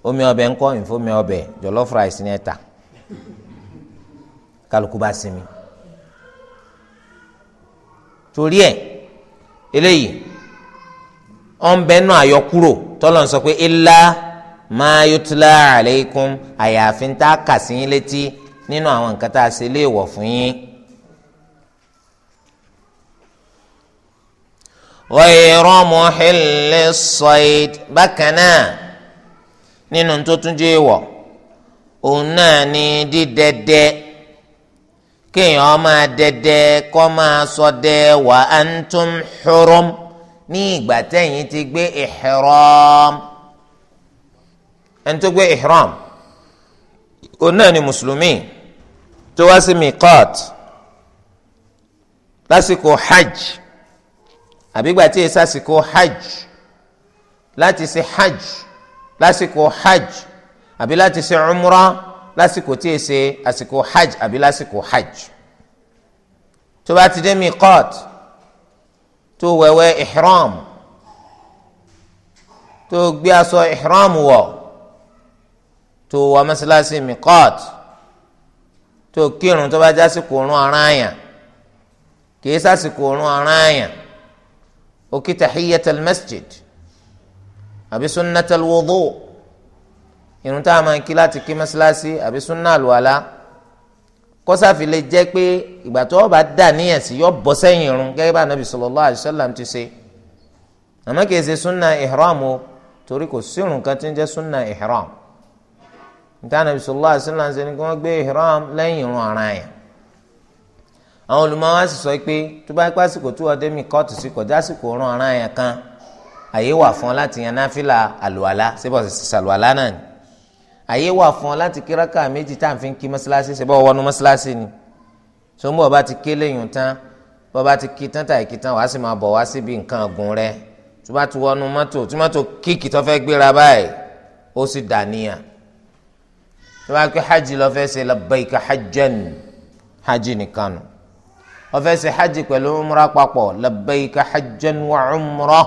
omi ọbẹ̀ ńkọ́ ìfomi ọbẹ̀ jollof rice ni ẹ tà kálukú bá sinmi torí ẹ eléyìí ọ̀nbẹ́nu àyọkúrò tọ́lọ̀ ń sọ pé ilá máa yutla alaykum àyàfi ń tá a kà sí yín létí nínú àwọn nǹkan tá a ṣe léèwọ̀ fún yín. wọ́yẹ̀rọ mọ̀hẹ́lẹ́ sọ̀ẹ́d bákan náà nínú tó tún jẹ́ ìwọ̀ òun náà ni dídẹ́dẹ́ kéèyàn máa dẹ́dẹ́ kọ́ máa ṣọdẹ wa antum hurum ní ìgbà tẹ̀yìn ti gbé ihram ẹni tó gbé ihram òun náà ni mùsùlùmí tó wá sí miqat lásìkò hajj àbígbà tí èsì àsìkò hajj láti ṣe hajj lásìkò hajj àbí láti ṣe umra lásìkò tí èsì àsìkò hajj àbí lásìkò hajj tó bá ti dé miqat tó wẹ̀wẹ̀ ihram tó gbé aṣọ ihram wọ̀ tó wà mọ́sálásí miqat tó kírun tó bá jásìkò òórùn aráàyàn kì í sásìkò òórùn aráàyàn òkè tahiyatal masjid àbí sunnatal wudu irun tá a máa ń kí láti kí mọ́ṣáláṣí àbí sunna àlùwàlá kọ́sáfì lè jẹ́ pé ìgbà tó bá dà níyàn sí yọ bọ́ sẹ́yìn irun gẹ́gẹ́ bá anabi sallallahu alaihi wasallam ti ṣe àmọ́ kìí ṣe sunna ihram o torí kò sírun kan tí ń jẹ́ sunna ihram nítorí anabi sallallahu alaihi ṣe ni kí wọ́n gbé ihram lẹ́yìn irun ara yẹn àwọn olùmọ̀wá sì sọ pé tó bá pẹ́ àsìkò tó ọdẹ mi kọ́ọ̀tù sí kọjá àsìkò rán ọ̀ràn yẹn kan àyè wà fún ọ láti yan náfìlà àlùwàlá síbọ̀ sàlùwàlá náà ni àyè wà fún ọ láti kí rákà méjì tá à ń fi kí mọ́sálásí ṣe wọnú mọ́sálásí ni tó ń bọ̀ bá ti ké léyìn tán bọ́ bá ti kí tán tàyè kí tán wàá sì máa bọ̀ wá síbi nǹkan ọ̀gùn rẹ tó bá ti wọnú mọ́tò tí mọ́tò kíkì tó fẹ́ gbéra báyìí ó sì dàníyà tó bá pé hajj lọ fẹ́ ṣe labbaika hajjan hajj nìkan nù ó fẹ́ ṣe hajj pẹ̀lú umra papọ̀ labbaika hajjan wa umra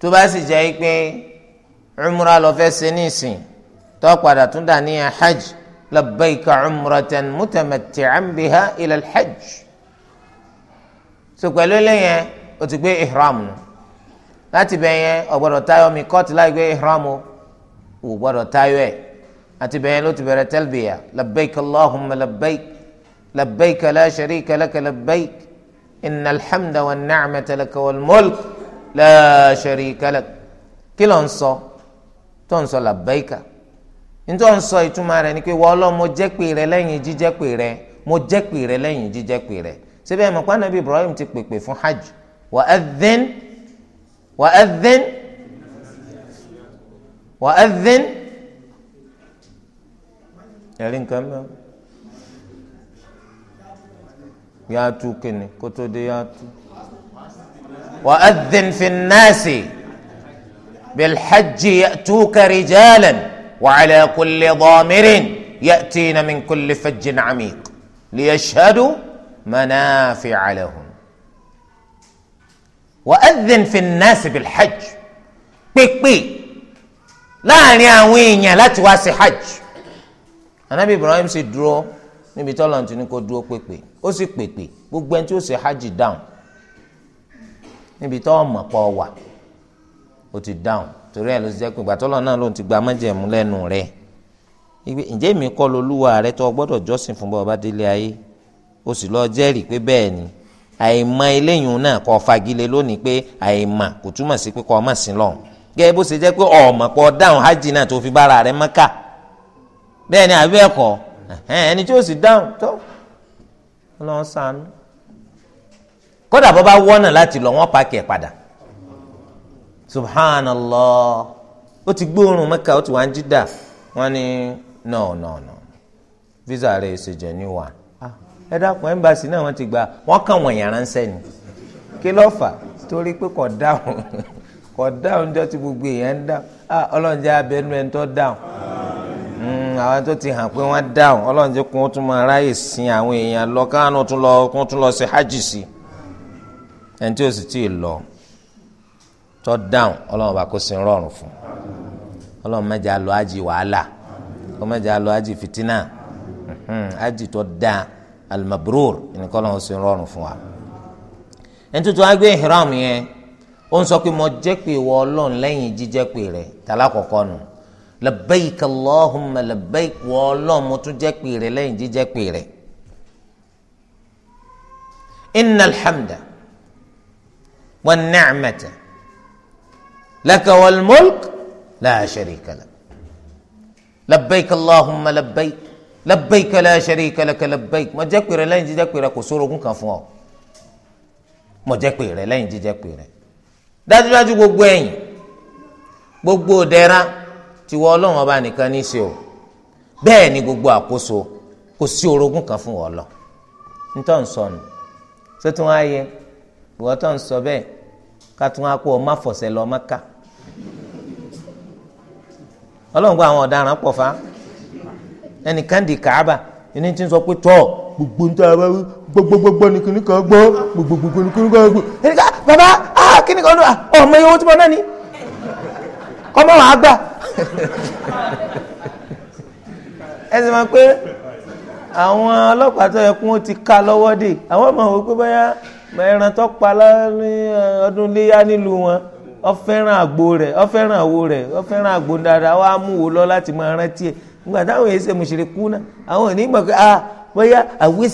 tó bá sì jẹ́ pé umra ló fẹ́ ṣe nísìn tó padà tún dà ní hajj labbaika umratan mutamatti'an biha ila al-hajj so pẹ̀lú lẹ́yìn o ti gbé ihram nù láti bẹ̀ yẹn o gbọ́dọ̀ mi kọ́ọ̀tù láì gbé ihram o o gbọ́dọ̀ tayọ ẹ̀ àti bẹ̀ yẹn ló ti bẹ̀rẹ̀ talbiya labbaik allahumma labbaik. لبيك لا شريك لك لبيك إن الحمد والنعمة لك والملك لا شريك لك kí ló ń sọ tó ń sọ làbẹ́ìkà nítorí ń sọ ìtumọ̀ rẹ̀ ni pé wọ́n lọ mo jẹ́ pè rẹ lẹ́yìn jíjẹ́ pè rẹ mo jẹ́ pè rẹ lẹ́yìn jíjẹ́ pè rẹ síbẹ̀ ẹ̀ mọ̀ pé anabi ibrahim ti pèpè fún hajj wa adhin wa adhin wa adhin ẹ̀rí nǹkan mẹ́wàá. yàtú kìnnì kótó dé yàtú. wà á dín fi náàsì bilhajji yàtúkà rìjálẹ̀ wàhálà kúlẹ̀ dọ́mìrín yàtìnà min kúlẹ̀ fẹjìn àmìk liyashadu manaafi calahum. wà á dín fi náàsì bilhajj pípé láàrin àwọn èèyàn láti wá sí hajj anabi ibrahim sì dúró. níbi tọ́lọ̀ tí ní kó dúró pèpè ó sì pèpè gbogbo ẹni tí ó ṣe hajj dáhùn níbi tọ́wọ́ mọ̀ pọ̀ wà ó ti dáhùn torí ẹ̀ ló ti jẹ́ pé ìgbà tọ́lọ̀ náà ló ti gba májẹ̀mú lẹ́nu rẹ̀ ǹjẹ́ èmi kọ́ lolúwa rẹ tó gbọ́dọ̀ jọ́sìn fún bọ́ọ̀ bá délé ayé ó sì lọ jẹ́rìí pé bẹ́ẹ̀ ni àìmọ̀ eléyìí náà kọ́ fagilé lónìí pé àìmọ̀ kò túmọ̀ sí pé kọ́ ọmọ sí lọ́hùn gẹ́gẹ́ bó ṣe jẹ́ pé ọ̀mọ̀pọ̀ dáhùn hajj náà tó fi bára rẹ̀ mọ́kà bẹ́ẹ̀ ni àbí ẹ̀kọ́ ẹni tí ó sì dáhùn tó ọlọ́run sànú kódà bọ́ bá wọ́nà láti lọ wọ́n pàkì ẹ̀ padà subhanallah ó ti gbóòórùn mẹ́ka ó ti wá ń jídà wọ́n ní no no no visa rẹ̀ ṣe jẹ́ ní wà ẹ dákun ẹ́mbàsì náà wọ́n ti gbà wọ́n kàn wọ̀nyàn ránṣẹ́ ni kí ló fà torí pé kò dáhùn kò dáhùn jọ ti gbogbo èèyàn ń dáhùn ah, ọlọ́run jẹ́ abẹ́nú ẹ̀ ń tọ́ dáhùn. Hmm, àwọn tó ti hàn pé wọ́n dáhùn ọlọ́run jẹ́ kó tún máa ráyè sin àwọn èèyàn lọ káwọn tún lọ kó tún lọ sí hajj sí ẹni tí ó sì tíì lọ tó dáhùn ọlọ́run bá kó sin rọrùn fún ọlọ́run mẹ́jà lọ hajj wàhálà ó mẹ́jà lọ hajj fìtínà hmm, hajj tó dá alimabrur nìkan ọlọ́run sin rọrùn fún wa ẹni tuntun á gbé ìhìrọ̀mù yẹn ó ń sọ pé mo jẹ́ pé ìwọ ọlọ́run lẹ́yìn jíjẹ́ pé rẹ̀ tàlákọ̀ọ́kọ́ nù labbaik allahumma labbaik wọ́ọ́lọ́ mo tún jẹ́ pè rẹ̀ lẹ́yìn jíjẹ́ pè rẹ̀ inna alhamda wa ni'mata laka wal mulk la sharika lak labbaik allahumma labbaik labbaik la sharika laka labbaik mo jẹ́ pè rẹ̀ lẹ́yìn jíjẹ́ pè rẹ̀ kò kan fún ọ mo jẹ́ pè rẹ̀ lẹ́yìn jíjẹ́ dájúdájú gbogbo ẹ̀yìn gbogbo dẹ́ra. tiwọ ọlọ́run ọba nìkan ní í ṣe o bẹ́ẹ̀ ni gbogbo àkóso kò sí orogún kan fún wọn lọ nítọ́ ń sọ nù tó tún wá yẹ ìwọ tó ń sọ bẹ́ẹ̀ ká tún wá kó o má fọ̀sẹ̀ lọ má kà ọlọ́run gba àwọn ọ̀daràn pọ̀ fa ẹnìkan di kàába ẹni tí ń sọ pé tọ́ gbogbo ń tẹ́ ẹ bá gbogbogbò ní kíní kan gbọ́ gbogbogbò ní kíní kan gbọ́ ẹnìkan bàbá ah, kíní kan ọmọ ìyẹn owó tí mo náà ní kọ́mọ́ wàá gbà ẹ sì máa pé àwọn ọlọ́pàá tó yẹ kún ti ká lọ́wọ́ dè àwọn ọmọ òun pé bóyá ẹran tó pa ní ọdún léyà nílùú wọn ó àgbo rẹ̀ ó àwo rẹ̀ ó àgbo dáadáa wàá mú wo lọ láti máa rántí ẹ̀ nígbà táwọn èyí mùsùlùmí kú náà àwọn ò ní pé ah bóyá àbí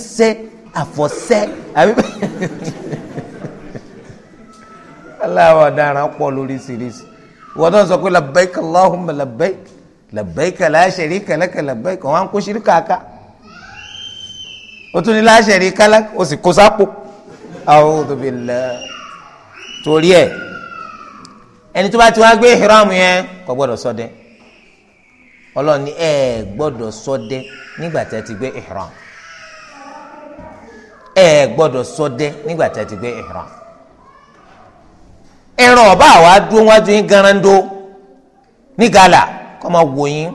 ìwọ náà sọ pé labbaik allahumma labbaik labbaik la sharika laka labbaik wọn á kó ṣíríkà ká o tún ní la sharika lak o sì kó sápò a'udhu billah torí ẹ ẹni tó bá ti wá gbé ihram yẹn kò gbọ́dọ̀ ṣọdẹ Ọlọ́run ẹ gbọ́dọ̀ ṣọdẹ nígbà tí a ti gbé ihram ẹ gbọ́dọ̀ ṣọdẹ nígbà tí a ti gbé ihram. ẹran ọba àwa dúró wájú yín garando ní gala kọ́ máa wò yín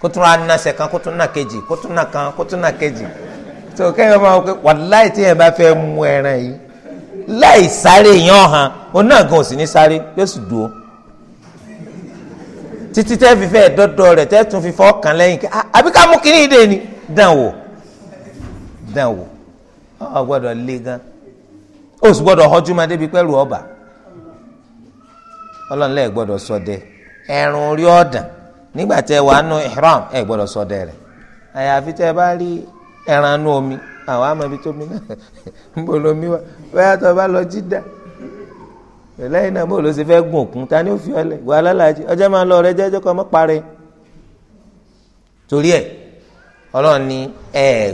kó tún anasẹ̀ kan kó tún nà kejì kó tún nà kan kó tún nà kejì tó kẹ́yìn máa wọ pé tí yẹn bá fẹ́ mú ẹran yìí láì sáré yẹn hàn òun náà gan òsì ní sáré yóò sì dúró títí tẹ́ fi fẹ́ dọ́dọ̀ rẹ̀ tẹ́ tún fi fọ́ kàn lẹ́yìn kí ah, àbí ká mú kínní ìdè ni dàn wò dàn wò ọ gbọ́dọ̀ lé gan ó sì gbọ́dọ̀ họjú máa débi ọba ọlọ́nlẹ́ ẹ̀ gbọ́dọ̀ ṣọdẹ ẹ̀rùn orí ọ̀dàn nígbà tẹ wàá nu ihram ẹ̀ bá rí ẹran omi àwọn amabi tómi náà ń lómi wa tó bá lọ náà gun òkun ta ni ó fi wà lálàájì máa lọ rẹ torí ni ẹ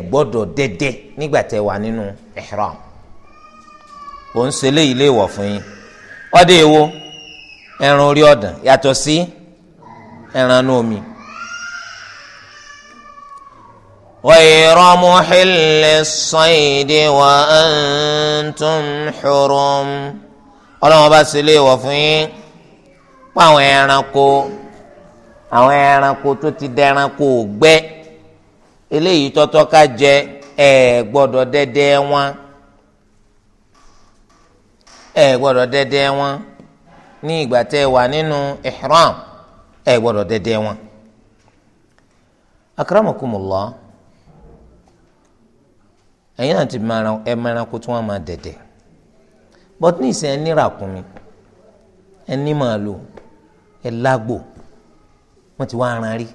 nígbà òun ṣe léyìí lè wọ̀ fún yín ọdẹ èwo ẹran orí ọ̀dàn yàtọ̀ sí ẹran inú omi. غير محل الصيد وأنتم حرم ọlọ́wọ́n bá ṣe lè pa àwọn ẹranko àwọn ẹranko tó ti dẹranko gbẹ eléyìí ẹ gbọ́dọ̀ dẹdẹ wọn ní ìgbà tẹ wà nínú ihram ẹ dẹdẹ wọn. akramakumullah ẹ̀yin àti ẹ tí wọ́n máa dẹ̀dẹ̀ but ní ìsìn ẹni ràkúnmí ẹni ẹ lágbo ti wá aran rí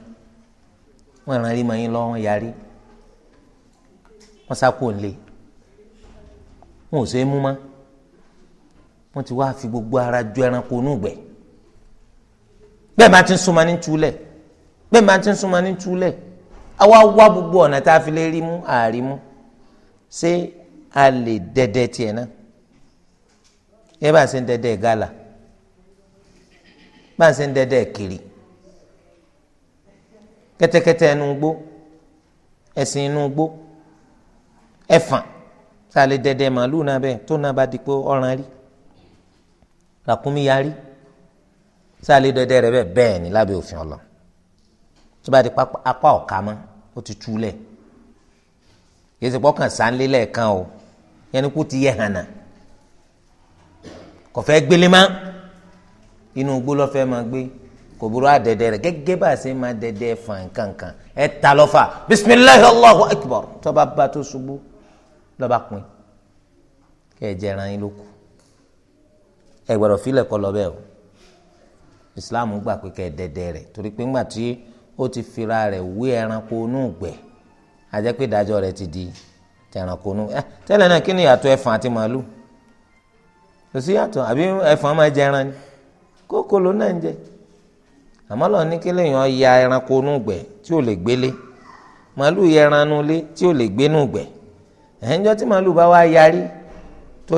wọ́n aran rí màáyín lọ́wọ́ yarí wọ́n sá kó wọn ò sọ é wọ́n ti wá fi gbogbo ara ju ẹranko inú gbẹ bẹ́ẹ̀ máa ti ń súnmọ́ ní túlẹ̀ bẹ́ẹ̀ máa ti ń súnmọ́ ní túlẹ̀ àwa wá gbogbo ọ̀nà tá a fi lè rí mú àárí mú ṣé a lè dẹdẹ tiẹ̀ náà yẹ bá a ṣe ń dẹdẹ gala bá a ṣe ń dẹdẹ kiri kẹ́tẹ́kẹ́tẹ́ ẹnu gbó ẹṣin inú gbó ẹfàn tá a lè dẹdẹ màálù náà bẹ́ẹ̀ tó náà bá di pé ọ̀ràn rí làkúnmí yarí sáàlì dọdẹ rẹ bẹ bẹ́ẹ̀ ni lábẹ́ òfin ọlọ tó bá di apá ọ̀ka mọ́ ó ti túlẹ̀ yìí ti pọ́kàn sáńlé lẹ́ẹ̀kan o yẹn ni kó ti yẹ hànà kò fẹ́ gbélé má inú igbó máa gbé kò burú àdẹ̀dẹ̀ rẹ̀ gẹ́gẹ́ bá a ṣe máa dẹ̀dẹ̀ fàn kankan ẹ̀ ta lọ́fà bisimilahi allahu akbar tó bá bá tó ṣubú lọ́ba pin kẹ́ ẹ̀ yín ló ẹ gbọ́dọ̀ filẹ̀ lọ bẹ́ẹ̀ o islam gbà pé kẹ́ ẹ dẹ́dẹ́ torí pé ńgbà tí ó ti fira rẹ̀ wé ẹranko inú pé ti di ẹranko inú ẹ tẹ́lẹ̀ náà kí ni ìyàtọ̀ ẹ̀fọn àti màálù kò sí yàtọ̀ àbí máa jẹ ẹran ni na náà ń jẹ àmọ́ lọ ní ya ẹranko inú gbẹ̀ tí ò lè gbélé ya ẹran inú tí ò lè gbé inú tí màálù bá wá yarí tó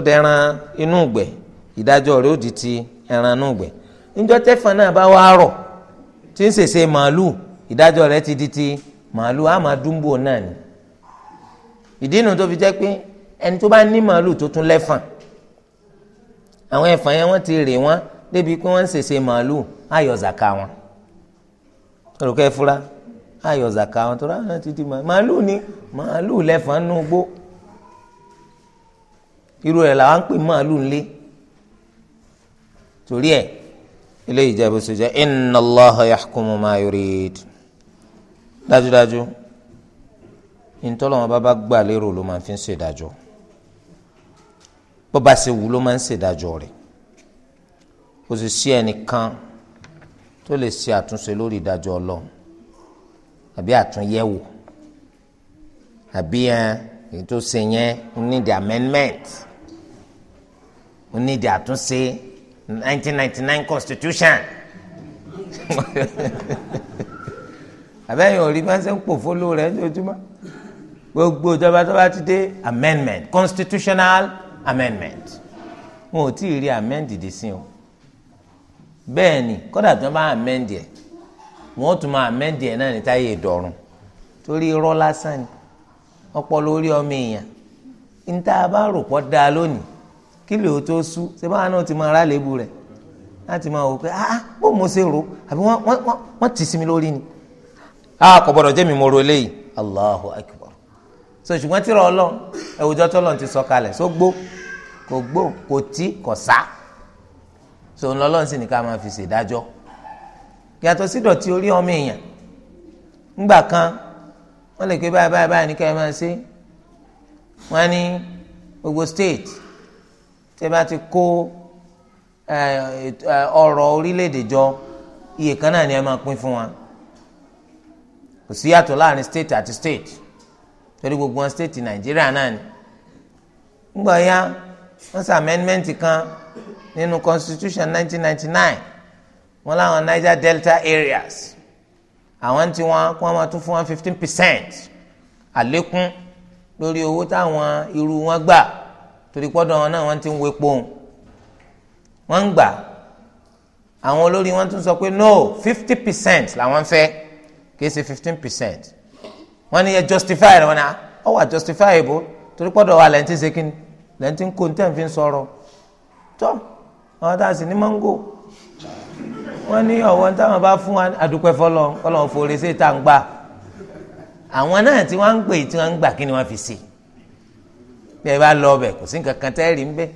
ìdájọ́ rẹ̀ ó di ti ẹran inú ìgbẹ́ níjọ́ tẹ́fọ̀n náà bá wá rọ̀ tí ń ṣèṣe màálù ìdájọ́ rẹ̀ ti di ti màálù á máa dúnbò náà ni ìdí inú tó fi jẹ́ pé ẹni tó bá ní màálù tó tún lẹ́fọ̀n àwọn ẹ̀fọn yẹn wọ́n ti rè wọ́n débi pé wọ́n ń ṣèṣe màálù ayọ̀ zàkà wọn olùkọ́ ẹ ayọ̀ zàkà wọn tó rà ti di màálù ni màálù lẹ́fọ̀n nù gbó irú rẹ̀ làwọn pè màálù ńlẹ́ torí ẹ̀ eléyìí jẹ́ bó ṣe jẹ́ inna Allaha yahkumu ma yurid dájúdájú ntọ́lọ́wọ́n bá bá gbà lérò ló máa fi ń ṣèdájọ́ bó bá ṣe wù ló máa ń ṣèdájọ́ rẹ̀ kò sì sí ẹnìkan tó lè ṣe àtúnṣe lórí ìdájọ́ Ọlọ́run àbí àtúnyẹ̀wò àbí ẹn tó ṣe yẹn ní di amendment ní di àtúnṣe. 1999 constitution àbẹ́yìn òrí máa ń sẹ́ ń pò fóló rẹ̀ lójúmọ́ gbogbo ìjọba tó bá ti dé amendment constitutional amendment wọn ò tí ì rí amend dì sí o bẹ́ẹ̀ ni kódà tó bá amend yẹ wọ́n tún máa amend yẹ náà ní táyé ìdọ̀rùn torí irọ́ lásán ni ọpọlọ orí ọmọ èèyàn níta bá rò pọ̀ dáa lónìí kí lè o tó sú náà ti máa rà lébu rẹ̀ láti máa wò pé ah, ah bó mo ṣe rò àbí wọn ti mi lórí ni a kò gbọ́dọ̀ jẹ́ mi mo ro eléyìí so ṣùgbọ́n tí ra ọlọ́run ẹ̀wùjọ́ tọ́lọ́run ti sọ so gbó kò gbó kò tí kò so ká máa fi yàtọ̀ sí dọ̀tí orí ọmọ kan lè pé báyìí báyìí báyìí ká tí ẹ bá ti kó ọrọ̀ orílẹ̀-èdè jọ iye kan náà ni ẹ máa pín fún wa kò sí yàtọ̀ láàrin state àti state torí gbogbo wọn state nàìjíríà náà ni ngbọ̀ ya wọ́n ṣe amendment kan nínú constitution 1999 wọ́n láwọn niger delta areas àwọn tí wọ́n kó wọn tún fún wọn 15 percent àlékún lórí owó táwọn irú wọn gbà torí pọ́dọ̀ wọn náà wọ́n ti ń wepo wọ́n ń gbà àwọn olórí wọn tún sọ pé no fifty percent làwọn fẹ́ kì í ṣe fifteen percent wọ́n ní yẹ justify rẹ̀ wọ́n ọ ah, wà justifiable torí pọ́dọ̀ wa lẹ́yìn tí ń ṣe kí ni lẹ́yìn tí ń kó tẹ̀ ń sọ̀rọ̀ tọ́ àwọn tá a sì ní mango wọ́n ní ọ̀wọ́ táwọn bá fún wa àdúpẹ́ fọlọ́ kọ́lọ́ fòrèsé tá à ń gbà àwọn náà tí wọ́n ń gbè tí wọ́n ń gbà kí ni wọ́n fi ṣe bí ẹ bá lọ ọbẹ̀ kò sí nǹkan kan tẹ́ ẹ rí ń bẹ́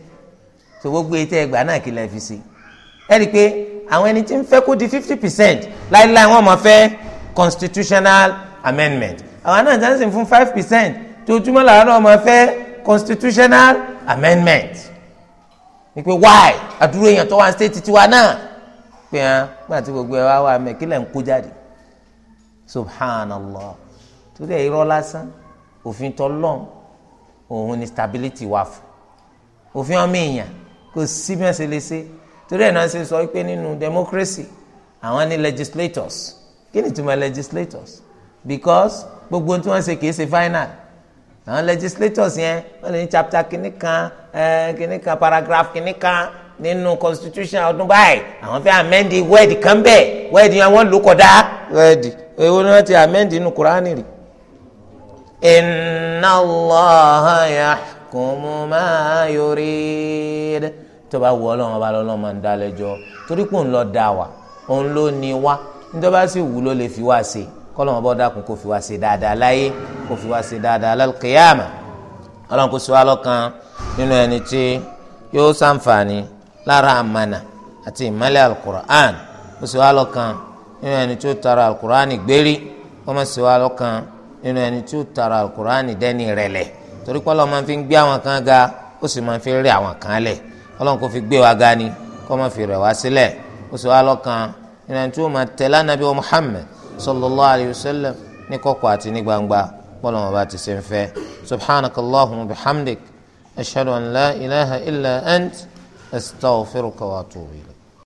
tó gbogbo etí ẹgbàá náà kí lẹ fi sí ẹ rí i pé àwọn ẹni tí ń fẹ́ kó di fifty percent láíláí wọ́n máa fẹ́ constitutional amendment àwọn náà jẹ́ sìn fún five percent tójúmọ́ làwọn náà máa fẹ́ constitutional amendment ni pé why àdúró èèyàn tó wá state tiwa náà pé hàn gbà tí gbogbo ẹ wá wà mẹ kí lẹ ń kó jáde subhanallah torí ẹ irọ́ lásán òfin tọ́lọ́n òun ni stability wà fún òfin ọmọ èèyàn kò sí bí wọ́n ṣe lè ṣe torí ẹ̀ náà ṣe sọ pé nínú democracy àwọn ni legislators kí ni ìtumọ̀ legislators because gbogbo tí wọ́n ṣe kì í ṣe final àwọn legislators yẹn wọ́n lè ní chapter kìíní kan kìíní kan paragraph kìíní kan nínú constitution ọdún báyìí àwọn fẹ́ amend word kan bẹ́ẹ̀ word yẹn wọ́n lò kọ́ da. word èwo ni wọ́n ti amend nínú kúránì rí inna allah ya ma yurid tó bá wù ọlọ́run ọba lọ́lọ́run máa ń dálẹ́jọ́ torí kò ń lọ dá wa òun ló ní wa nítorí bá sì wù ló lè fi wá se kọ́lọ́run ọba dákun fi wá se dáadáa láyé kó fi wá dáadáa kò sí wa lọ́kàn nínú ẹni tí yóò kan, lára àmànà àti ìmọ̀lẹ̀ alukur'an kò sí wa nínú ẹni tí ó tara alukur'ani dẹ́ni rẹ̀lẹ̀ torí pé ọlọ́run máa fi ń gbé àwọn kan ga ó sì máa fi ń rí àwọn kan lẹ̀ ọlọ́run kò fi gbé wa ga ni kó máa fi rẹ̀ wá sílẹ̀ ó sì wá lọ́kàn nínú ẹni tí ó máa tẹ̀lé anabi muhammed sallallahu alayhi wa sallam ní kọ̀kọ̀ àti ní gbangba bọ́lọ́run bá ti ṣe ń fẹ́ subhanakallahumma wa bihamdik ashhadu an la ilaha illa ant astaghfiruka wa atubu ilayk.